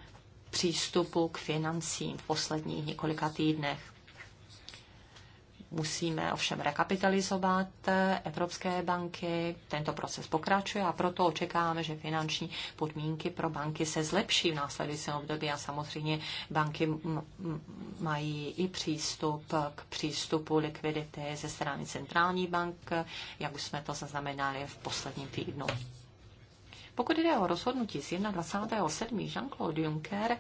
přístupu k financím v posledních několika týdnech. Musíme ovšem rekapitalizovat evropské banky, tento proces pokračuje a proto očekáváme, že finanční podmínky pro banky se zlepší v následujícím období a samozřejmě banky mají i přístup k přístupu likvidity ze strany centrální bank, jak už jsme to zaznamenali v posledním týdnu. Pokud jde o rozhodnutí z 21.7. Jean-Claude Juncker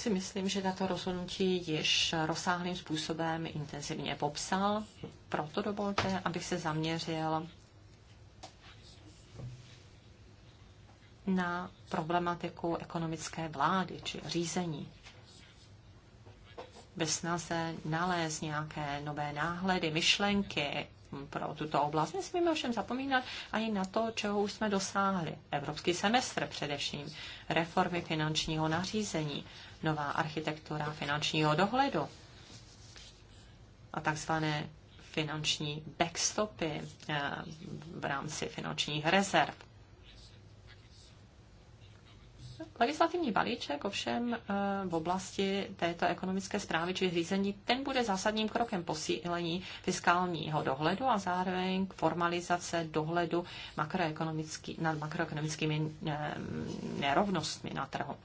si myslím, že tato rozhodnutí již rozsáhlým způsobem intenzivně popsal. Proto dovolte, abych se zaměřil na problematiku ekonomické vlády či řízení. Ve snaze nalézt nějaké nové náhledy, myšlenky pro tuto oblast. Nesmíme ovšem zapomínat ani na to, čeho už jsme dosáhli. Evropský semestr především, reformy finančního nařízení, nová architektura finančního dohledu a takzvané finanční backstopy eh, v rámci finančních rezerv. Legislativní balíček ovšem eh, v oblasti této ekonomické zprávy či řízení, ten bude zásadním krokem posílení fiskálního dohledu a zároveň k formalizace dohledu makroekonomický, nad makroekonomickými eh, nerovnostmi na trhu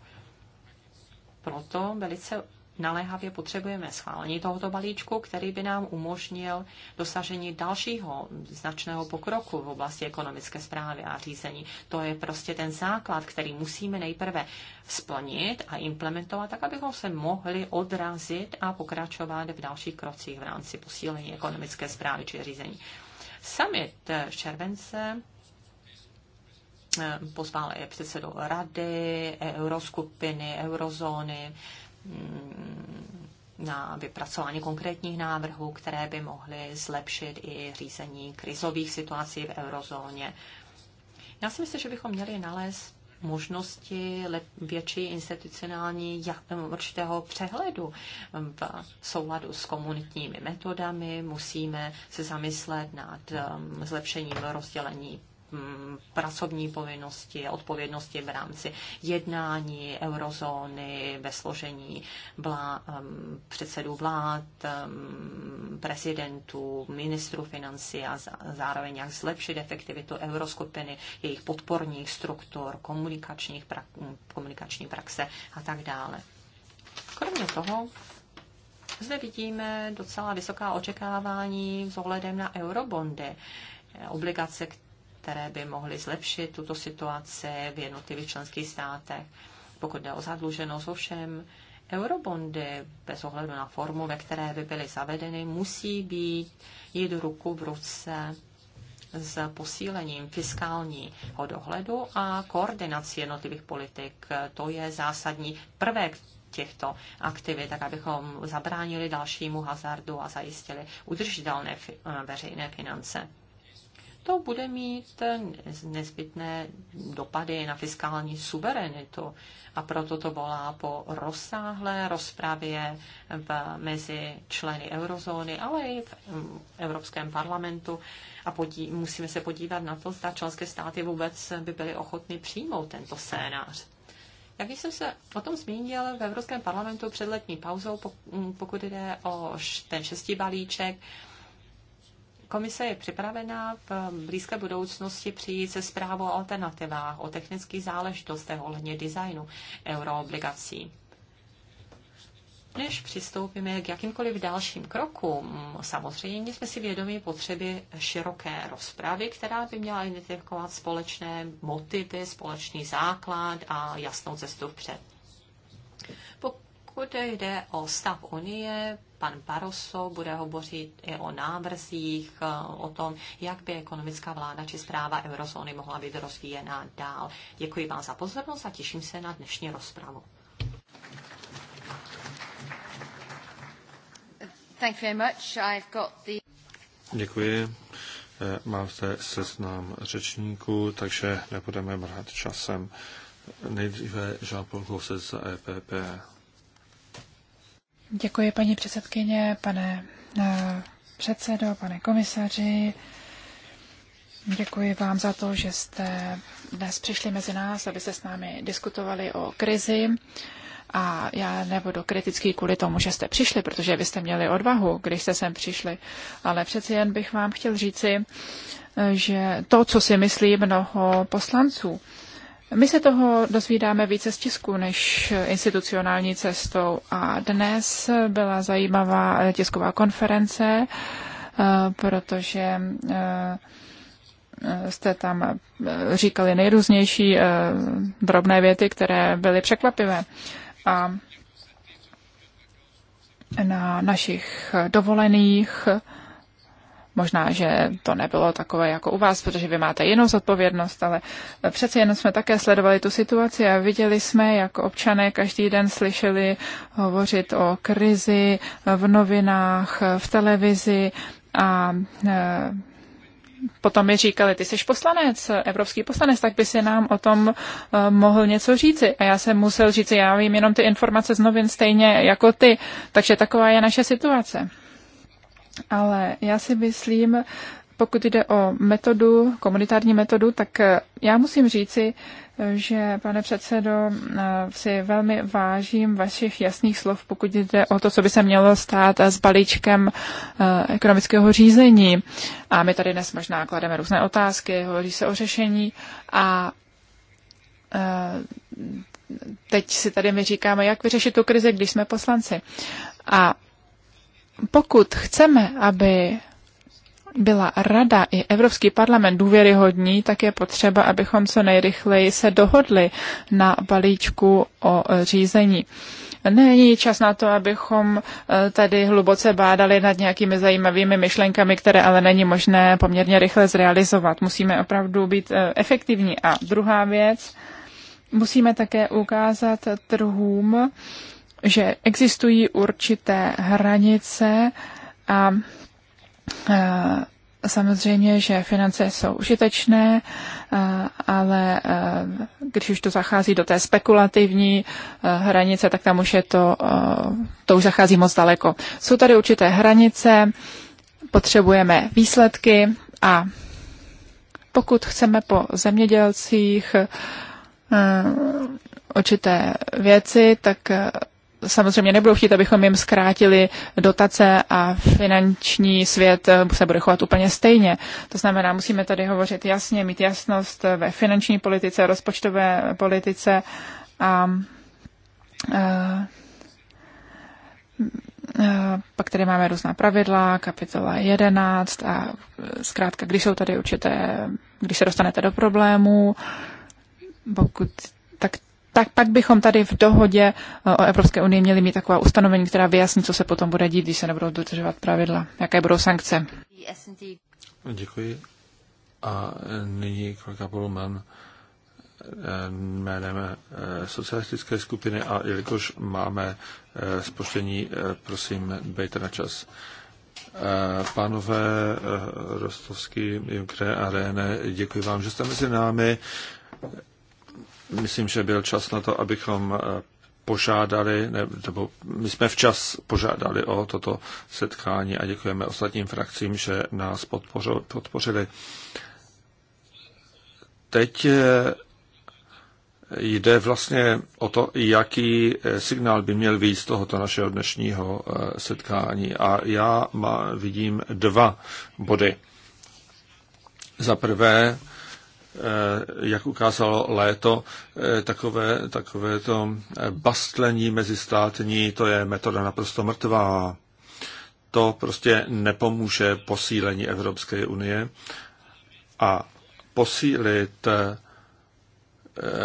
proto velice naléhavě potřebujeme schválení tohoto balíčku, který by nám umožnil dosažení dalšího značného pokroku v oblasti ekonomické zprávy a řízení. To je prostě ten základ, který musíme nejprve splnit a implementovat, tak abychom se mohli odrazit a pokračovat v dalších krocích v rámci posílení ekonomické zprávy či řízení. Summit eh, července Eh, pozval je předsedu rady, eh, euroskupiny, eurozóny mm, na vypracování konkrétních návrhů, které by mohly zlepšit i řízení krizových situací v eurozóně. Já si myslím, že bychom měli nalézt možnosti větší institucionální určitého přehledu v souladu s komunitními metodami. Musíme se zamyslet nad eh, zlepšením rozdělení Mm, pracovní povinnosti, odpovědnosti v rámci jednání eurozóny, ve složení vlá, mm, předsedů vlád, mm, prezidentů, ministrů financí a zároveň jak zlepšit efektivitu euroskupiny, jejich podporních struktur, komunikačních pra, komunikační praxe a tak dále. Kromě toho zde vidíme docela vysoká očekávání s ohledem na eurobondy, obligace, které by mohly zlepšit tuto situaci v jednotlivých členských státech. Pokud jde o zadluženost, ovšem eurobondy, bez ohledu na formu, ve které by byly zavedeny, musí být jít ruku v ruce s posílením fiskálního dohledu a koordinací jednotlivých politik. To je zásadní prvek těchto aktivit, tak abychom zabránili dalšímu hazardu a zajistili udržitelné eh, veřejné finance to bude mít eh, nezbytné dopady na fiskální suverenitu. A proto to volá po rozsáhlé rozpravě eh, v, mezi členy eurozóny, ale i v mm, Evropském parlamentu. A podí, musíme se podívat na to, zda členské státy vůbec by byly ochotny přijmout tento scénář. Jak jsem se o tom zmínil v Evropském parlamentu před letní pauzou, mm, pokud jde o ten šestý balíček, Komise je připravená v blízké budoucnosti přijít se zprávou o alternativách, o technických záležitostech ohledně designu euroobligací. Než přistoupíme k jakýmkoliv dalším krokům, samozřejmě jsme si vědomi potřeby široké rozpravy, která by měla identifikovat společné motivy, společný základ a jasnou cestu vpřed. Pokud jde o stav Unie, pan Barroso bude hovořit i o návrzích, eh, o tom, jak by ekonomická vláda či zpráva eurozóny mohla být rozvíjena dál. Děkuji vám za pozornost a těším se na dnešní rozpravu. Thank you very much. I've got the... Děkuji. Eh, mám zde seznam řečníků, takže nebudeme mrhat časem. Nejdříve Jean-Paul za EPP. Děkuji, paní předsedkyně, pane eh, předsedo, pane komisaři. Děkuji vám za to, že jste dnes přišli mezi nás, aby se s námi diskutovali o krizi. A já nebudu kritický kvůli tomu, že jste přišli, protože vy jste měli odvahu, když jste sem přišli. Ale přeci jen bych vám chtěl říci, eh, že to, co si myslí mnoho poslanců, my se toho dozvídáme více z tisku než institucionální cestou a dnes byla zajímavá tisková konference, eh, protože eh, jste tam eh, říkali nejrůznější drobné věty, které byly překvapivé. A na našich dovolených Možná, že to nebylo takové jako u vás, protože vy máte jinou zodpovědnost, ale přece jenom jsme také sledovali tu situaci a viděli jsme, jak občané každý den slyšeli hovořit o krizi v novinách, v televizi a e, potom mi říkali, ty jsi poslanec, evropský poslanec, tak by si nám o tom e, mohl něco říci. A já jsem musel říci, já vím jenom ty informace z novin stejně jako ty. Takže taková je naše situace ale já si myslím, pokud jde o metodu, komunitární metodu, tak eh, já musím říci, eh, že, pane předsedo, eh, si velmi vážím vašich jasných slov, pokud jde o to, co by se mělo stát s balíčkem ekonomického řízení. A my tady dnes možná klademe různé otázky, hovoří se o řešení a teď si tady my říkáme, jak vyřešit tu krizi, když jsme poslanci. A pokud chceme, aby byla Rada i Evropský parlament důvěryhodní, tak je potřeba, abychom co nejrychleji se dohodli na balíčku o e, řízení. Není čas na to, abychom e, tady hluboce bádali nad nějakými zajímavými myšlenkami, které ale není možné poměrně rychle zrealizovat. Musíme opravdu být e, efektivní. A druhá věc, musíme také ukázat trhům, že existují určité hranice a samozřejmě, že finance jsou užitečné, ale když už to zachází do té spekulativní hranice, tak tam už je to, to už zachází moc daleko. Jsou tady určité hranice, potřebujeme výsledky a pokud chceme po zemědělcích určité věci, tak samozřejmě nebudou chtít, abychom jim zkrátili dotace a finanční svět eh, se bude chovat úplně stejně. To znamená, musíme tady hovořit jasně, mít jasnost ve finanční politice, rozpočtové politice a, a, eh, a eh, pak tady máme různá pravidla, kapitola 11 a zkrátka, když jsou tady určité, když se dostanete do problémů, pokud tak pak bychom tady v dohodě eh, o Evropské unii měli mít taková ustanovení, která vyjasní, co se potom bude dít, když se nebudou dodržovat pravidla, jaké budou sankce. No, děkuji. A eh, nyní kolega Bolman eh, jménem socialistické skupiny a jelikož máme spoštění, prosím, bejte na čas. Pánové Rostovský, Junkre a René, děkuji vám, že jste mezi námi. Myslím, že byl čas na to, abychom eh, požádali, nebo my jsme včas požádali o toto setkání a děkujeme ostatním frakcím, že nás podpořili. Teď eh, jde vlastně o to, jaký eh, signál by měl být z tohoto našeho dnešního setkání. A já má, vidím dva body. Za prvé, Eh, jak ukázalo léto, eh, takové, takové to eh, bastlení mezistátní, to je metoda naprosto mrtvá. To prostě nepomůže posílení Evropské unie a posílit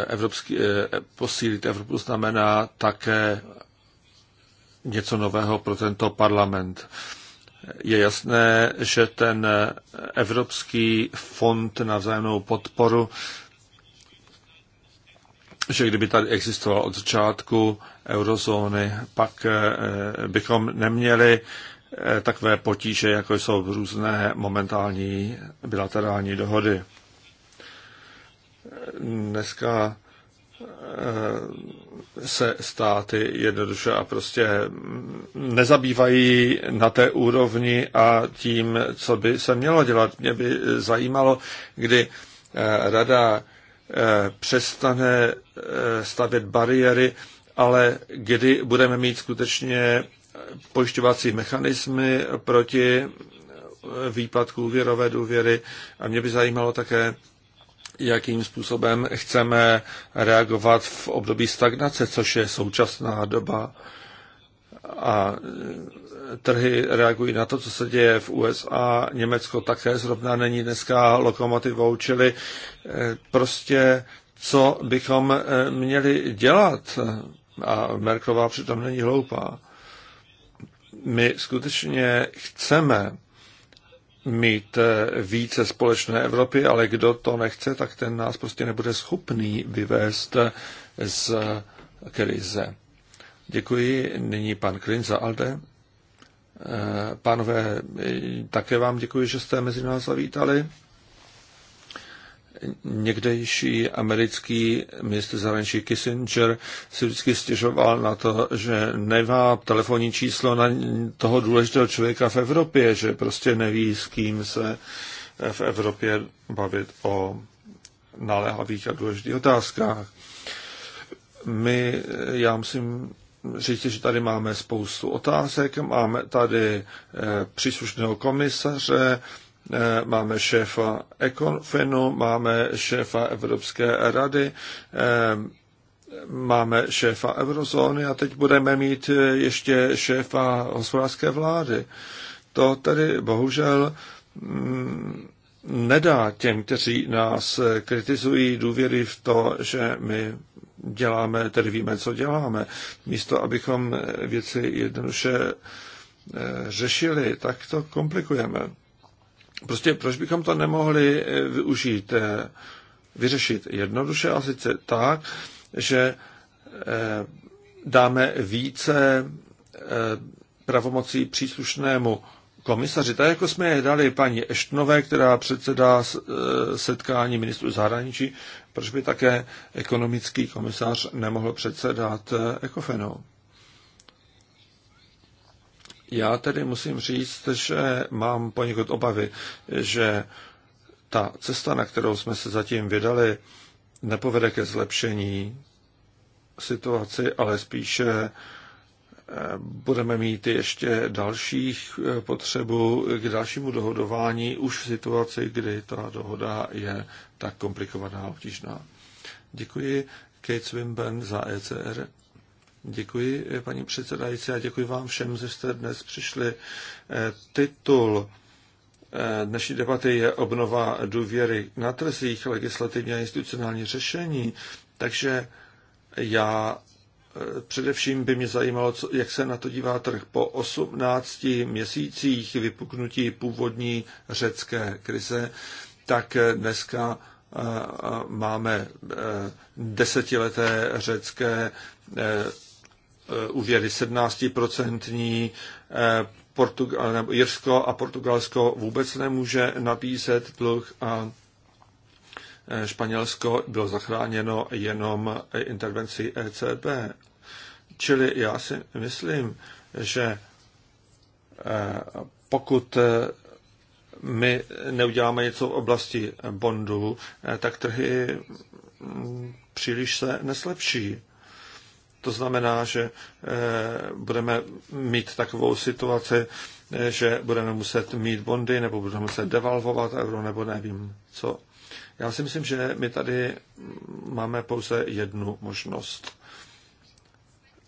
Evropský, posílit Evropu znamená také něco nového pro tento parlament je jasné, že ten Evropský fond na vzájemnou podporu, že kdyby tady existoval od začátku eurozóny, pak eh, bychom neměli eh, takové potíže, jako jsou různé momentální bilaterální dohody. Dneska Eh, se státy jednoduše a prostě nezabývají na té úrovni a tím, co by se mělo dělat. Mě by zajímalo, kdy eh, rada eh, přestane stavět bariéry, ale kdy budeme mít skutečně pojišťovací mechanismy proti výpadku úvěrové důvěry. A mě by zajímalo také, jakým způsobem chceme reagovat v období stagnace, což je současná doba. A e, trhy reagují na to, co se děje v USA. Německo také zrovna není dneska lokomotivou, čili e, prostě co bychom e, měli dělat. A Merklová přitom není hloupá. My skutečně chceme mít eh, více společné Evropy, ale kdo to nechce, tak ten nás prostě nebude schopný vyvést eh, z krize. Děkuji. Nyní pan Klin za Alde. Eh, pánové, také vám děkuji, že jste mezi nás zavítali někdejší americký ministr zahraničí Kissinger si vždycky stěžoval na to, že nemá telefonní číslo na toho důležitého člověka v Evropě, že prostě neví, s kým se v Evropě bavit o naléhavých a důležitých otázkách. My, já musím říct, že tady máme spoustu otázek, máme tady eh, příslušného komisaře, Eh, máme šéfa Econfinu, máme šéfa Evropské rady, eh, máme šéfa eurozóny a teď budeme mít eh, ještě šéfa hospodářské vlády. To tedy bohužel mm, nedá těm, kteří nás kritizují, důvěry v to, že my děláme, tedy víme, co děláme. Místo, abychom věci jednoduše řešili, tak to komplikujeme. Prostě proč bychom to nemohli eh, využít, eh, vyřešit jednoduše a sice tak, že eh, dáme více pravomocí příslušnému komisaři, tak jako jsme je dali paní Eštnové, která předsedá setkání ministrů zahraničí, proč by také ekonomický komisař nemohl předsedat ECOFENu? Já tedy musím říct, že mám poněkud obavy, že ta cesta, na kterou jsme se zatím vydali, nepovede ke zlepšení situaci, ale spíše eh, budeme mít ještě dalších eh, potřebu k dalšímu dohodování už v situaci, kdy ta dohoda je tak komplikovaná a obtížná. Děkuji Kate Swimben za ECR. Děkuji, paní předsedající, a děkuji vám všem, že jste dnes přišli. Eh, titul eh, dnešní debaty je obnova důvěry na trzích, legislativní a institucionální řešení, takže já eh, Především by mě zajímalo, jak se na to dívá trh po 18 měsících vypuknutí původní řecké krize, tak dneska máme desetileté řecké Eh, úvěry 17%, eh, Portugal, nebo Jirsko a Portugalsko vůbec nemůže nabízet dluh a eh, Španělsko bylo zachráněno jenom intervencí ECB. Čili já si myslím, že pokud my neuděláme něco v oblasti bondů, tak trhy mm, příliš se neslepší. To znamená, že eh, budeme mít takovou situaci, eh, že budeme muset mít bondy, nebo budeme muset devalvovat euro, nebo nevím co. Já si myslím, že my tady máme pouze jednu možnost.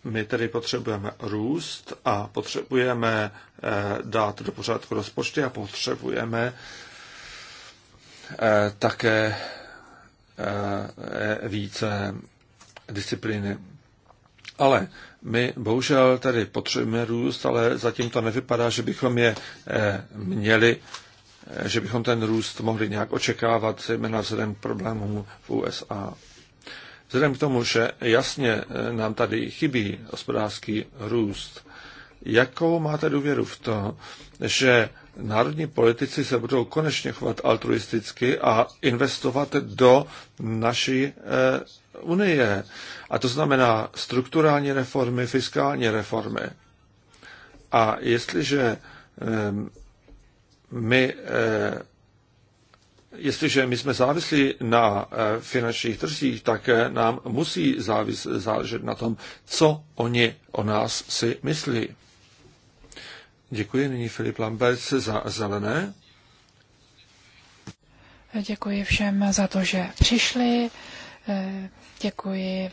My tedy potřebujeme růst a potřebujeme eh, dát do pořádku rozpočty a potřebujeme také více disciplíny. Ale my bohužel tady potřebujeme růst, ale zatím to nevypadá, že bychom je eh, měli, eh, že bychom ten růst mohli nějak očekávat, zejména vzhledem k problémům v USA. Vzhledem k tomu, že jasně eh, nám tady chybí hospodářský růst, jakou máte důvěru v to, že národní politici se budou konečně chovat altruisticky a investovat do naší unie. A to znamená strukturální reformy, fiskální reformy. A jestliže my, eh, jestliže my jsme závislí na eh, finančních trzích, tak eh, nám musí závis, záležet na tom, co oni o nás si myslí. Děkuji nyní Filip Lambert za zelené. Děkuji všem za to, že přišli. Eh, děkuji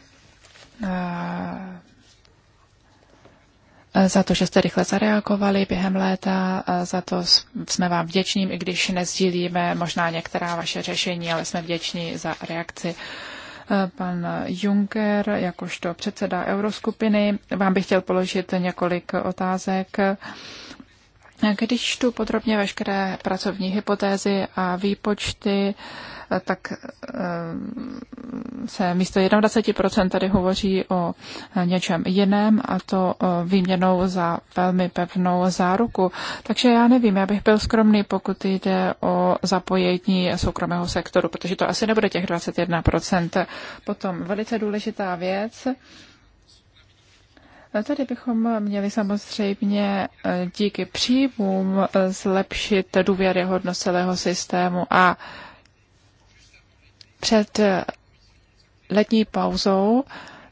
eh, za to, že jste rychle zareagovali během léta, za to jsme vám vděční, i když nezdílíme možná některá vaše řešení, ale jsme vděční za reakci. Eh, pan Juncker, jakožto předseda Euroskupiny, vám bych chtěl položit několik otázek. Když tu podrobně veškeré pracovní hypotézy a výpočty, tak eh, se místo 21% tady hovoří o eh, něčem jiném a to eh, výměnou za velmi pevnou záruku. Takže já nevím, já bych byl skromný, pokud jde o zapojení soukromého sektoru, protože to asi nebude těch 21%. Potom velice důležitá věc, Tady bychom měli samozřejmě díky příjmům zlepšit důvěryhodnost celého systému a před eh, letní pauzou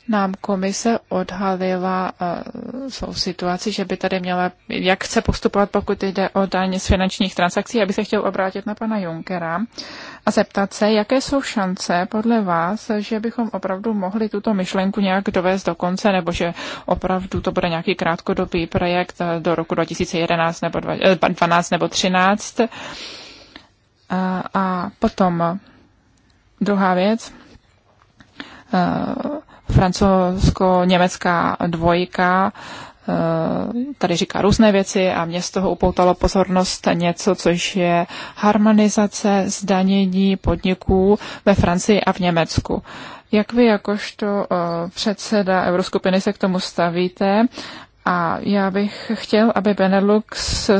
nám komise odhalila eh, svou situaci, že by tady měla, jak chce postupovat, pokud jde o daň z finančních transakcí. Já bych se chtěl obrátit na pana Junkera a zeptat se, jaké jsou šance podle vás, že bychom opravdu mohli tuto myšlenku nějak dovést do konce, nebo že opravdu to bude nějaký krátkodobý projekt do roku 2011 nebo 2012 eh, nebo 13. Uh, a potom Druhá věc. Eh, francouzsko-německá dvojka eh, tady říká různé věci a mě z toho upoutalo pozornost něco, což je harmonizace zdanění podniků ve Francii a v Německu. Jak vy jakožto eh, předseda Euroskupiny se k tomu stavíte a já bych chtěl, aby Benelux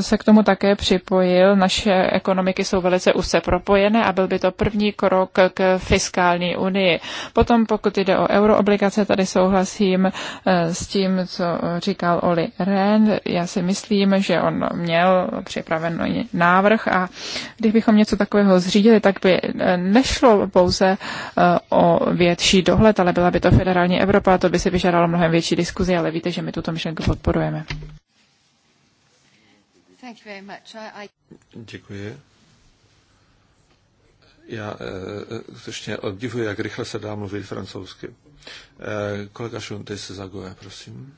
se k tomu také připojil. Naše ekonomiky jsou velice úzce propojené a byl by to první krok k fiskální unii. Potom, pokud jde o euroobligace, tady souhlasím eh, s tím, co říkal Oli Rehn. Já si myslím, že on měl připraven návrh a kdybychom něco takového zřídili, tak by eh, nešlo pouze eh, o větší dohled, ale byla by to federální Evropa, to by si vyžadalo mnohem větší diskuzi, ale víte, že my tuto myšlenku podporujeme. Děkuji. Já e, skutečně obdivuji, jak rychle se dá mluvit francouzsky. E, kolega Šuntej se zagoje, prosím.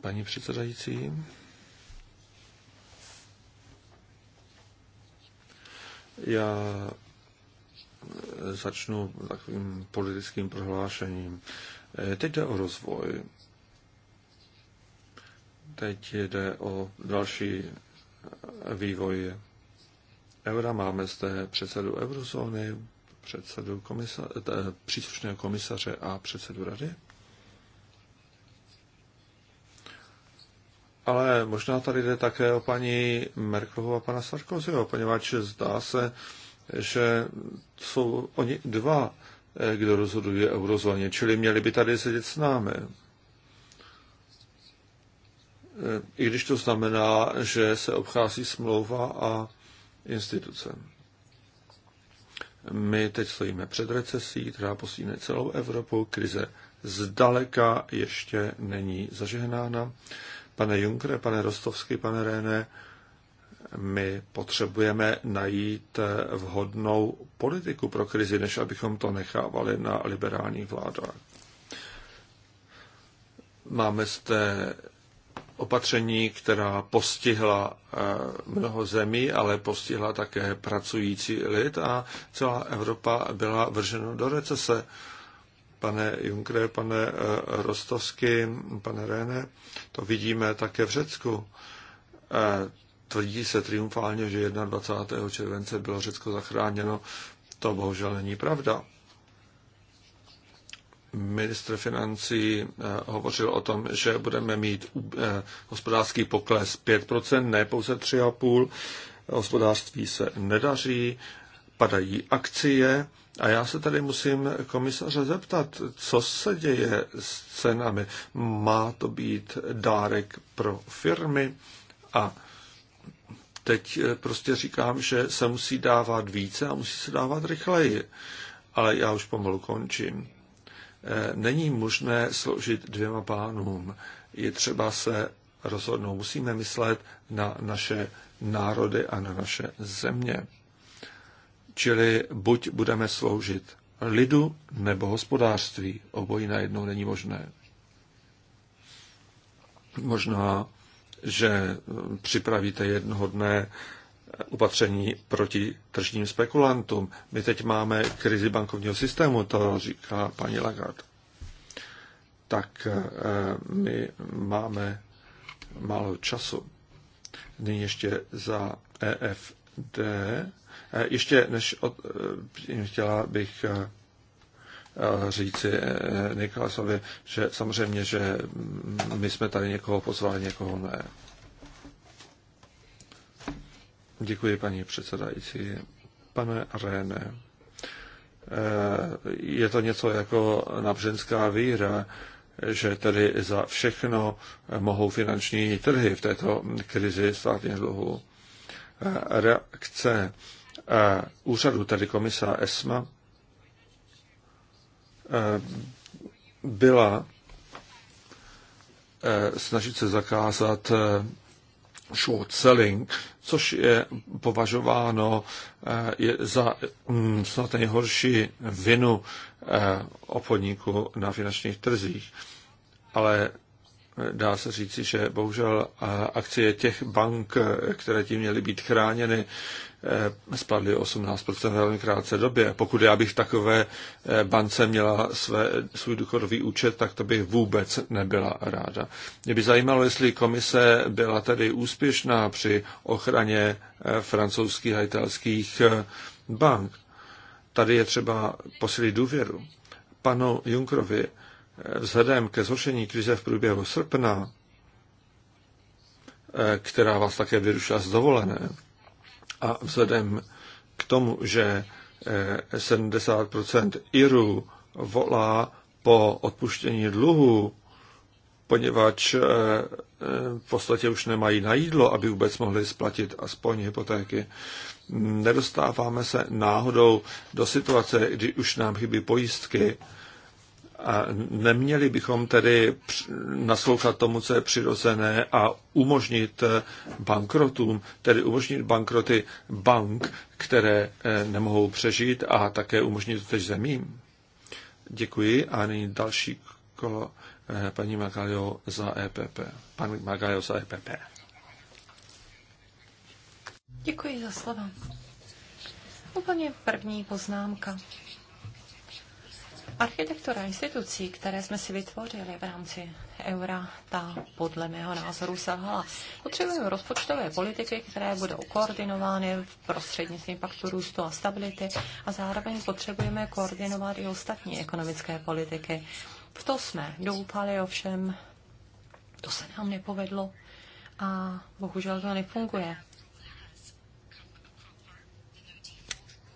Paní předsedající. Já začnu takovým politickým prohlášením. Eh, teď jde o rozvoj. Teď jde o další vývoj eura. Máme zde předsedu eurozóny, předsedu komisa- eh, příslušného komisaře a předsedu rady. Ale možná tady jde také o paní Merklovou a pana Sarkozyho, poněvadž zdá se, že jsou oni dva Eh, kdo rozhoduje o eurozóně. Čili měli by tady sedět s námi. Eh, I když to znamená, že se obchází smlouva a instituce. My teď stojíme před recesí, která posíne celou Evropu. Krize zdaleka ještě není zažehnána. Pane Junkre, pane Rostovský, pane René, my potřebujeme najít vhodnou politiku pro krizi, než abychom to nechávali na liberálních vládách. Máme zde opatření, která postihla eh, mnoho zemí, ale postihla také pracující lid a celá Evropa byla vržena do recese. Pane Junkre, pane eh, Rostovsky, pane René, to vidíme také v Řecku eh, tvrdí se triumfálně, že 21. července bylo Řecko zachráněno. To bohužel není pravda. Ministr financí eh, hovořil o tom, že budeme mít eh, hospodářský pokles 5%, ne pouze 3,5%. Hospodářství se nedaří, padají akcie. A já se tady musím komisaře zeptat, co se děje s cenami. Má to být dárek pro firmy a Teď eh, prostě říkám, že se musí dávat více a musí se dávat rychleji. Ale já už pomalu končím. Eh, není možné složit dvěma pánům. Je třeba se rozhodnout. Musíme myslet na naše národy a na naše země. Čili buď budeme sloužit lidu nebo hospodářství. Obojí najednou není možné. Možná že eh, připravíte jednoho dne eh, opatření proti tržním spekulantům. My teď máme krizi bankovního systému, to říká paní Lagarde. Tak eh, my máme málo času. Nyní ještě za EFD. Ještě než od, chtěla bych říci eh, Niklasovi, že samozřejmě, že my jsme tady někoho pozvali, někoho ne. Děkuji, paní předsedající. Pane René, eh, je to něco jako nabřenská víra, že tedy za všechno mohou finanční trhy v této krizi státních dluhů. Eh, reakce úřadu, tedy komisa ESMA, Eh, byla eh, snažit se zakázat eh, short selling, což je považováno za mm, snad nejhorší vinu obchodníku na finančních trzích. Ale dá se říci, že bohužel akcie těch bank, e, které tím měly být chráněny, e, spadly 18% v velmi krátce době. Pokud já bych v takové e, bance měla své, svůj důchodový účet, tak to bych vůbec nebyla ráda. Mě by zajímalo, jestli komise byla tedy úspěšná při ochraně francouzských a italských bank. Tady je třeba posilit důvěru. Panu Junkrovi vzhledem ke zhoršení krize v průběhu srpna, eh, která vás také vyrušila z dovolené, a vzhledem k tomu, že 70 eh, Irů volá po odpuštění dluhu, poněvadž eh, v podstatě už nemají na jídlo, aby vůbec mohli splatit aspoň hypotéky. Nedostáváme se náhodou do situace, kdy už nám chybí pojistky a neměli bychom tedy naslouchat tomu, co je přirozené a umožnit eh, bankrotům, tedy umožnit bankroty bank, které eh, nemohou přežít a také umožnit to zemím. Děkuji a nyní další kolo eh, paní Magalio za EPP. Pan Magalio za EPP. Děkuji za slovo. Úplně první poznámka. Architektura institucí, které jsme si vytvořili v rámci eura, ta podle mého názoru hala. Potřebujeme rozpočtové politiky, které budou koordinovány v prostřednictvím paktu růstu a stability a zároveň potřebujeme koordinovat i ostatní ekonomické politiky. V to jsme doufali, ovšem to se nám nepovedlo a bohužel to nefunguje.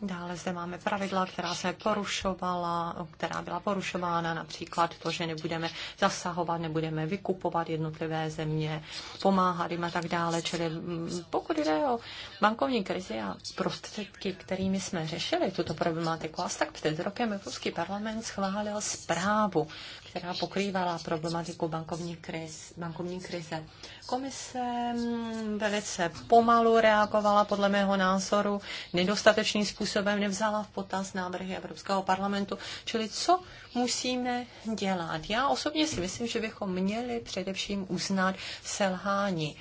Dále zde máme pravidla, která se porušovala, která byla porušována, například to, že nebudeme zasahovat, nebudeme vykupovat jednotlivé země, pomáhat jim a tak dále. Čili mm, pokud jde o bankovní krizi a prostředky, kterými jsme řešili tuto problematiku, a tak před rokem Evropský parlament schválil zprávu, která pokrývala problematiku bankovní, kriz, bankovní krize. Komise mm, velice pomalu reagovala, podle mého názoru, nedostatečným způsobem nevzala v potaz návrhy Evropského parlamentu. Čili co musíme dělat? Já osobně si myslím, že bychom měli především uznat selhání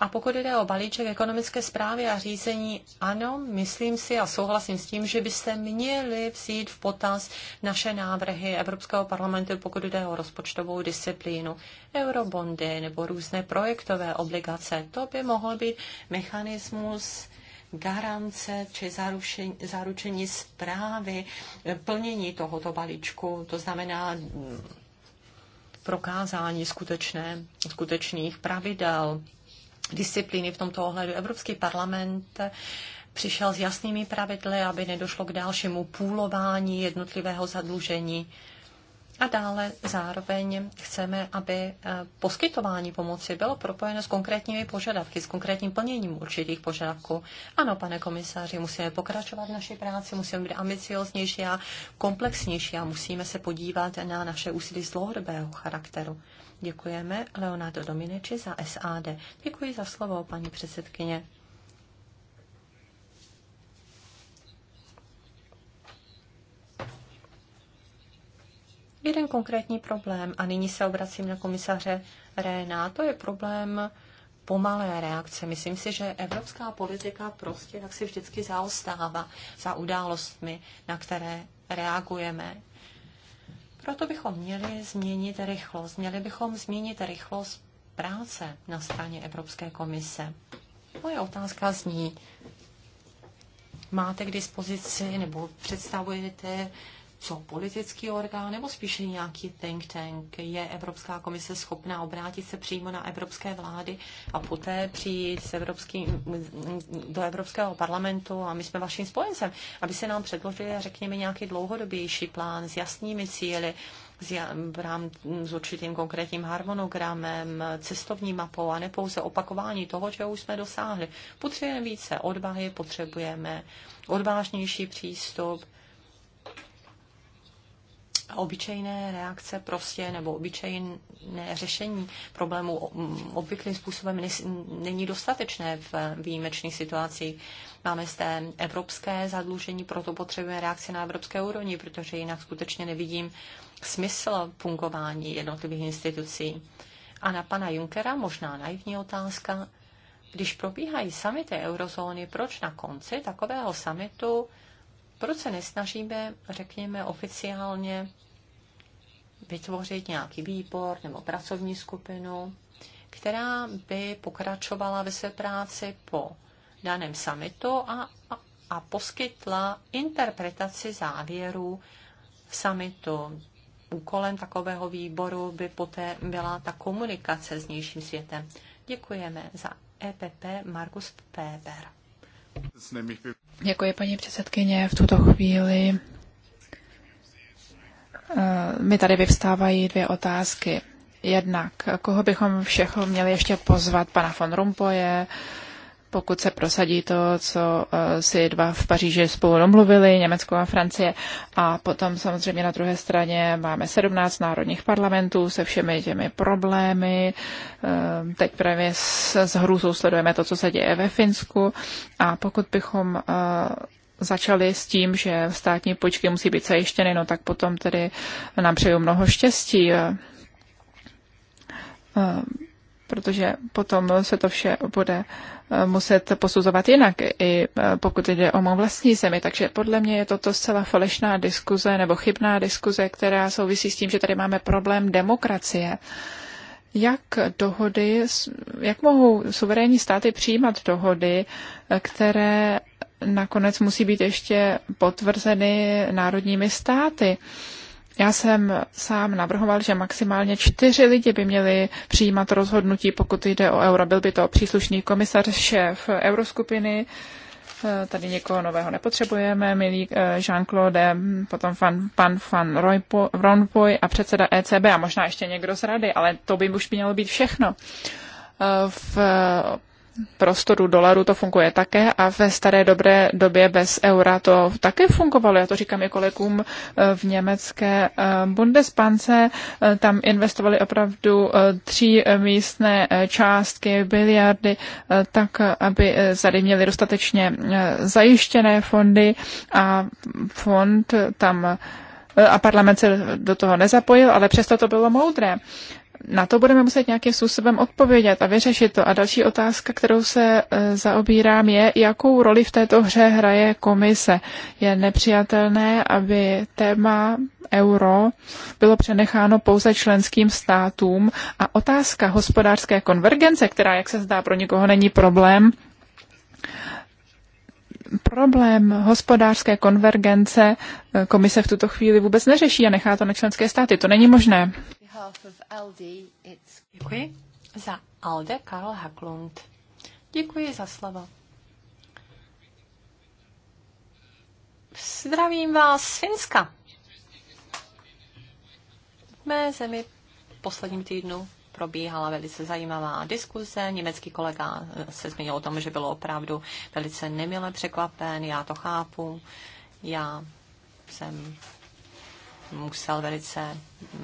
a pokud jde o balíček ekonomické zprávy a řízení, ano, myslím si a souhlasím s tím, že byste měli vzít v potaz naše návrhy Evropského parlamentu, pokud jde o rozpočtovou disciplínu, eurobondy nebo různé projektové obligace. To by mohl být mechanismus garance či zaručení, zaručení zprávy eh, plnění tohoto balíčku, to znamená mm, prokázání skutečné, skutečných pravidel, disciplíny v tomto ohledu. Evropský parlament přišel s jasnými pravidly, aby nedošlo k dalšímu půlování jednotlivého zadlužení. A dále zároveň chceme, aby eh, poskytování pomoci bylo propojeno s konkrétními požadavky, s konkrétním plněním určitých požadavků. Ano, pane komisáři, musíme pokračovat v naší práci, musíme být ambicioznější a komplexnější a musíme se podívat na naše úsilí z dlouhodobého charakteru. Děkujeme Leonardo Domineči za SAD. Děkuji za slovo, paní předsedkyně. Jeden konkrétní problém, a nyní se obracím na komisaře Réna, to je problém pomalé reakce. Myslím si, že evropská politika prostě tak si vždycky zaostává za událostmi, na které reagujeme. Proto bychom měli změnit rychlost. Měli bychom změnit rychlost práce na straně Evropské komise. Moje otázka zní, máte k dispozici nebo představujete co politický orgán nebo spíše nějaký think tank? Je Evropská komise schopná obrátit se přímo na evropské vlády a poté přijít s evropským, do Evropského parlamentu a my jsme vaším spojencem, aby se nám předložili, řekněme, nějaký dlouhodobější plán s jasnými cíly, s, rám, s určitým konkrétním harmonogramem, cestovní mapou a ne pouze opakování toho, čeho už jsme dosáhli. Potřebujeme více odvahy, potřebujeme odvážnější přístup, obyčejné reakce prostě nebo obyčejné řešení problému obvyklým způsobem není dostatečné v výjimečných situacích. Máme zde evropské zadlužení, proto potřebujeme reakci na evropské úrovni, protože jinak skutečně nevidím smysl fungování jednotlivých institucí. A na pana Junkera možná naivní otázka, když probíhají samity eurozóny, proč na konci takového samitu proč se nesnažíme, řekněme, oficiálně vytvořit nějaký výbor nebo pracovní skupinu, která by pokračovala ve své práci po daném summitu a, a, a poskytla interpretaci závěrů summitu. Úkolem takového výboru by poté byla ta komunikace s vnějším světem. Děkujeme za EPP Markus Péber. Děkuji, paní předsedkyně. V tuto chvíli eh, mi tady vyvstávají dvě otázky. Jednak, koho bychom všechno měli ještě pozvat, pana von Rumpoje, pokud se prosadí to, co eh, si dva v Paříži spolu domluvili, Německo a Francie. A potom samozřejmě na druhé straně máme 17 národních parlamentů se všemi těmi problémy. Eh, teď právě s hrůzou sledujeme to, co se děje ve Finsku. A pokud bychom eh, začali s tím, že státní počky musí být zajištěny, no tak potom tedy nám přeju mnoho štěstí protože potom se to vše bude eh, muset posuzovat jinak, i eh, pokud jde o mou vlastní zemi. Takže podle mě je toto zcela falešná diskuze nebo chybná diskuze, která souvisí s tím, že tady máme problém demokracie. Jak dohody, jak mohou suverénní státy přijímat dohody, eh, které nakonec musí být ještě potvrzeny národními státy? Já jsem sám navrhoval, že maximálně čtyři lidi by měli přijímat rozhodnutí, pokud jde o euro. Byl by to příslušný komisař, šéf euroskupiny, eh, tady někoho nového nepotřebujeme, milý eh, Jean-Claude, hm, potom fan, pan Van Rompuy a předseda ECB a možná ještě někdo z rady, ale to by už mělo být všechno. Eh, v prostoru dolaru to funguje také a ve staré dobré době bez eura to také fungovalo. Já to říkám i kolegům eh, v německé eh, Bundespance. Eh, tam investovali opravdu tři místné částky, biliardy, tak, aby tady měli dostatečně zajištěné fondy a fond tam a parlament se do toho nezapojil, ale přesto to bylo moudré na to budeme muset nějakým způsobem odpovědět a vyřešit to. A další otázka, kterou se e, zaobírám, je, jakou roli v této hře hraje komise. Je nepřijatelné, aby téma euro bylo přenecháno pouze členským státům a otázka hospodářské konvergence, která, jak se zdá, pro nikoho není problém, problém hospodářské konvergence e, komise v tuto chvíli vůbec neřeší a nechá to na členské státy. To není možné behalf of Aldi, it's... Děkuji. Za Alde Karl Haklund. Děkuji za slovo. Zdravím vás z Finska. V mé zemi v posledním týdnu probíhala velice zajímavá diskuze. Německý kolega se zmínil o tom, že bylo opravdu velice nemile překvapen. Já to chápu. Já jsem musel velice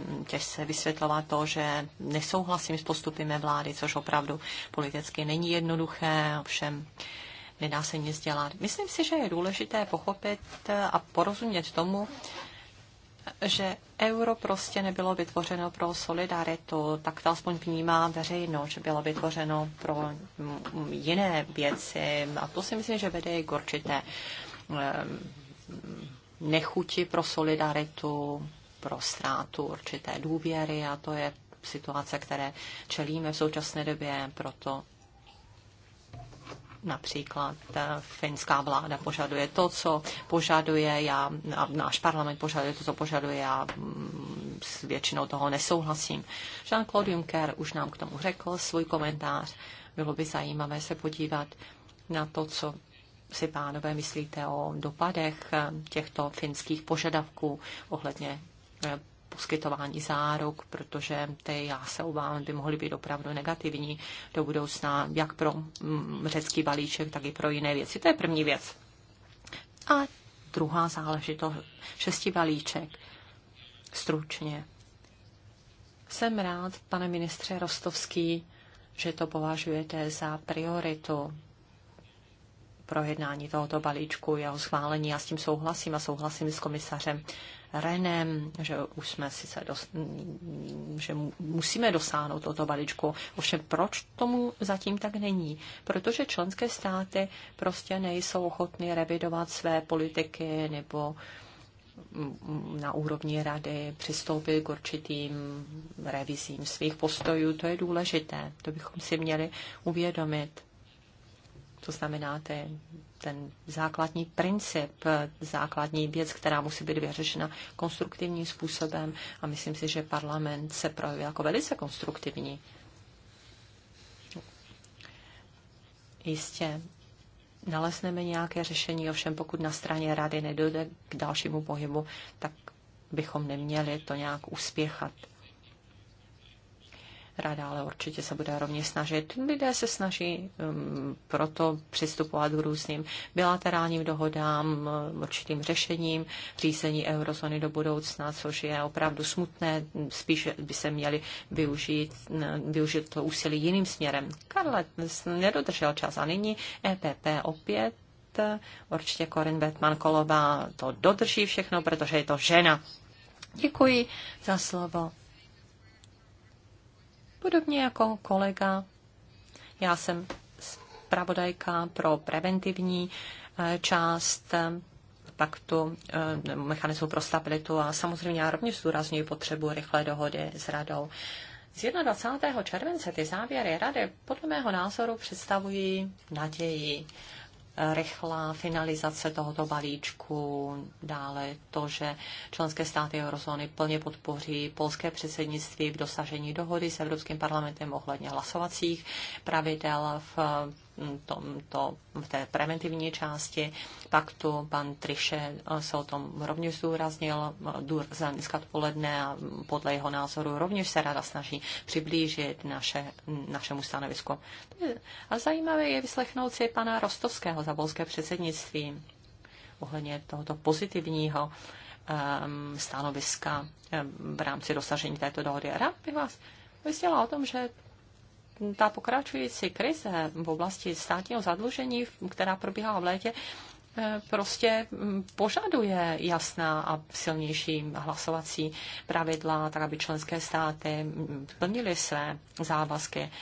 mm, těžce vysvětlovat to, že nesouhlasím s postupy mé vlády, což opravdu politicky není jednoduché, ovšem nedá se nic dělat. Myslím si, že je důležité pochopit a porozumět tomu, že euro prostě nebylo vytvořeno pro solidaritu, tak to aspoň vnímá veřejno, že bylo vytvořeno pro mm, jiné věci a to si myslím, že vede i k určité um, nechuti pro solidaritu, pro ztrátu určité důvěry a to je situace, které čelíme v současné době, proto například eh, finská vláda požaduje to, co požaduje, já, a náš parlament požaduje to, co požaduje, já mm, s většinou toho nesouhlasím. Jean-Claude Juncker už nám k tomu řekl svůj komentář. Bylo by zajímavé se podívat na to, co si pánové myslíte o dopadech eh, těchto finských požadavků ohledně eh, poskytování záruk, protože ty, já se obávám, by mohly být opravdu negativní do budoucna, jak pro mm, řecký balíček, tak i pro jiné věci. To je první věc. A druhá záležitost, šesti balíček. Stručně. Jsem rád, pane ministře Rostovský, že to považujete za prioritu projednání tohoto balíčku, jeho schválení. Já s tím souhlasím a souhlasím s komisařem Renem, že už jsme sice dos- že musíme dosáhnout tohoto balíčku. Ovšem proč tomu zatím tak není? Protože členské státy prostě nejsou ochotny revidovat své politiky nebo na úrovni rady přistoupit k určitým revizím svých postojů. To je důležité, to bychom si měli uvědomit. To znamená, ten, ten základní princip, základní věc, která musí být vyřešena konstruktivním způsobem a myslím si, že parlament se projevil jako velice konstruktivní. Jistě nalezneme nějaké řešení, ovšem pokud na straně rady nedojde k dalšímu pohybu, tak bychom neměli to nějak uspěchat. Rada ale určitě se bude rovně snažit. Lidé se snaží um, proto přistupovat k různým bilaterálním dohodám, určitým řešením, řízení eurozóny do budoucna, což je opravdu smutné. Spíše by se měli využít, využít to úsilí jiným směrem. Karle nedodržel čas a nyní EPP opět určitě Korin Batman Kolová to dodrží všechno, protože je to žena. Děkuji za slovo. Podobně jako kolega, já jsem zpravodajka pro preventivní eh, část eh, paktu eh, mechanismu pro stabilitu a samozřejmě já rovněž zdůraznuju potřebu rychlé dohody s radou. Z 21. července ty závěry rady podle mého názoru představují naději rychlá finalizace tohoto balíčku, dále to, že členské státy eurozóny plně podpoří polské předsednictví v dosažení dohody s Evropským parlamentem ohledně hlasovacích pravidel v tomto, v té preventivní části paktu. Pan Triše eh, se o tom rovněž zúraznil zdůraznil eh, dneska poledne a podle jeho názoru rovněž se rada snaží přiblížit naše, našemu stanovisku. Eh, a zajímavé je vyslechnout si pana Rostovského za polské předsednictví ohledně tohoto pozitivního um, stanoviska um, v rámci dosažení této dohody. Rád bych vás ujistila o tom, že ta pokračující krize v oblasti státního zadlužení, která probíhá v létě, eh, prostě mm, požaduje jasná a silnější hlasovací pravidla, tak aby členské státy mm, plnily své závazky eh,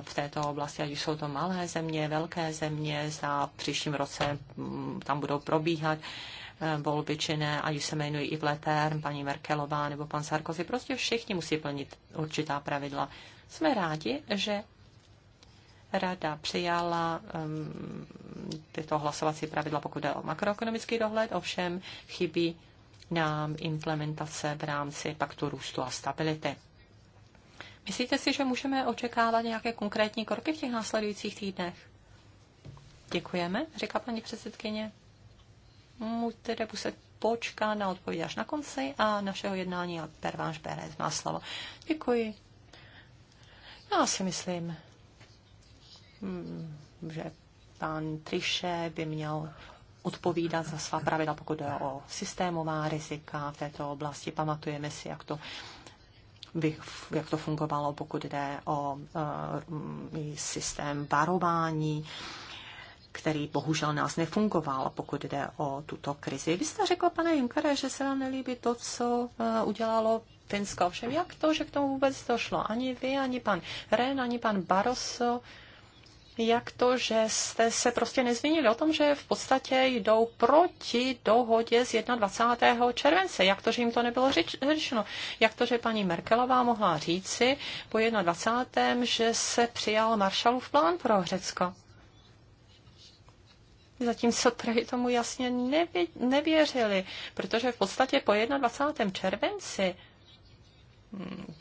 v této oblasti, ať už jsou to malé země, velké země, za příštím roce mm, tam budou probíhat eh, volby či ne, ať už se jmenují i letér, paní Merkelová nebo pan Sarkozy, prostě všichni musí plnit určitá pravidla. Jsme rádi, že Rada přijala um, tyto hlasovací pravidla, pokud jde o makroekonomický dohled, ovšem chybí nám implementace v rámci paktu růstu a stability. Myslíte si, že můžeme očekávat nějaké konkrétní kroky v těch následujících týdnech? Děkujeme, říká paní předsedkyně. Můžete muset počkat na odpověď až na konci a našeho jednání a Perváš Pérez má slovo. Děkuji. Já si myslím, hm, že pan Triše by měl odpovídat za svá pravidla, pokud jde o systémová rizika v této oblasti. Pamatujeme si, jak to by, jak to fungovalo, pokud jde o uh, systém varování, který bohužel nás nefungoval, pokud jde o tuto krizi. Vy jste řekl, pane Junkere, že se vám nelíbí to, co uh, udělalo Finska. Ovšem, jak to, že k tomu vůbec došlo? Ani vy, ani pan Ren, ani pan Barroso, jak to, že jste se prostě nezmínili o tom, že v podstatě jdou proti dohodě z 21. července. Jak to, že jim to nebylo řečeno? Jak to, že paní Merkelová mohla říci po 21. že se přijal Marshallův plán pro Řecko? zatímco trhy tomu jasně nevě, nevěřili, protože v podstatě po 21. červenci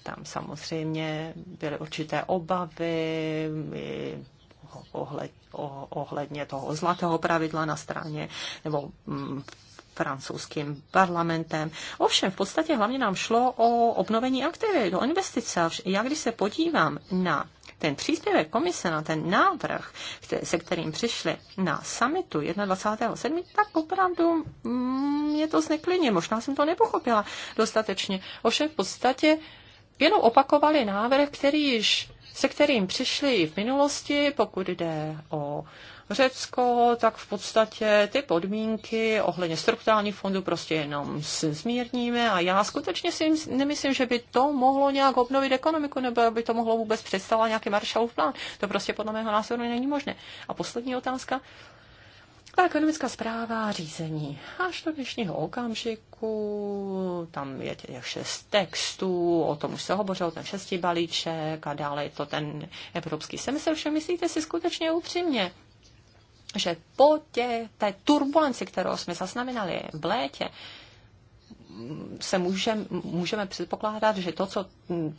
tam samozřejmě byly určité obavy ohledně toho zlatého pravidla na straně nebo mm, francouzským parlamentem. Ovšem, v podstatě hlavně nám šlo o obnovení aktivit, o investice. Já když se podívám na ten příspěvek komise na ten návrh, se kterým přišli na summitu 21.7., tak opravdu mě mm, to zneklidně. Možná jsem to nepochopila dostatečně. Ovšem v podstatě jenom opakovali návrh, který již se kterým přišli i v minulosti, pokud jde o Řecko, tak v podstatě ty podmínky ohledně strukturálních fondů prostě jenom zmírníme a já skutečně si nemyslím, že by to mohlo nějak obnovit ekonomiku nebo by to mohlo vůbec představovat nějaký Marshallův plán. To prostě podle mého názoru není možné. A poslední otázka. Ta ekonomická zpráva a řízení. Až do dnešního okamžiku, tam je těch šest textů, o tom už se hovořilo, ten šestý balíček a dále je to ten evropský semestr. Všem myslíte si skutečně upřímně, že po tě, té turbulenci, kterou jsme zaznamenali v létě, se můžem, můžeme předpokládat, že to co, mm,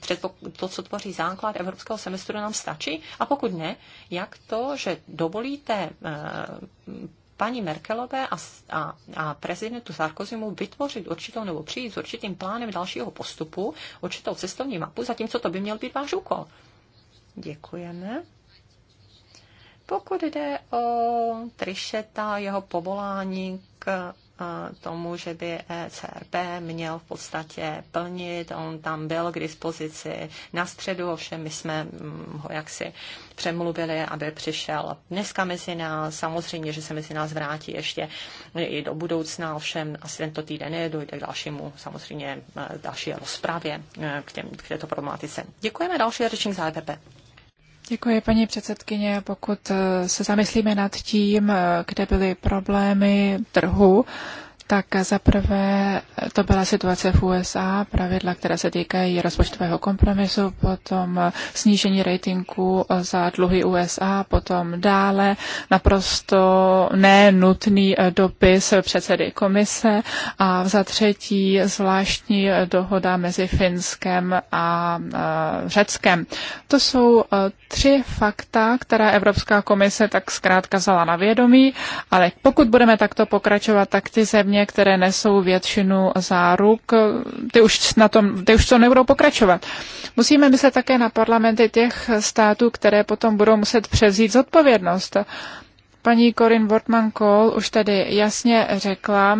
to, co tvoří základ evropského semestru, nám stačí. A pokud ne, jak to, že dovolíte eh, paní Merkelové a, a, a prezidentu Sarkozymu vytvořit určitou nebo přijít s určitým plánem dalšího postupu, určitou cestovní mapu, zatímco to by měl být váš úkol. Děkujeme. Pokud jde o Trišeta, jeho povolání k e, tomu, že by ECRB měl v podstatě plnit. On tam byl k dispozici na středu, ovšem my jsme mm, ho jaksi přemluvili, aby přišel dneska mezi nás. Samozřejmě, že se mezi nás vrátí ještě i do budoucna, ovšem asi tento týden je, dojde k dalšímu, samozřejmě e, další rozpravě e, k, těm, k této problematice. Děkujeme, další řečník za EPP. Děkuji, paní předsedkyně. Pokud eh, se zamyslíme nad tím, eh, kde byly problémy trhu, tak za prvé to byla situace v USA, pravidla, která se týkají rozpočtového kompromisu, potom snížení ratingu za dluhy USA, potom dále naprosto nenutný dopis předsedy komise a za třetí zvláštní dohoda mezi Finskem a Řeckem. To jsou e, tři fakta, která Evropská komise tak zkrátka vzala na vědomí, ale pokud budeme takto pokračovat, tak ty země země, které nesou většinu záruk, ty už, na tom, ty už to nebudou pokračovat. Musíme myslet také na parlamenty těch států, které potom budou muset převzít zodpovědnost. Paní Corin wortmann kohl už tady jasně řekla,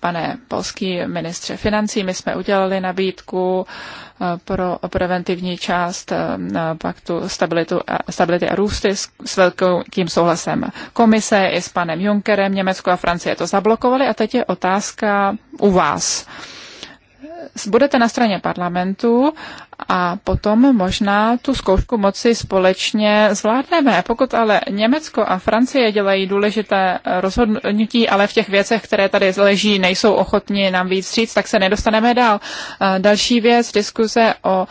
pane polský ministře financí, my jsme udělali nabídku pro preventivní část eh, paktu stabilitu, stability a růsty s velkým souhlasem komise i s panem Junckerem. Německo a Francie to zablokovali a teď je otázka u vás budete na straně parlamentu a potom možná tu zkoušku moci společně zvládneme. Pokud ale Německo a Francie dělají důležité rozhodnutí, ale v těch věcech, které tady leží, nejsou ochotni nám víc říct, tak se nedostaneme dál. Další věc, diskuze o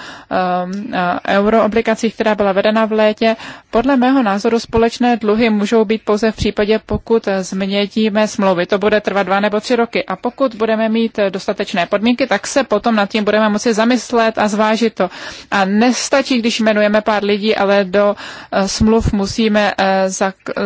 um, euroobligacích, která byla vedena v létě. Podle mého názoru společné dluhy můžou být pouze v případě, pokud změníme smlouvy. To bude trvat dva nebo tři roky. A pokud budeme mít dostatečné podmínky, tak se potom nad tím budeme moci zamyslet a zvážit to. A nestačí, když jmenujeme pár lidí, ale do eh, smluv musíme eh,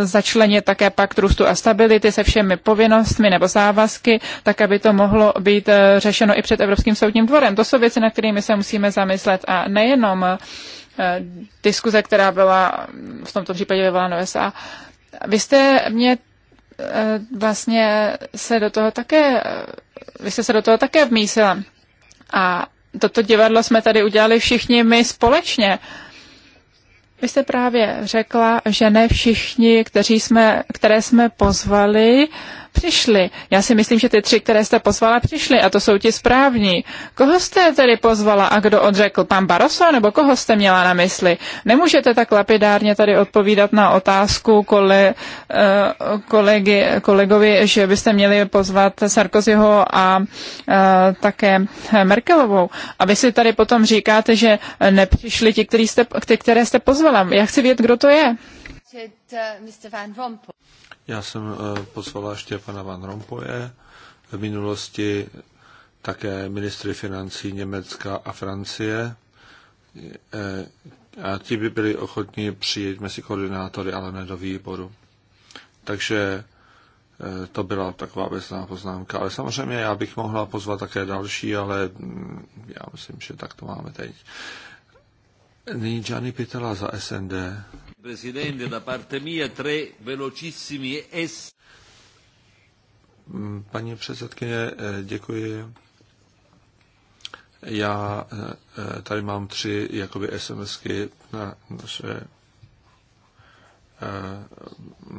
začlenit také pak růstu a stability se všemi povinnostmi nebo závazky, tak aby to mohlo být eh, řešeno i před Evropským soudním dvorem. To jsou věci, na kterými se musíme zamyslet a nejenom diskuze, která byla v tomto případě vyvolána USA. Vy jste mě Eh, vlastně se do toho také, eh, vy jste se do toho také vmísila. A toto divadlo jsme tady udělali všichni my společně. Vy jste právě řekla, že ne všichni, kteří jsme, které jsme pozvali, nepřišli. Já si myslím, že ty tři, které jste pozvala, přišli a to jsou ti správní. Koho jste tedy pozvala a kdo odřekl? Pan Baroso nebo koho jste měla na mysli? Nemůžete tak lapidárně tady odpovídat na otázku kole, eh, kolegy, kolegovi, že byste měli pozvat Sarkozyho a eh, také Merkelovou. A vy si tady potom říkáte, že nepřišli ti, který jste, ty, které jste pozvala. Já chci vědět, kdo to je. Eh, já jsem eh, pozvala ještě pana Van Rompoje. v minulosti také ministry financí Německa a Francie. Eh, a ti by byli ochotní přijít mezi koordinátory, ale ne do výboru. Takže eh, to byla taková obecná poznámka. Ale samozřejmě já bych mohla pozvat také další, ale mm, já myslím, že tak to máme teď. Nyní Gianni Pitela za SND. Presidente, da parte mia tre velocissimi es... Mm, paní předsedkyně, eh, děkuji. Já eh, eh, tady mám tři jakoby SMSky na naše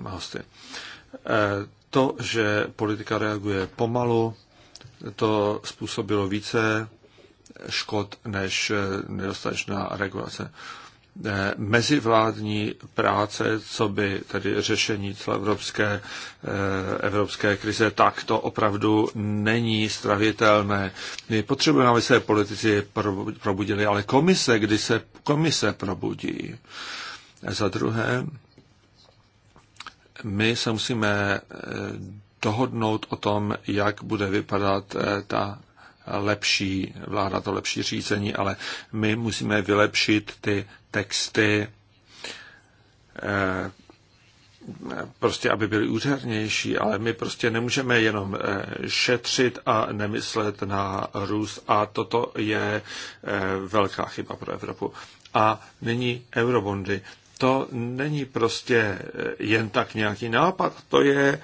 hosty. To, že politika reaguje pomalu, to způsobilo více škod než eh, nedostatečná regulace. Eh, mezivládní práce, co by tedy řešení celoevropské eh, evropské krize, tak to opravdu není stravitelné. My potřebujeme, aby se politici probudili, ale komise, kdy se komise probudí. Za druhé, my se musíme dohodnout o tom, jak bude vypadat ta lepší vláda, to lepší řízení, ale my musíme vylepšit ty texty, eh, prostě, aby byly úřadnější, ale my prostě nemůžeme jenom eh, šetřit a nemyslet na růst a toto je eh, velká chyba pro Evropu. A nyní eurobondy. To není prostě jen tak nějaký nápad, to je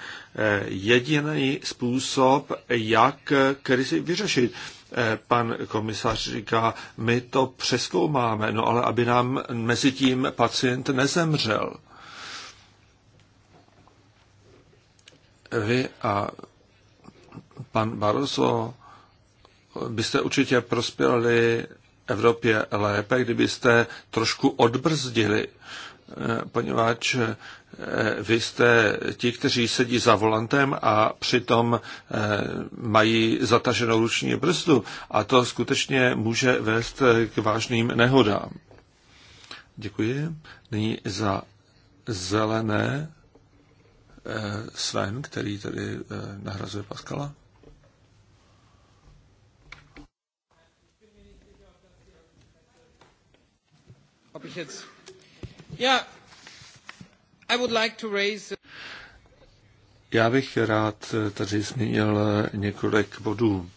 jediný způsob, jak krizi vyřešit. Eh, pan komisař říká, my to přeskoumáme, no ale aby nám mezi tím pacient nezemřel. Vy a pan Barroso byste určitě prospěli Evropě lépe, kdybyste trošku odbrzdili, eh, poněvadž Eh, vy jste ti, kteří sedí za volantem a přitom eh, mají zataženou ruční brzdu a to skutečně může vést eh, k vážným nehodám. Děkuji. Nyní za zelené Sven, který tady nahrazuje Paskala. Ob Ja, já bych rád eh, tady zmínil eh, několik bodů.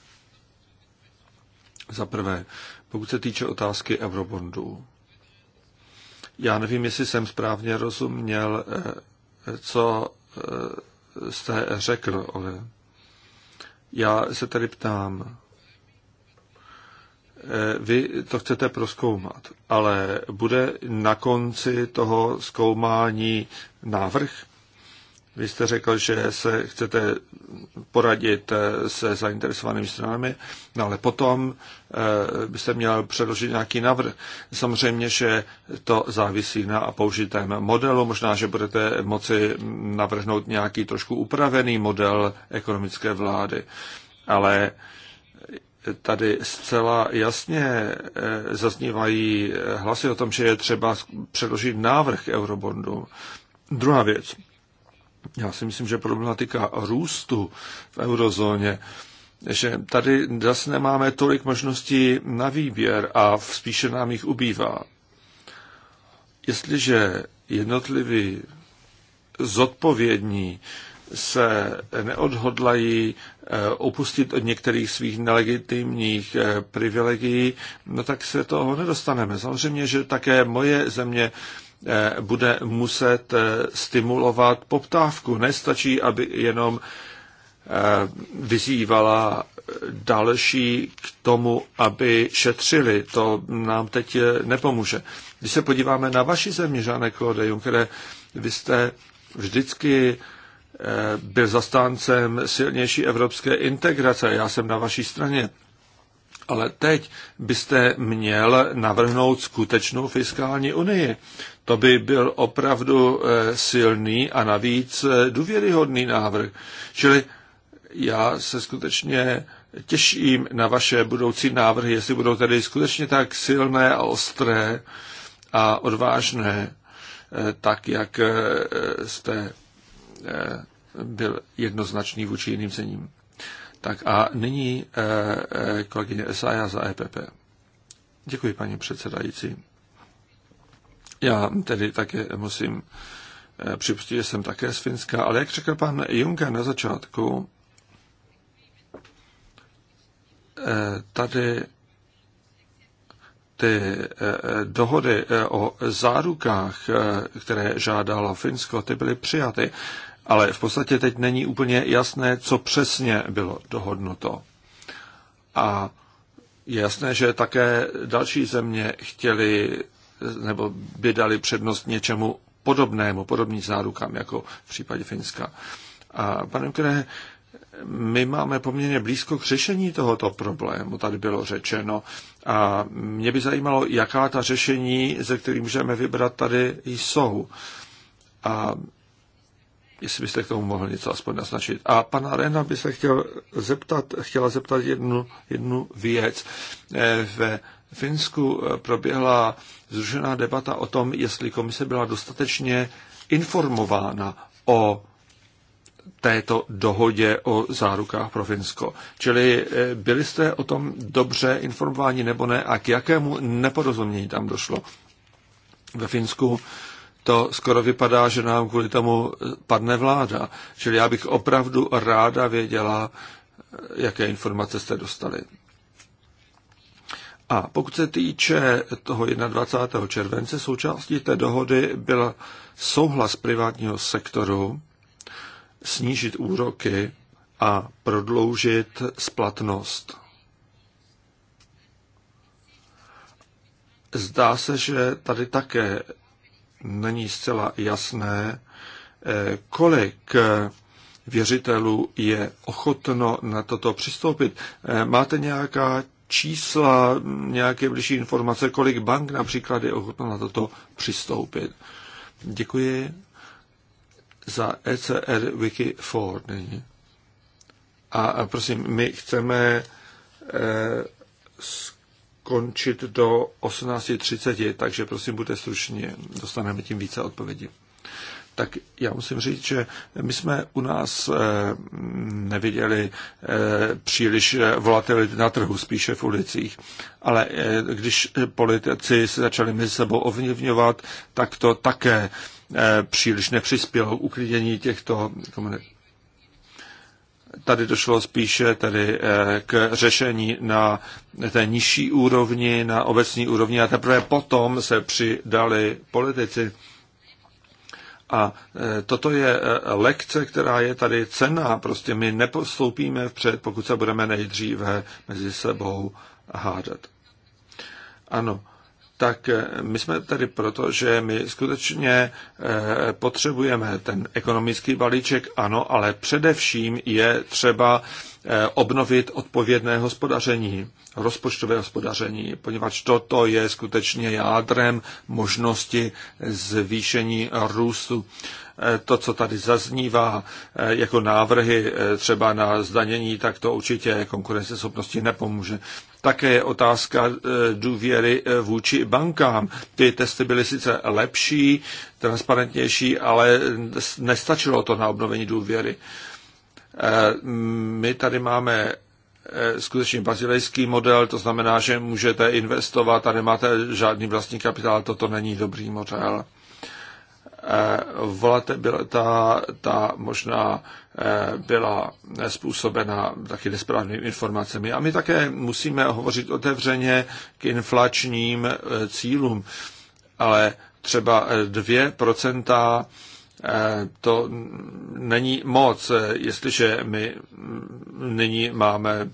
Za prvé, pokud se týče otázky eurobondů. Já nevím, jestli jsem správně rozuměl, eh, co jste řekl, ale já se tady ptám, Eh, vy to chcete proskoumat, ale bude na konci toho zkoumání návrh? Vy jste řekl, že se chcete poradit eh, se zainteresovanými stranami, no ale potom eh, byste měl předložit nějaký návrh. Samozřejmě, že to závisí na použitém modelu. Možná, že budete moci navrhnout nějaký trošku upravený model ekonomické vlády. Ale tady zcela jasně eh, zaznívají hlasy o tom, že je třeba předložit návrh eurobondu. Druhá věc. Já si myslím, že problematika růstu v eurozóně, že tady zase nemáme tolik možností na výběr a spíše nám jich ubývá. Jestliže jednotliví zodpovědní se neodhodlají eh, opustit od některých svých nelegitimních eh, privilegií, no tak se toho nedostaneme. Samozřejmě, že také moje země eh, bude muset stimulovat poptávku. Nestačí, aby jenom vyzývala další k tomu, aby šetřili. To nám teď nepomůže. Když se podíváme na vaši země, Žáne Klode Junckere, vy jste vždycky Eh, byl zastáncem silnější evropské integrace. Já jsem na vaší straně. Ale teď byste měl navrhnout skutečnou fiskální unii. To by byl opravdu eh, silný a navíc eh, důvěryhodný návrh. Čili já se skutečně těším na vaše budoucí návrhy, jestli budou tedy skutečně tak silné a ostré a odvážné, tak jak jste byl jednoznačný vůči jiným cením. Tak a nyní eh, eh, kolegyně Esaja za EPP. Děkuji, paní předsedající. Já tedy také musím eh, připustit, že jsem také z Finska, ale jak řekl pan Juncker na začátku, tady ty dohody o zárukách, které žádalo Finsko, ty byly přijaty ale v podstatě teď není úplně jasné, co přesně bylo dohodnuto. A je jasné, že také další země chtěli nebo by dali přednost něčemu podobnému, podobným zárukám, jako v případě Finska. A pane Kre, my máme poměrně blízko k řešení tohoto problému, tady bylo řečeno. A mě by zajímalo, jaká ta řešení, ze kterých můžeme vybrat, tady jsou. A jestli byste k tomu mohl něco aspoň naznačit. A pan Arena by se chtěl zeptat, chtěla zeptat jednu, jednu věc. Eh, ve Finsku eh, proběhla zrušená debata o tom, jestli komise byla dostatečně informována o této dohodě o zárukách pro Finsko. Čili eh, byli jste o tom dobře informováni nebo ne a k jakému neporozumění tam došlo? Ve Finsku to skoro vypadá, že nám kvůli tomu padne vláda. Čili já bych opravdu ráda věděla, jaké informace jste dostali. A pokud se týče toho 21. července, součástí té dohody byl souhlas privátního sektoru snížit úroky a prodloužit splatnost. Zdá se, že tady také není zcela jasné, eh, kolik eh, věřitelů je ochotno na toto přistoupit. Eh, máte nějaká čísla, nějaké blížší informace, kolik bank například je ochotno na toto přistoupit? Děkuji za ECR Wiki Ford. A prosím, my chceme končit do 18.30, takže prosím, buďte stručně, dostaneme tím více odpovědí. Tak já musím říct, že my jsme u nás eh, neviděli eh, příliš eh, volatility na trhu, spíše v ulicích. Ale když politici se začali mezi sebou ovlivňovat, tak to také příliš nepřispělo k uklidnění těchto komunit. Tady došlo spíše tedy eh, k řešení na té nižší úrovni, na obecní úrovni a teprve potom se přidali politici. A eh, toto je eh, lekce, která je tady cena. Prostě my nepostoupíme vpřed, pokud se budeme nejdříve mezi sebou hádat. Ano, tak eh, my jsme tady proto, že my skutečně eh, potřebujeme ten ekonomický balíček, ano, ale především je třeba eh, obnovit odpovědné hospodaření, rozpočtové hospodaření, poněvadž toto je skutečně jádrem možnosti zvýšení růstu. To, co tady zaznívá jako návrhy třeba na zdanění, tak to určitě konkurenceschopnosti nepomůže. Také je otázka e, důvěry e, vůči bankám. Ty testy byly sice lepší, transparentnější, ale nestačilo to na obnovení důvěry. E, my tady máme skutečně bazilejský model, to znamená, že můžete investovat a nemáte žádný vlastní kapitál, toto není dobrý model. Eh, byla ta možná eh, byla způsobena taky nesprávnými informacemi. A my také musíme hovořit otevřeně k inflačním eh, cílům, ale třeba 2% to není moc, jestliže my mm, nyní máme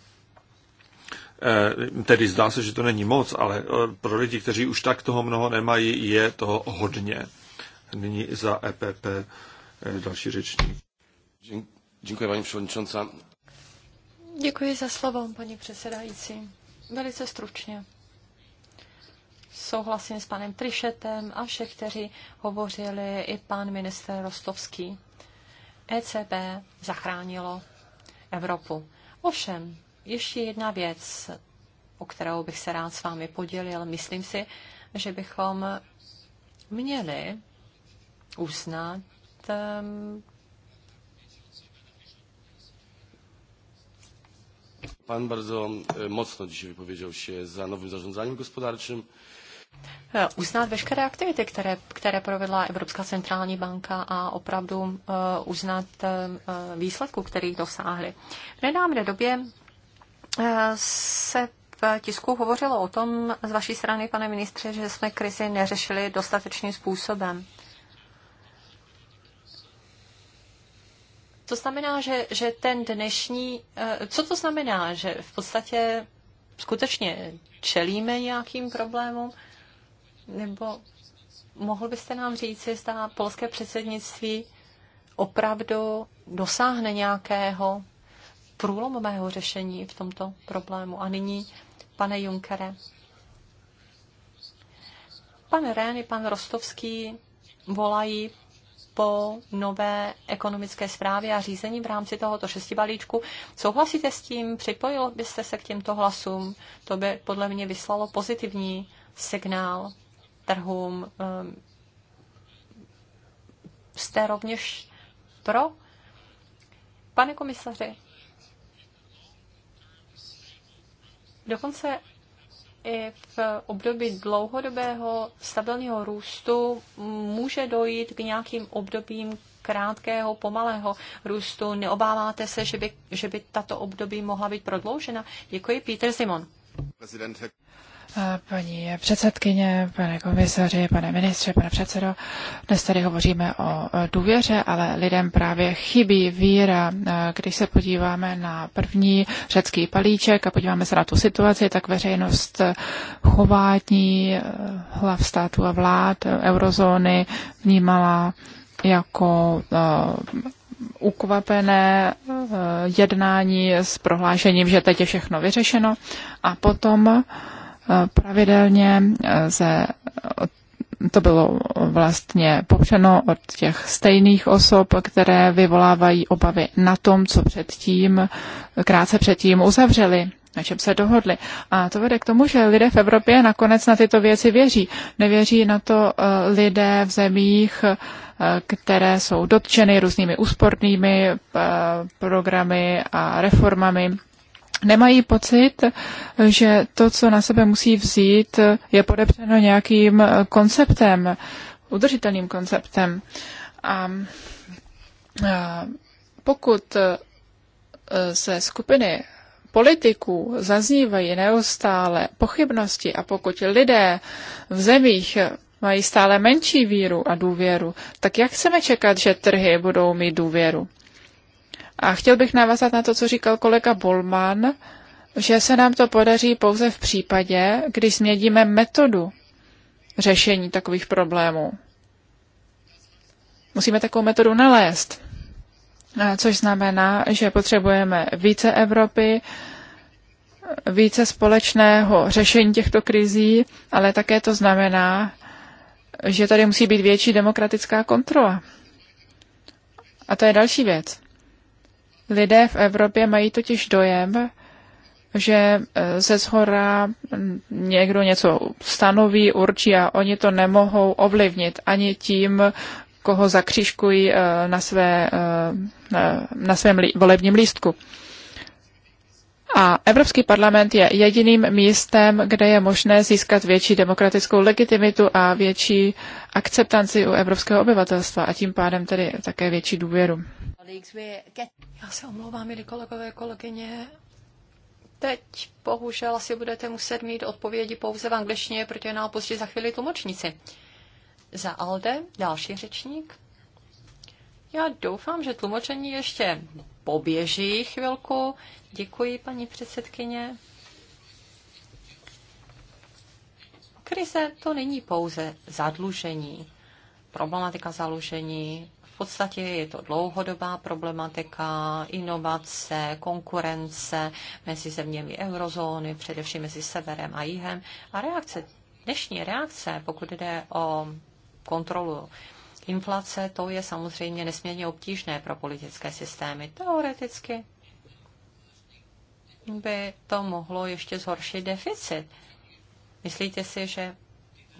tedy zdá se, že to není moc, ale pro lidi, kteří už tak toho mnoho nemají, je to hodně. Nyní za EPP eh, další řečník. Děkuji, paní předsedající. Děkuji za slovo, paní předsedající. Velice stručně. Souhlasím s panem Trišetem a všech, kteří hovořili, i pan minister Rostovský. ECB zachránilo Evropu. Ovšem, ještě jedna věc, o kterou bych se rád s vámi podělil. Myslím si, že bychom měli uznat ehm, Pan bardzo e, mocno dzisiaj wypowiedział się za nowym zarządzaniem gospodarczym. E, uznat veškeré aktivity, které, které provedla Evropská centrální banka a opravdu uh, uznat uh, výsledku, kterých dosáhly. V nedávné době uh, se v tisku hovořilo o tom z vaší strany, pane ministře, že jsme krizi neřešili dostatečným způsobem. To znamená, že, že ten dnešní, eh, co to znamená, že v podstatě skutečně čelíme nějakým problémům, nebo mohl byste nám říct, jestli polské předsednictví opravdu dosáhne nějakého průlomového řešení v tomto problému. A nyní, pane Junkere, pan Rény, pan Rostovský volají po nové ekonomické zprávě a řízení v rámci tohoto šesti balíčku. Souhlasíte s tím? Připojil byste se k těmto hlasům? To by podle mě vyslalo pozitivní signál trhům. Ehm, jste rovněž pro? Pane komisaři, dokonce i v období dlouhodobého stabilního růstu může dojít k nějakým obdobím krátkého, pomalého růstu. Neobáváte se, že by, že by tato období mohla být prodloužena? Děkuji, Peter Simon. Prezident. Eh, paní předsedkyně, pane komisaři, pane ministře, pane předsedo. Dnes tady hovoříme o důvěře, ale lidem právě chybí víra. Eh, když se podíváme na první řecký palíček a podíváme se na tu situaci, tak veřejnost chování eh, hlav států a vlád eurozóny vnímala jako ukvapené jednání s prohlášením, že teď je všechno vyřešeno a potom Eh, pravidelně eh, se to bylo vlastně popřeno od těch stejných osob, které vyvolávají obavy na tom, co předtím, krátce předtím uzavřeli na čem se dohodli. A to vede k tomu, že lidé v Evropě nakonec na tyto věci věří. Nevěří na to eh, lidé v zemích, které jsou dotčeny různými úspornými programy a reformami nemají pocit, že to, co na sebe musí vzít, je podepřeno nějakým eh, konceptem, udržitelným konceptem. A, eh, pokud se eh, skupiny politiků zaznívají neustále pochybnosti a pokud lidé v zemích mají stále menší víru a důvěru, tak jak chceme čekat, že trhy budou mít důvěru? A chtěl bych navázat na to, co říkal kolega Bolman, že se nám to podaří pouze v případě, když změníme metodu řešení takových problémů. Musíme takovou metodu nalézt, což znamená, že potřebujeme více Evropy, více společného řešení těchto krizí, ale také to znamená, že tady musí být větší demokratická kontrola. A to je další věc. Lidé v Evropě mají totiž dojem, že eh, ze zhora někdo něco stanoví, určí a oni to nemohou ovlivnit ani tím, koho zakřížkují eh, na, své, eh, na svém volebním lístku. A Evropský parlament je jediným místem, kde je možné získat větší demokratickou legitimitu a větší akceptanci u evropského obyvatelstva a tím pádem tedy také větší důvěru. Já se omlouvám, milí kolegové, kolegyně. Teď bohužel asi budete muset mít odpovědi pouze v angličtině, protože nám pozdě za chvíli tlumočníci. Za Alde, další řečník. Já doufám, že tlumočení ještě poběží chvilku. Děkuji, paní předsedkyně. Krize to není pouze zadlužení, problematika zadlužení, v podstatě je to dlouhodobá problematika, inovace, konkurence mezi zeměmi eurozóny, především mezi severem a jihem. A reakce, dnešní reakce, pokud jde o kontrolu inflace, to je samozřejmě nesmírně obtížné pro politické systémy. Teoreticky by to mohlo ještě zhoršit deficit. Myslíte si, že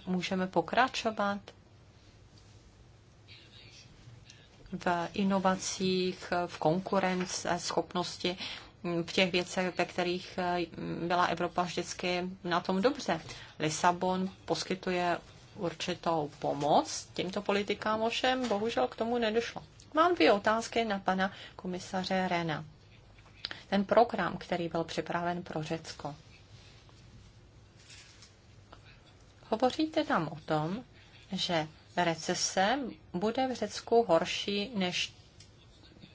můžeme pokračovat v inovacích, v konkurence, schopnosti mm, v těch věcech, ve kterých eh, byla Evropa vždycky na tom dobře. Lisabon poskytuje určitou pomoc těmto politikám, ovšem bohužel k tomu nedošlo. Mám dvě otázky na pana komisaře Rena. Ten program, který byl připraven pro Řecko. Hovoříte tam o tom, že recese bude v Řecku horší, než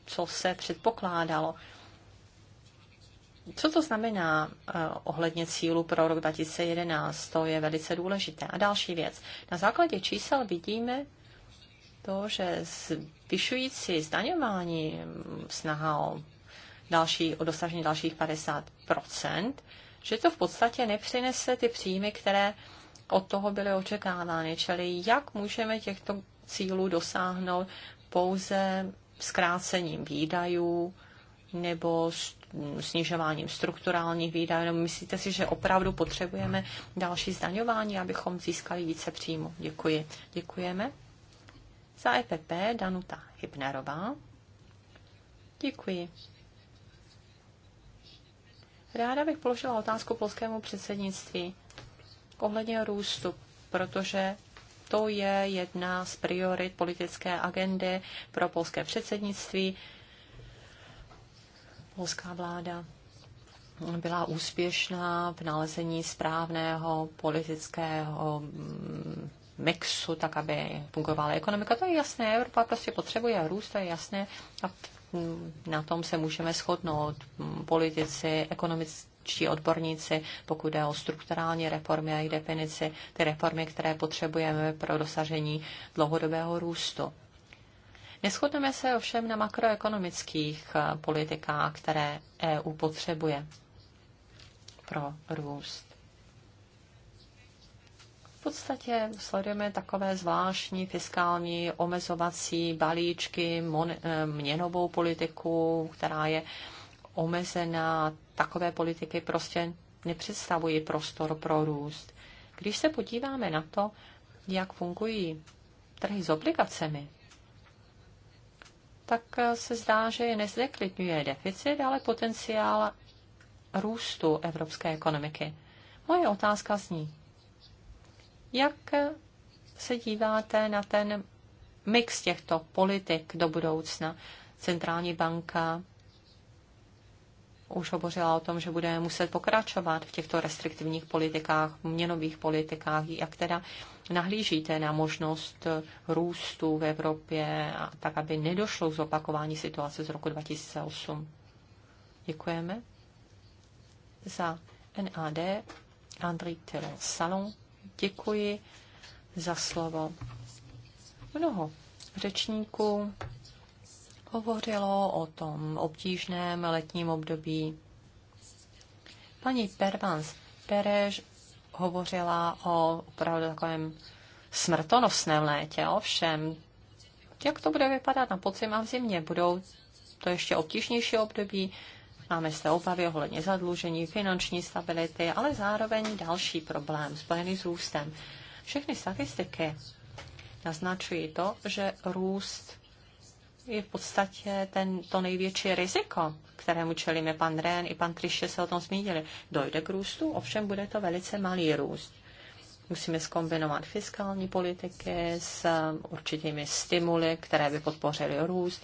co se předpokládalo. Co to znamená eh, ohledně cílu pro rok 2011? To je velice důležité. A další věc. Na základě čísel vidíme to, že zvyšující zdaňování hm, snaha o, další, o dosažení dalších 50 že to v podstatě nepřinese ty příjmy, které od toho byly očekávány. Čili jak můžeme těchto cílů dosáhnout pouze zkrácením výdajů nebo snižováním strukturálních výdajů? Nebo myslíte si, že opravdu potřebujeme další zdaňování, abychom získali více příjmu? Děkuji. Děkujeme. Za EPP Danuta Hybnerová. Děkuji. Ráda bych položila otázku polskému předsednictví ohledně růstu, protože to je jedna z priorit politické agendy pro polské předsednictví. Polská vláda byla úspěšná v nalezení správného politického mm, mixu, tak aby fungovala ekonomika. To je jasné, Evropa prostě potřebuje růst, to je jasné. A mm, na tom se můžeme shodnout. Mm, politici, ekonomici, či odborníci, pokud jde o strukturální reformy a jejich definici, ty reformy, které potřebujeme pro dosažení dlouhodobého růstu. Neschodneme se ovšem na makroekonomických eh, politikách, které EU potřebuje pro růst. V podstatě sledujeme takové zvláštní fiskální omezovací balíčky, mon, eh, měnovou politiku, která je uh, omezená, takové politiky prostě nepředstavují prostor pro růst. Když se podíváme na to, jak fungují trhy s obligacemi, tak eh, se zdá, že je nezdeklidňuje deficit, ale potenciál růstu evropské ekonomiky. Moje otázka zní, jak eh, se díváte na ten mix těchto politik do budoucna? Centrální banka, už hovořila o tom, že bude muset pokračovat v těchto restriktivních politikách, měnových politikách, jak teda nahlížíte na možnost růstu v Evropě, a tak aby nedošlo k zopakování situace z roku 2008. Děkujeme za NAD André Tel Salon. Děkuji za slovo. Mnoho řečníků hovořilo o tom obtížném letním období. Paní Pervans Pereš hovořila o opravdu takovém smrtonosném létě. Ovšem, jak to bude vypadat na podzim a v zimě? Budou to ještě obtížnější období? Máme se obavy ohledně zadlužení, finanční stability, ale zároveň další problém spojený s růstem. Všechny statistiky naznačují to, že růst je v podstatě ten, to největší riziko, kterému čelíme. Pan Ren i pan Triše se o tom zmínili. Dojde k růstu, ovšem bude to velice malý růst. Musíme skombinovat fiskální politiky s um, určitými stimuly, které by podpořily růst.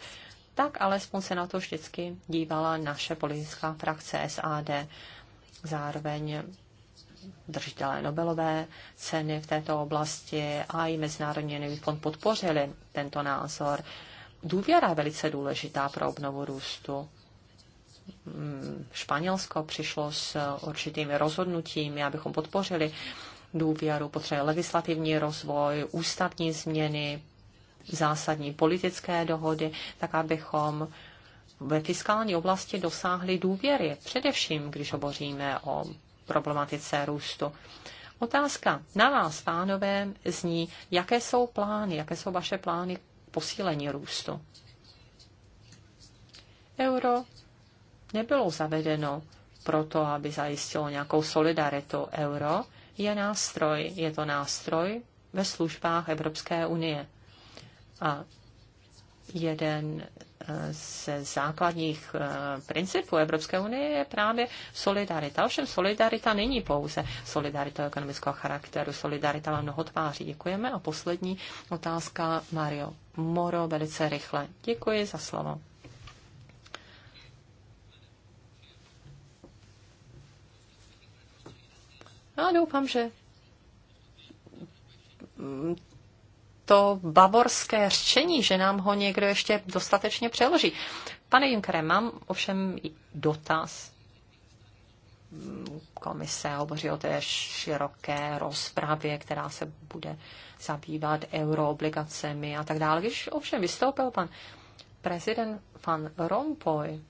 Tak alespoň se na to vždycky dívala naše politická frakce SAD. Zároveň držitelé Nobelové ceny v této oblasti a i Mezinárodní fond podpořili tento názor důvěra velice důležitá pro obnovu růstu. Mm, Španělsko přišlo s určitými rozhodnutími, abychom podpořili důvěru, potřebuje legislativní rozvoj, ústavní změny, zásadní politické dohody, tak abychom ve fiskální oblasti dosáhli důvěry, především když hovoříme o problematice růstu. Otázka na vás, pánové, zní, jaké jsou plány, jaké jsou vaše plány posílení růstu. Euro nebylo zavedeno proto, aby zajistilo nějakou solidaritu. Euro je nástroj, je to nástroj ve službách Evropské unie. A jeden ze základních eh, principů Evropské unie je právě solidarita. Ovšem solidarita není pouze solidarita ekonomického charakteru, solidarita má mnoho tváří. Děkujeme. A poslední otázka, Mario Moro, velice rychle. Děkuji za slovo. Já doufám, že to bavorské řečení, že nám ho někdo ještě dostatečně přeloží. Pane Junkere, mám ovšem dotaz. Komise hovoří o té široké rozpravě, která se bude zabývat euroobligacemi a tak dále. Když ovšem vystoupil pan prezident Van Rompuy,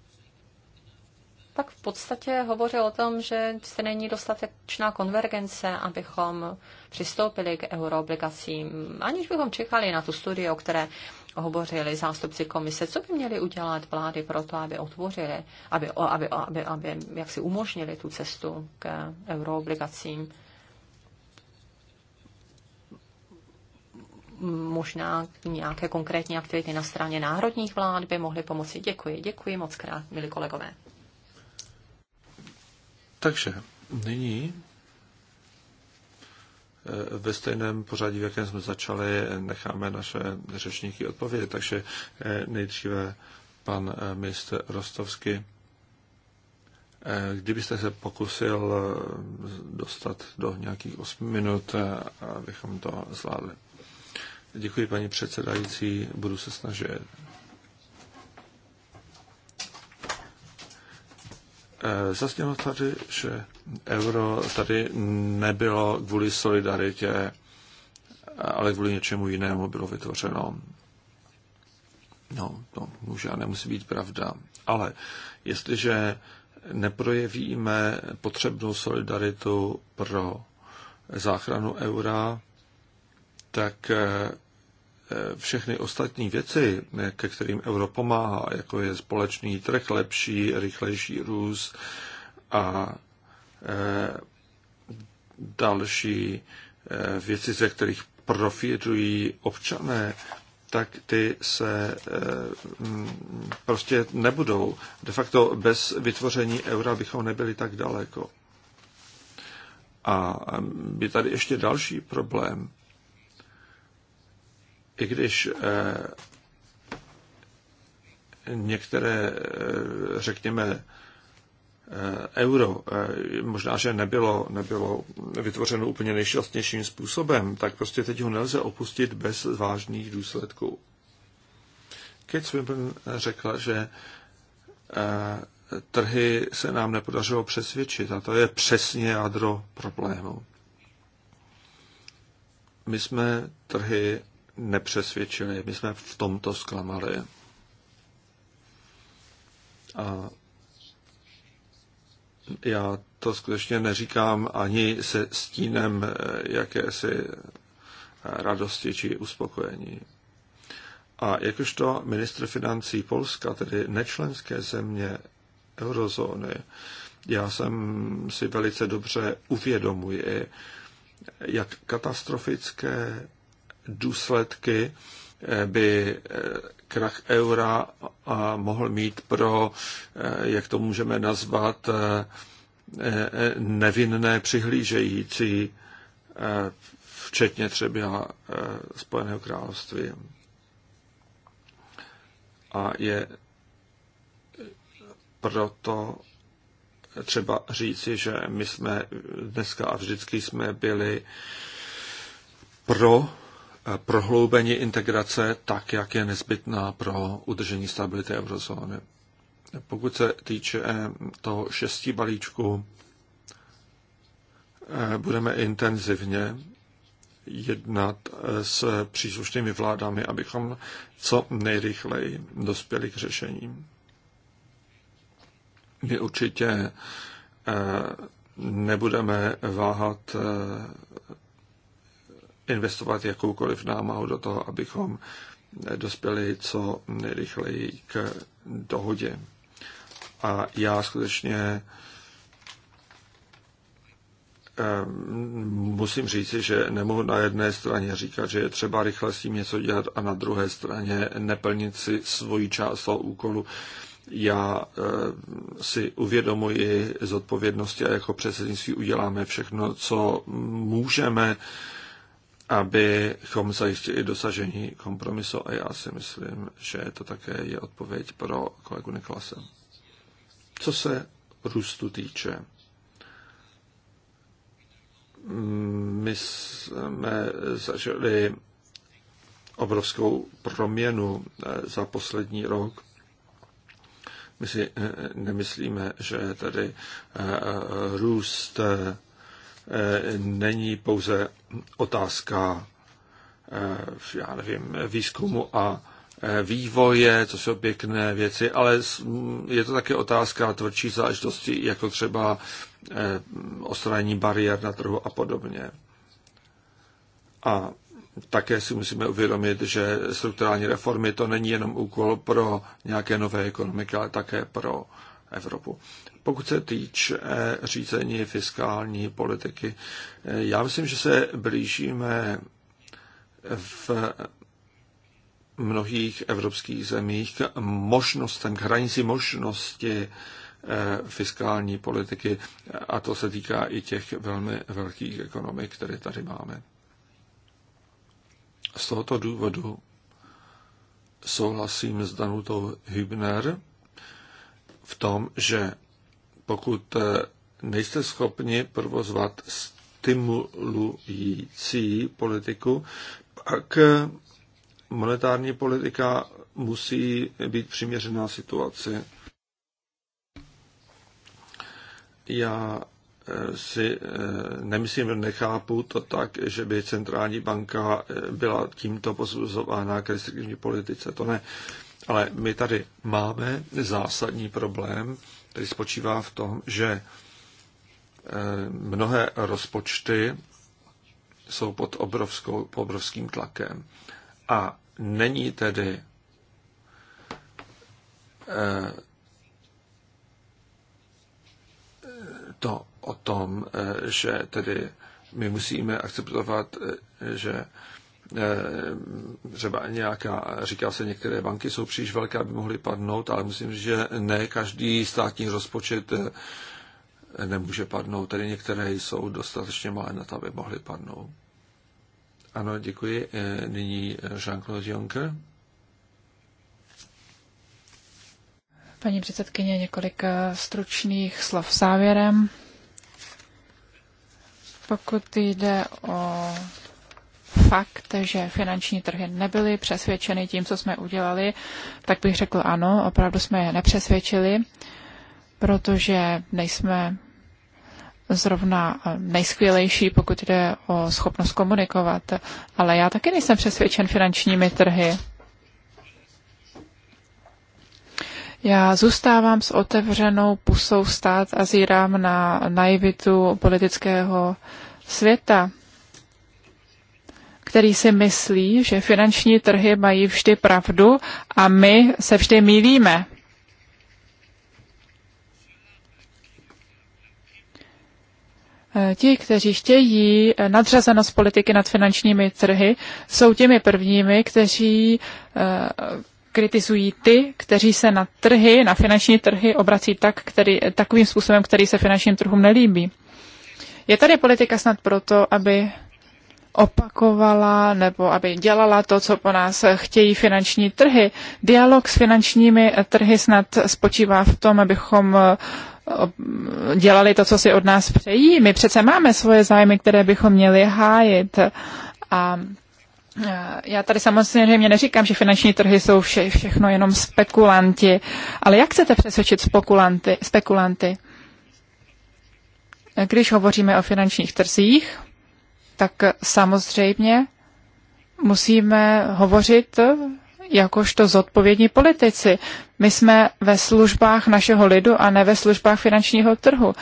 tak v podstatě hovořil o tom, že se není dostatečná konvergence, abychom přistoupili k euroobligacím, aniž bychom čekali na tu studii, o které hovořili zástupci komise. Co by měli udělat vlády pro to, aby otvořili, aby, aby, aby, aby jak si umožnili tu cestu k euroobligacím? možná nějaké konkrétní aktivity na straně národních vlád by mohly pomoci. Děkuji, děkuji moc krát, milí kolegové. Takže nyní eh, ve stejném pořadí, v jakém jsme začali, necháme naše řečníky odpovědět. Takže eh, nejdříve pan eh, ministr Rostovsky. Kdybyste se pokusil dostat do nějakých 8 minut, abychom to zvládli. Děkuji, paní předsedající, budu se snažit. Eh, zaznělo tady, že euro tady nebylo kvůli solidaritě, ale kvůli něčemu jinému bylo vytvořeno. No, to může a nemusí být pravda. Ale jestliže neprojevíme potřebnou solidaritu pro záchranu eura, tak eh, všechny ostatní věci, ke kterým Evropa pomáhá, jako je společný trh lepší, rychlejší růst a e, další e, věci, ze kterých profitují občané, tak ty se e, prostě nebudou. De facto bez vytvoření eura bychom nebyli tak daleko. A je tady ještě další problém i když eh, některé, eh, řekněme, eh, euro možná, že nebylo, nebylo vytvořeno úplně nejšťastnějším způsobem, tak prostě teď ho nelze opustit bez vážných důsledků. Kate Swinburne řekla, že trhy se nám nepodařilo přesvědčit a to je přesně jádro problému. My jsme trhy nepřesvědčili. My jsme v tomto zklamali. A já to skutečně neříkám ani se stínem jakési radosti či uspokojení. A jakožto ministr financí Polska, tedy nečlenské země eurozóny, já jsem si velice dobře uvědomuji, jak katastrofické důsledky eh, by eh, krach eura mohl mít pro, eh, jak to můžeme nazvat, nevinné přihlížející, včetně třeba Spojeného království. A je proto třeba říci, že my jsme dneska a vždycky jsme byli pro Eh, prohloubení integrace tak, jak je nezbytná pro udržení stability eurozóny. Pokud se týče eh, toho šestí balíčku, eh, budeme intenzivně jednat s příslušnými vládami, abychom co nejrychleji dospěli k řešení. My určitě nebudeme váhat investovat jakoukoliv námahu do toho, abychom dospěli co nejrychleji k dohodě. A já skutečně ehm, musím říci, že nemohu na jedné straně říkat, že je třeba rychle s tím něco dělat a na druhé straně neplnit si svoji část toho úkolu. Já ehm, si uvědomuji zodpovědnosti a jako předsednictví uděláme všechno, co můžeme, abychom zajistili dosažení kompromisu a já si myslím, že to také je odpověď pro kolegu Niklase. Co se růstu týče, my jsme zažili obrovskou proměnu eh, za poslední rok. My si eh, nemyslíme, že tady eh, růst není pouze otázka eh, já nevím, výzkumu a eh, vývoje, to jsou pěkné věci, ale mm, je to také otázka tvrdší záležitosti, jako třeba eh, ostranění bariér na trhu a podobně. A také si musíme uvědomit, že strukturální reformy to není jenom úkol pro nějaké nové ekonomiky, ale také pro Evropu. Pokud se týče eh, řízení fiskální politiky, eh, já myslím, že se blížíme v mnohých evropských zemích k možnostem, k hranici možnosti eh, fiskální politiky a to se týká i těch velmi velkých ekonomik, které tady máme. Z tohoto důvodu souhlasím s Danutou Hübner, v tom, že pokud eh, nejste schopni provozovat stimulující politiku, pak eh, monetární politika musí být přiměřená situaci. Já eh, si nemyslím, nechápu to tak, že by centrální banka byla tímto posuzována k restriktivní politice. To ne. Ale my tady máme zásadní problém, který spočívá v tom, že eh, mnohé rozpočty jsou pod, obrovskou, pod obrovským tlakem. A není tedy eh, to o tom, eh, že tedy my musíme akceptovat, že Eh, třeba nějaká, říká se, některé banky jsou příliš velké, aby mohly padnout, ale myslím, že ne každý státní rozpočet eh, nemůže padnout, tedy některé jsou dostatečně malé na to, aby mohly padnout. Ano, děkuji. Eh, nyní Jean-Claude Juncker. Paní předsedkyně, několik stručných slov závěrem. Pokud jde o fakt, že finanční trhy nebyly přesvědčeny tím, co jsme udělali, tak bych řekl ano, opravdu jsme je nepřesvědčili, protože nejsme zrovna eh, nejskvělejší, pokud jde o schopnost komunikovat. Ale já taky nejsem přesvědčen finančními trhy. Já zůstávám s otevřenou pusou stát a zírám na naivitu politického světa který si myslí, že finanční trhy mají vždy pravdu a my se vždy mýlíme. Ti, kteří chtějí nadřazenost politiky nad finančními trhy, jsou těmi prvními, kteří eh, kritizují ty, kteří se na trhy, na finanční trhy obrací tak, který, takovým způsobem, který se finančním trhům nelíbí. Je tady politika snad proto, aby opakovala nebo aby dělala to, co po nás chtějí finanční trhy. Dialog s finančními trhy snad spočívá v tom, abychom eh, dělali to, co si od nás přejí. My přece máme svoje zájmy, které bychom měli hájit. A eh, já tady samozřejmě neříkám, že finanční trhy jsou vše, všechno jenom spekulanti, ale jak chcete přesvědčit spekulanty, spekulanty? Když hovoříme o finančních trzích, tak samozřejmě musíme hovořit jakožto zodpovědní politici. My jsme ve službách našeho lidu a ne ve službách finančního trhu.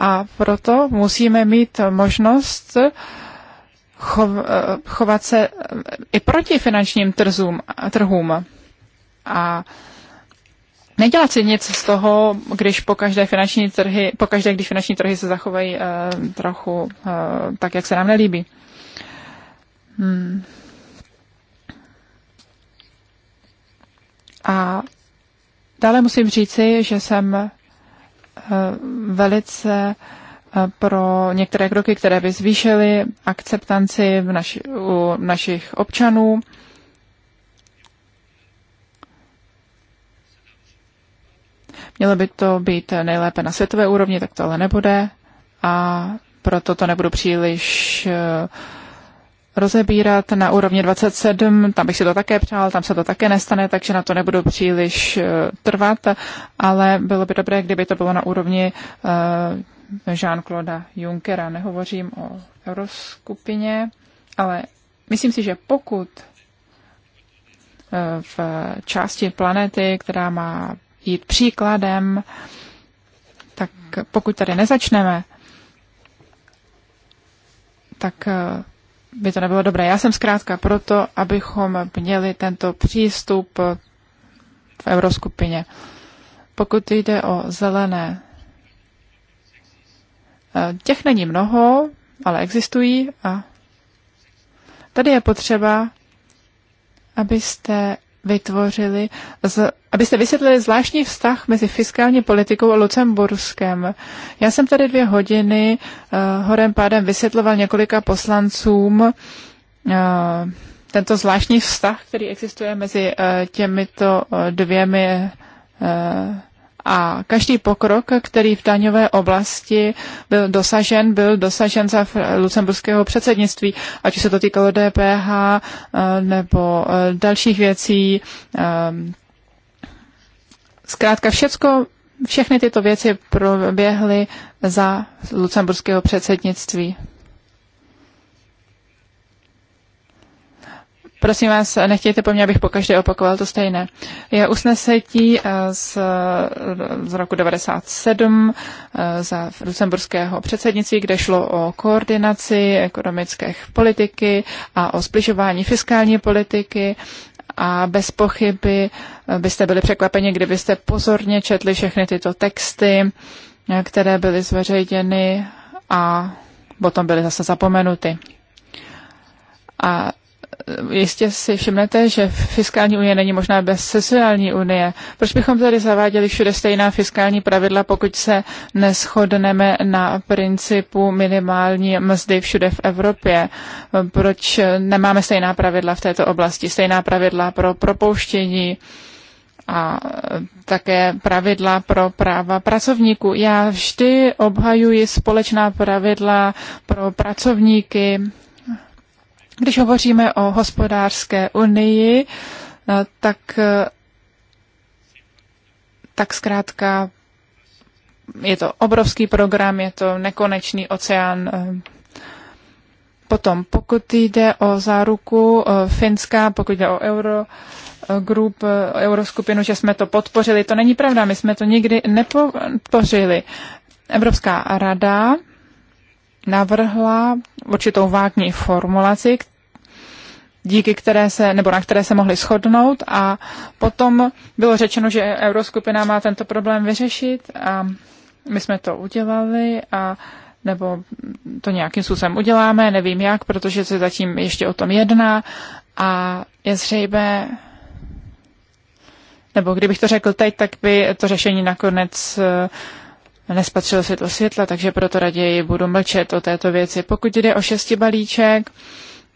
A proto musíme mít možnost chovat se i proti finančním trzům, trhům. A Nedělat si nic z toho, když po každé finanční trhy, po každé, když finanční trhy se zachovají uh, trochu uh, tak, jak se nám nelíbí. Hmm. A dále musím říci, že jsem uh, velice pro některé kroky, které by zvýšily akceptanci v naši, u našich občanů. Mělo by to být nejlépe na světové úrovni, tak to ale nebude a proto to nebudu příliš eh, rozebírat na úrovni 27, tam bych si to také přál, tam se to také nestane, takže na to nebudu příliš eh, trvat, ale bylo by dobré, kdyby to bylo na úrovni eh, Jean-Claude Junckera. Nehovořím o euroskupině, ale myslím si, že pokud v části planety, která má jít příkladem, tak pokud tady nezačneme, tak eh, by to nebylo dobré. Já jsem zkrátka proto, abychom měli tento přístup eh, v euroskupině. Pokud jde o zelené, eh, těch není mnoho, ale existují a tady je potřeba, abyste vytvořili, z, abyste vysvětlili zvláštní vztah mezi fiskální politikou a Lucemburskem. Já jsem tady dvě hodiny uh, horem pádem vysvětloval několika poslancům uh, tento zvláštní vztah, který existuje mezi uh, těmito uh, dvěmi uh, a každý pokrok, který v daňové oblasti byl dosažen, byl dosažen za lucemburského předsednictví, ať se to týkalo DPH eh, nebo eh, dalších věcí. Eh, zkrátka všecko, všechny tyto věci proběhly za lucemburského předsednictví. Prosím vás, nechtějte po mně, abych pokaždé opakoval to stejné. Je usnesetí eh, z, z roku 97 eh, za lucemburského předsednictví, kde šlo o koordinaci ekonomických politiky a o spližování fiskální politiky a bez pochyby eh, byste byli překvapeni, kdybyste pozorně četli všechny tyto texty, které byly zveřejněny a potom byly zase zapomenuty. A jistě si všimnete, že fiskální unie není možná bez sociální unie. Proč bychom tady zaváděli všude stejná fiskální pravidla, pokud se neschodneme na principu minimální mzdy všude v Evropě? Proč nemáme stejná pravidla v této oblasti? Stejná pravidla pro propouštění a také pravidla pro práva pracovníků. Já vždy obhajuji společná pravidla pro pracovníky když hovoříme o hospodářské unii, eh, tak, eh, tak zkrátka je to obrovský program, je to nekonečný oceán. Eh, potom, pokud jde o záruku Finska, pokud jde o euro, group, euroskupinu, že jsme to podpořili. To není pravda, my jsme to nikdy nepodpořili. Evropská rada navrhla určitou vágní formulaci, díky které se, nebo na které se mohli shodnout a potom bylo řečeno, že Euroskupina má tento problém vyřešit a my jsme to udělali a nebo to nějakým způsobem uděláme, nevím jak, protože se zatím ještě o tom jedná a je zřejmé, nebo kdybych to řekl teď, tak by to řešení nakonec eh, nespatřil světlo světla, takže proto raději budu mlčet o této věci. Pokud jde o šesti balíček,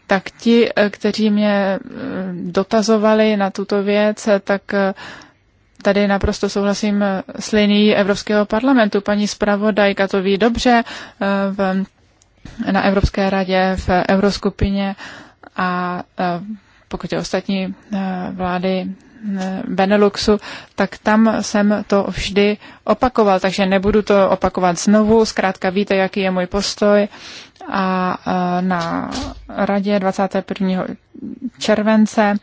tak ti, eh, kteří mě eh, dotazovali na tuto věc, eh, tak tady naprosto souhlasím s liní Evropského parlamentu. Paní zpravodajka to ví dobře v, na Evropské radě, v Euroskupině a pokud je ostatní vlády Eh, Beneluxu, tak tam jsem to vždy opakoval, takže nebudu to opakovat znovu. Zkrátka víte, jaký je můj postoj. A eh, na radě 21. července,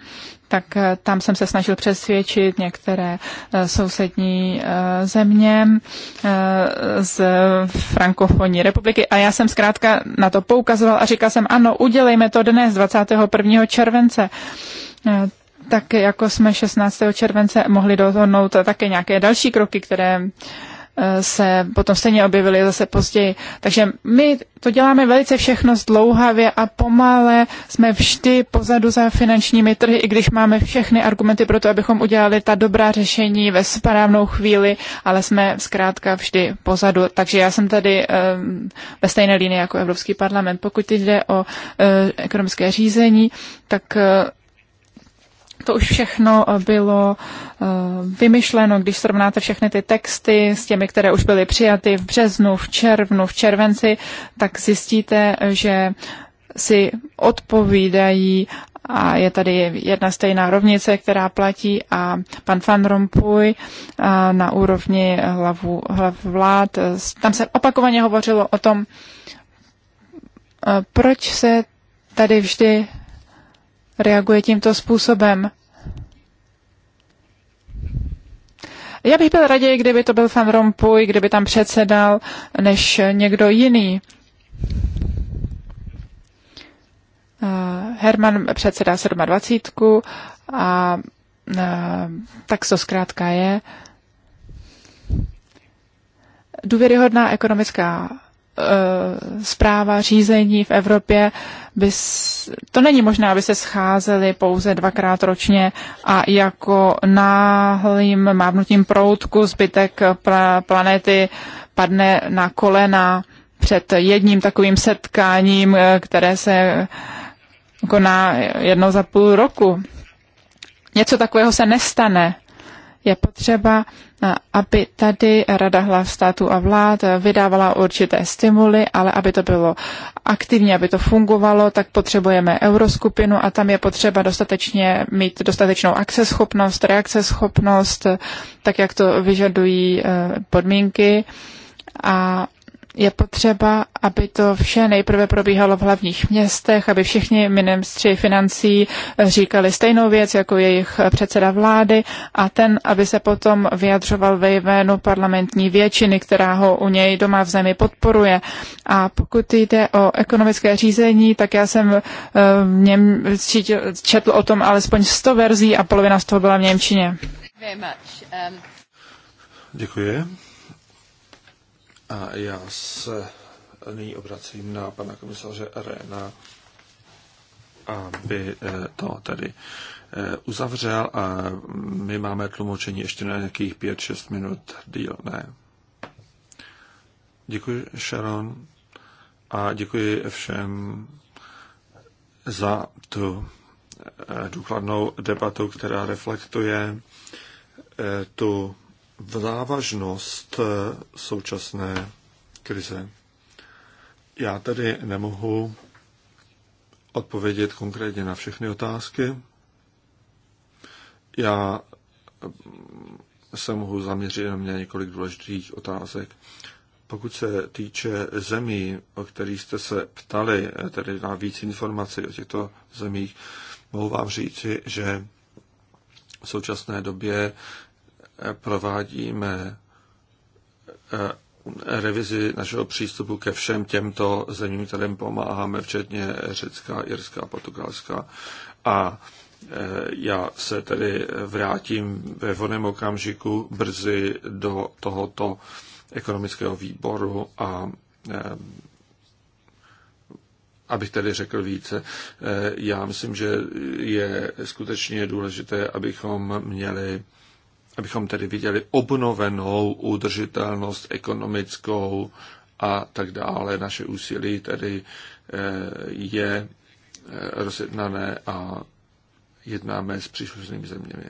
tak eh, tam jsem se snažil přesvědčit některé sousední země z frankofonní republiky. A já jsem zkrátka na to poukazoval a říkal jsem, ano, udělejme to dnes, 21. července tak jako jsme 16. července mohli dohodnout také nějaké další kroky, které eh, se potom stejně objevily zase později. Takže my to děláme velice všechno zdlouhavě a pomale jsme vždy pozadu za finančními trhy, i když máme všechny argumenty pro to, abychom udělali ta dobrá řešení ve správnou chvíli, ale jsme zkrátka vždy pozadu. Takže já jsem tady um, ve stejné linii jako Evropský parlament. Pokud jde o eh, ekonomické řízení, tak to už všechno eh, bylo eh, vymyšleno, když srovnáte všechny ty texty s těmi, které už byly přijaty v březnu, v červnu, v červenci, tak zjistíte, že si odpovídají a je tady jedna stejná rovnice, která platí a pan Van Rompuy eh, na úrovni hlavu, hlav vlád, tam se opakovaně hovořilo o tom, proč se tady vždy reaguje tímto způsobem. Já bych byl raději, kdyby to byl Van Rompuy, kdyby tam předsedal, než někdo jiný. Eh, Herman předsedá 27 a eh, tak to zkrátka je. Důvěryhodná ekonomická zpráva, eh, řízení v Evropě by, to není možné, aby se scházeli pouze dvakrát ročně a jako náhlým mávnutím proutku zbytek planety padne na kolena před jedním takovým setkáním, eh, které se koná jedno za půl roku. Něco takového se nestane je potřeba, eh, aby tady Rada hlav států a vlád vydávala určité stimuly, ale aby to bylo aktivně, aby to fungovalo, tak potřebujeme euroskupinu a tam je potřeba dostatečně mít dostatečnou akceschopnost, reakceschopnost, tak jak to vyžadují eh, podmínky a je potřeba, aby to vše nejprve probíhalo v hlavních městech, aby všichni ministři financí říkali stejnou věc jako jejich předseda vlády a ten, aby se potom vyjadřoval ve jménu parlamentní většiny, která ho u něj doma v zemi podporuje. A pokud jde o ekonomické řízení, tak já jsem eh, v něm četl o tom alespoň 100 verzí a polovina z toho byla v Němčině. Um, Děkuji. A já se nyní obracím na pana komisaře Rena, aby eh, to tedy eh, uzavřel a my máme tlumočení ještě na nějakých 5-6 minut díl, ne. Děkuji, Sharon, a děkuji všem za tu eh, důkladnou debatu, která reflektuje tu závažnost eh, současné krize. Já tedy nemohu odpovědět konkrétně na všechny otázky. Já eh, se mohu zaměřit na mě několik důležitých otázek. Pokud se týče zemí, o kterých jste se ptali, eh, tedy na víc informací o těchto zemích, mohu vám říci, že v současné době provádíme eh, revizi našeho přístupu ke všem těmto zemím, kterým pomáháme, včetně Řecka, Jirska, Portugalska. A eh, já se tedy vrátím ve voném okamžiku brzy do tohoto ekonomického výboru a eh, abych tedy řekl více. Já myslím, že je skutečně důležité, abychom měli abychom tedy viděli obnovenou udržitelnost ekonomickou a tak dále. Naše úsilí tedy eh, je eh, rozjednané a jednáme s příslušnými zeměmi.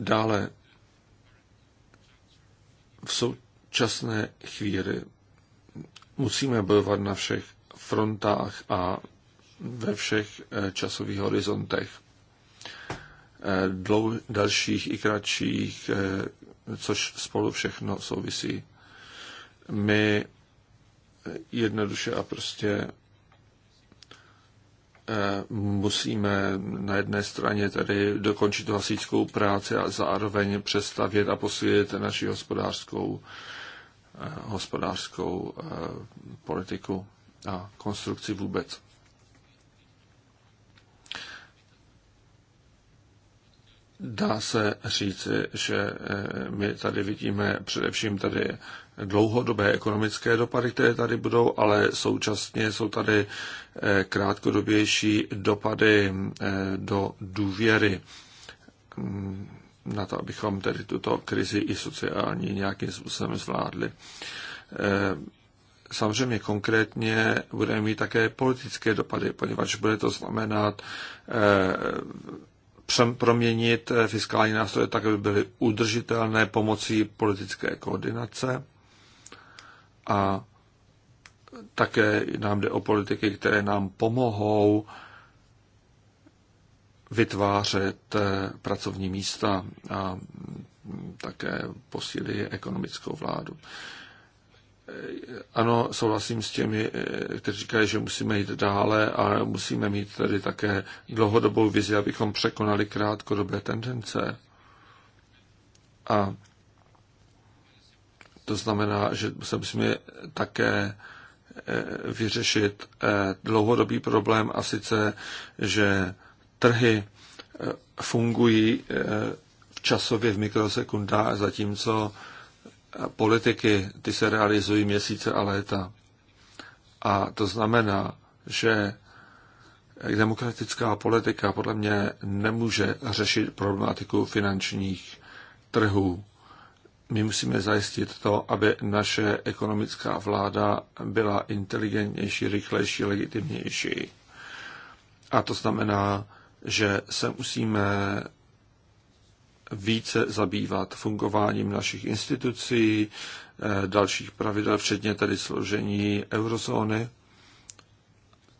Dále v současné chvíli musíme bojovat na všech frontách a ve všech eh, časových horizontech dlou, dalších i kratších, eh, což spolu všechno souvisí. My jednoduše a prostě eh, musíme na jedné straně tedy dokončit hasičskou práci a zároveň přestavět a posílit naši hospodářskou, eh, hospodářskou politiku a konstrukci vůbec. Dá se říci, že eh, my tady vidíme především tady dlouhodobé ekonomické dopady, které tady budou, ale současně jsou tady eh, krátkodobější dopady eh, do důvěry mm, na to, abychom tedy tuto krizi i sociální nějakým způsobem zvládli. Samozřejmě konkrétně budeme mít také politické dopady, poněvadž bude to znamenat proměnit eh, fiskální nástroje tak, aby byly udržitelné pomocí politické koordinace a také nám jde o politiky, které nám pomohou vytvářet eh, pracovní místa a také posílí ekonomickou vládu ano, souhlasím s těmi, eh, kteří říkají, že musíme jít dále a musíme mít tady také dlouhodobou vizi, abychom překonali krátkodobé tendence. A to znamená, že se musíme také eh, vyřešit eh, dlouhodobý problém a sice, že trhy fungují v časově v mikrosekundách, zatímco politiky, ty se realizují měsíce a léta. A to znamená, že demokratická politika podle mě nemůže řešit problematiku finančních trhů. My musíme zajistit to, aby naše ekonomická vláda byla inteligentnější, rychlejší, legitimnější. A to znamená, že se musíme více zabývat fungováním našich institucí, eh, dalších pravidel, včetně tedy složení eurozóny,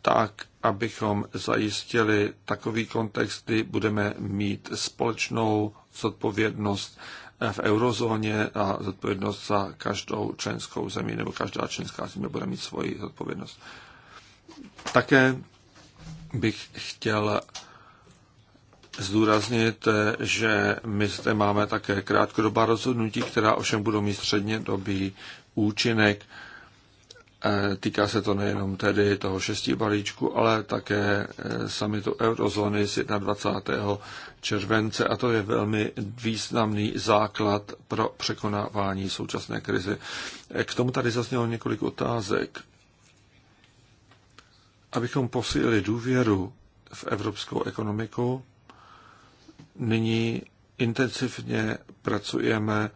tak, abychom zajistili takový kontext, kdy budeme mít společnou zodpovědnost eh, v eurozóně a zodpovědnost za každou členskou zemi, nebo každá členská země bude mít svoji zodpovědnost. Také bych chtěl zdůraznit, že my zde máme také krátkodobá rozhodnutí, která ovšem budou mít středně dobý účinek. E, týká se to nejenom tedy toho šestí balíčku, ale také e, samitu eurozóny z 21. července a to je velmi významný základ pro překonávání současné krize. E, k tomu tady zaznělo několik otázek. Abychom posílili důvěru v evropskou ekonomiku, Nyní intenzivně pracujeme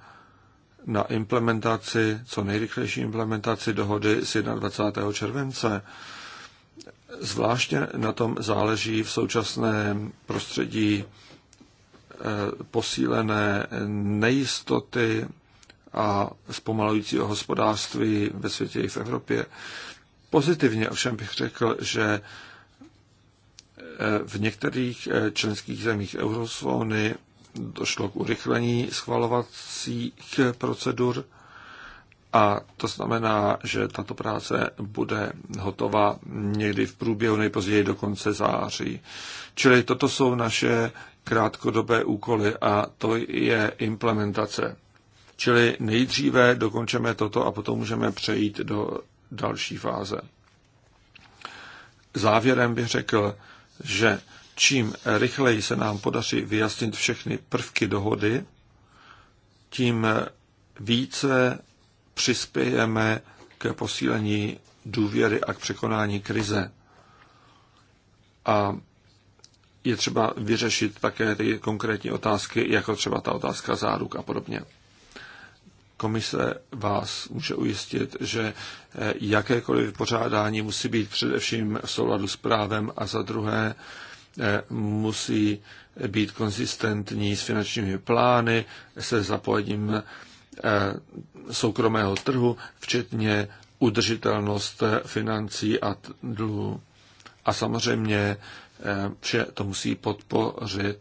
na implementaci, co nejrychlejší implementaci dohody z 21. července. Zvláště na tom záleží v současném prostředí eh, posílené nejistoty a zpomalujícího hospodářství ve světě i v Evropě. Pozitivně ovšem bych řekl, že v některých eh, členských zemích eurozóny došlo k urychlení schvalovacích procedur a to znamená, že tato práce bude hotová někdy v průběhu nejpozději do konce září. Čili toto jsou naše krátkodobé úkoly a to je implementace. Čili nejdříve dokončeme toto a potom můžeme přejít do další fáze. Závěrem bych řekl, že čím rychleji se nám podaří vyjasnit všechny prvky dohody, tím více přispějeme k posílení důvěry a k překonání krize. A je třeba vyřešit také ty konkrétní otázky, jako třeba ta otázka záruk a podobně. Komise vás může ujistit, že eh, jakékoliv pořádání musí být především v souladu s právem a za druhé eh, musí být konzistentní s finančními plány, se zapojením eh, soukromého trhu, včetně udržitelnost financí a dluhu. A samozřejmě vše to musí podpořit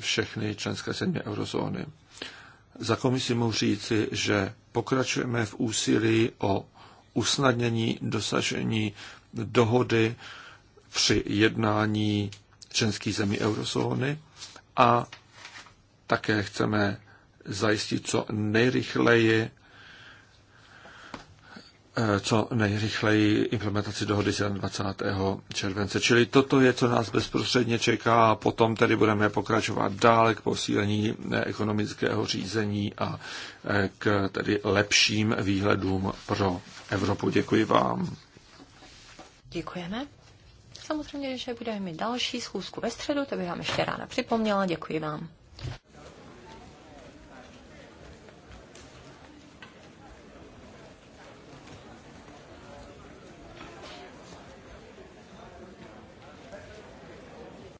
všechny členské země eurozóny. Za komisi mohu říci, že pokračujeme v úsilí o usnadnění dosažení dohody při jednání členských zemí eurozóny a také chceme zajistit co nejrychleji Eh, co nejrychleji implementaci dohody 27. července. Čili toto je, co nás bezprostředně čeká a potom tedy budeme pokračovat dále k posílení eh, ekonomického řízení a eh, k tedy lepším výhledům pro Evropu. Děkuji vám. Děkujeme. Samozřejmě, že budeme mít další schůzku ve středu, to bych vám ještě ráda připomněla. Děkuji vám.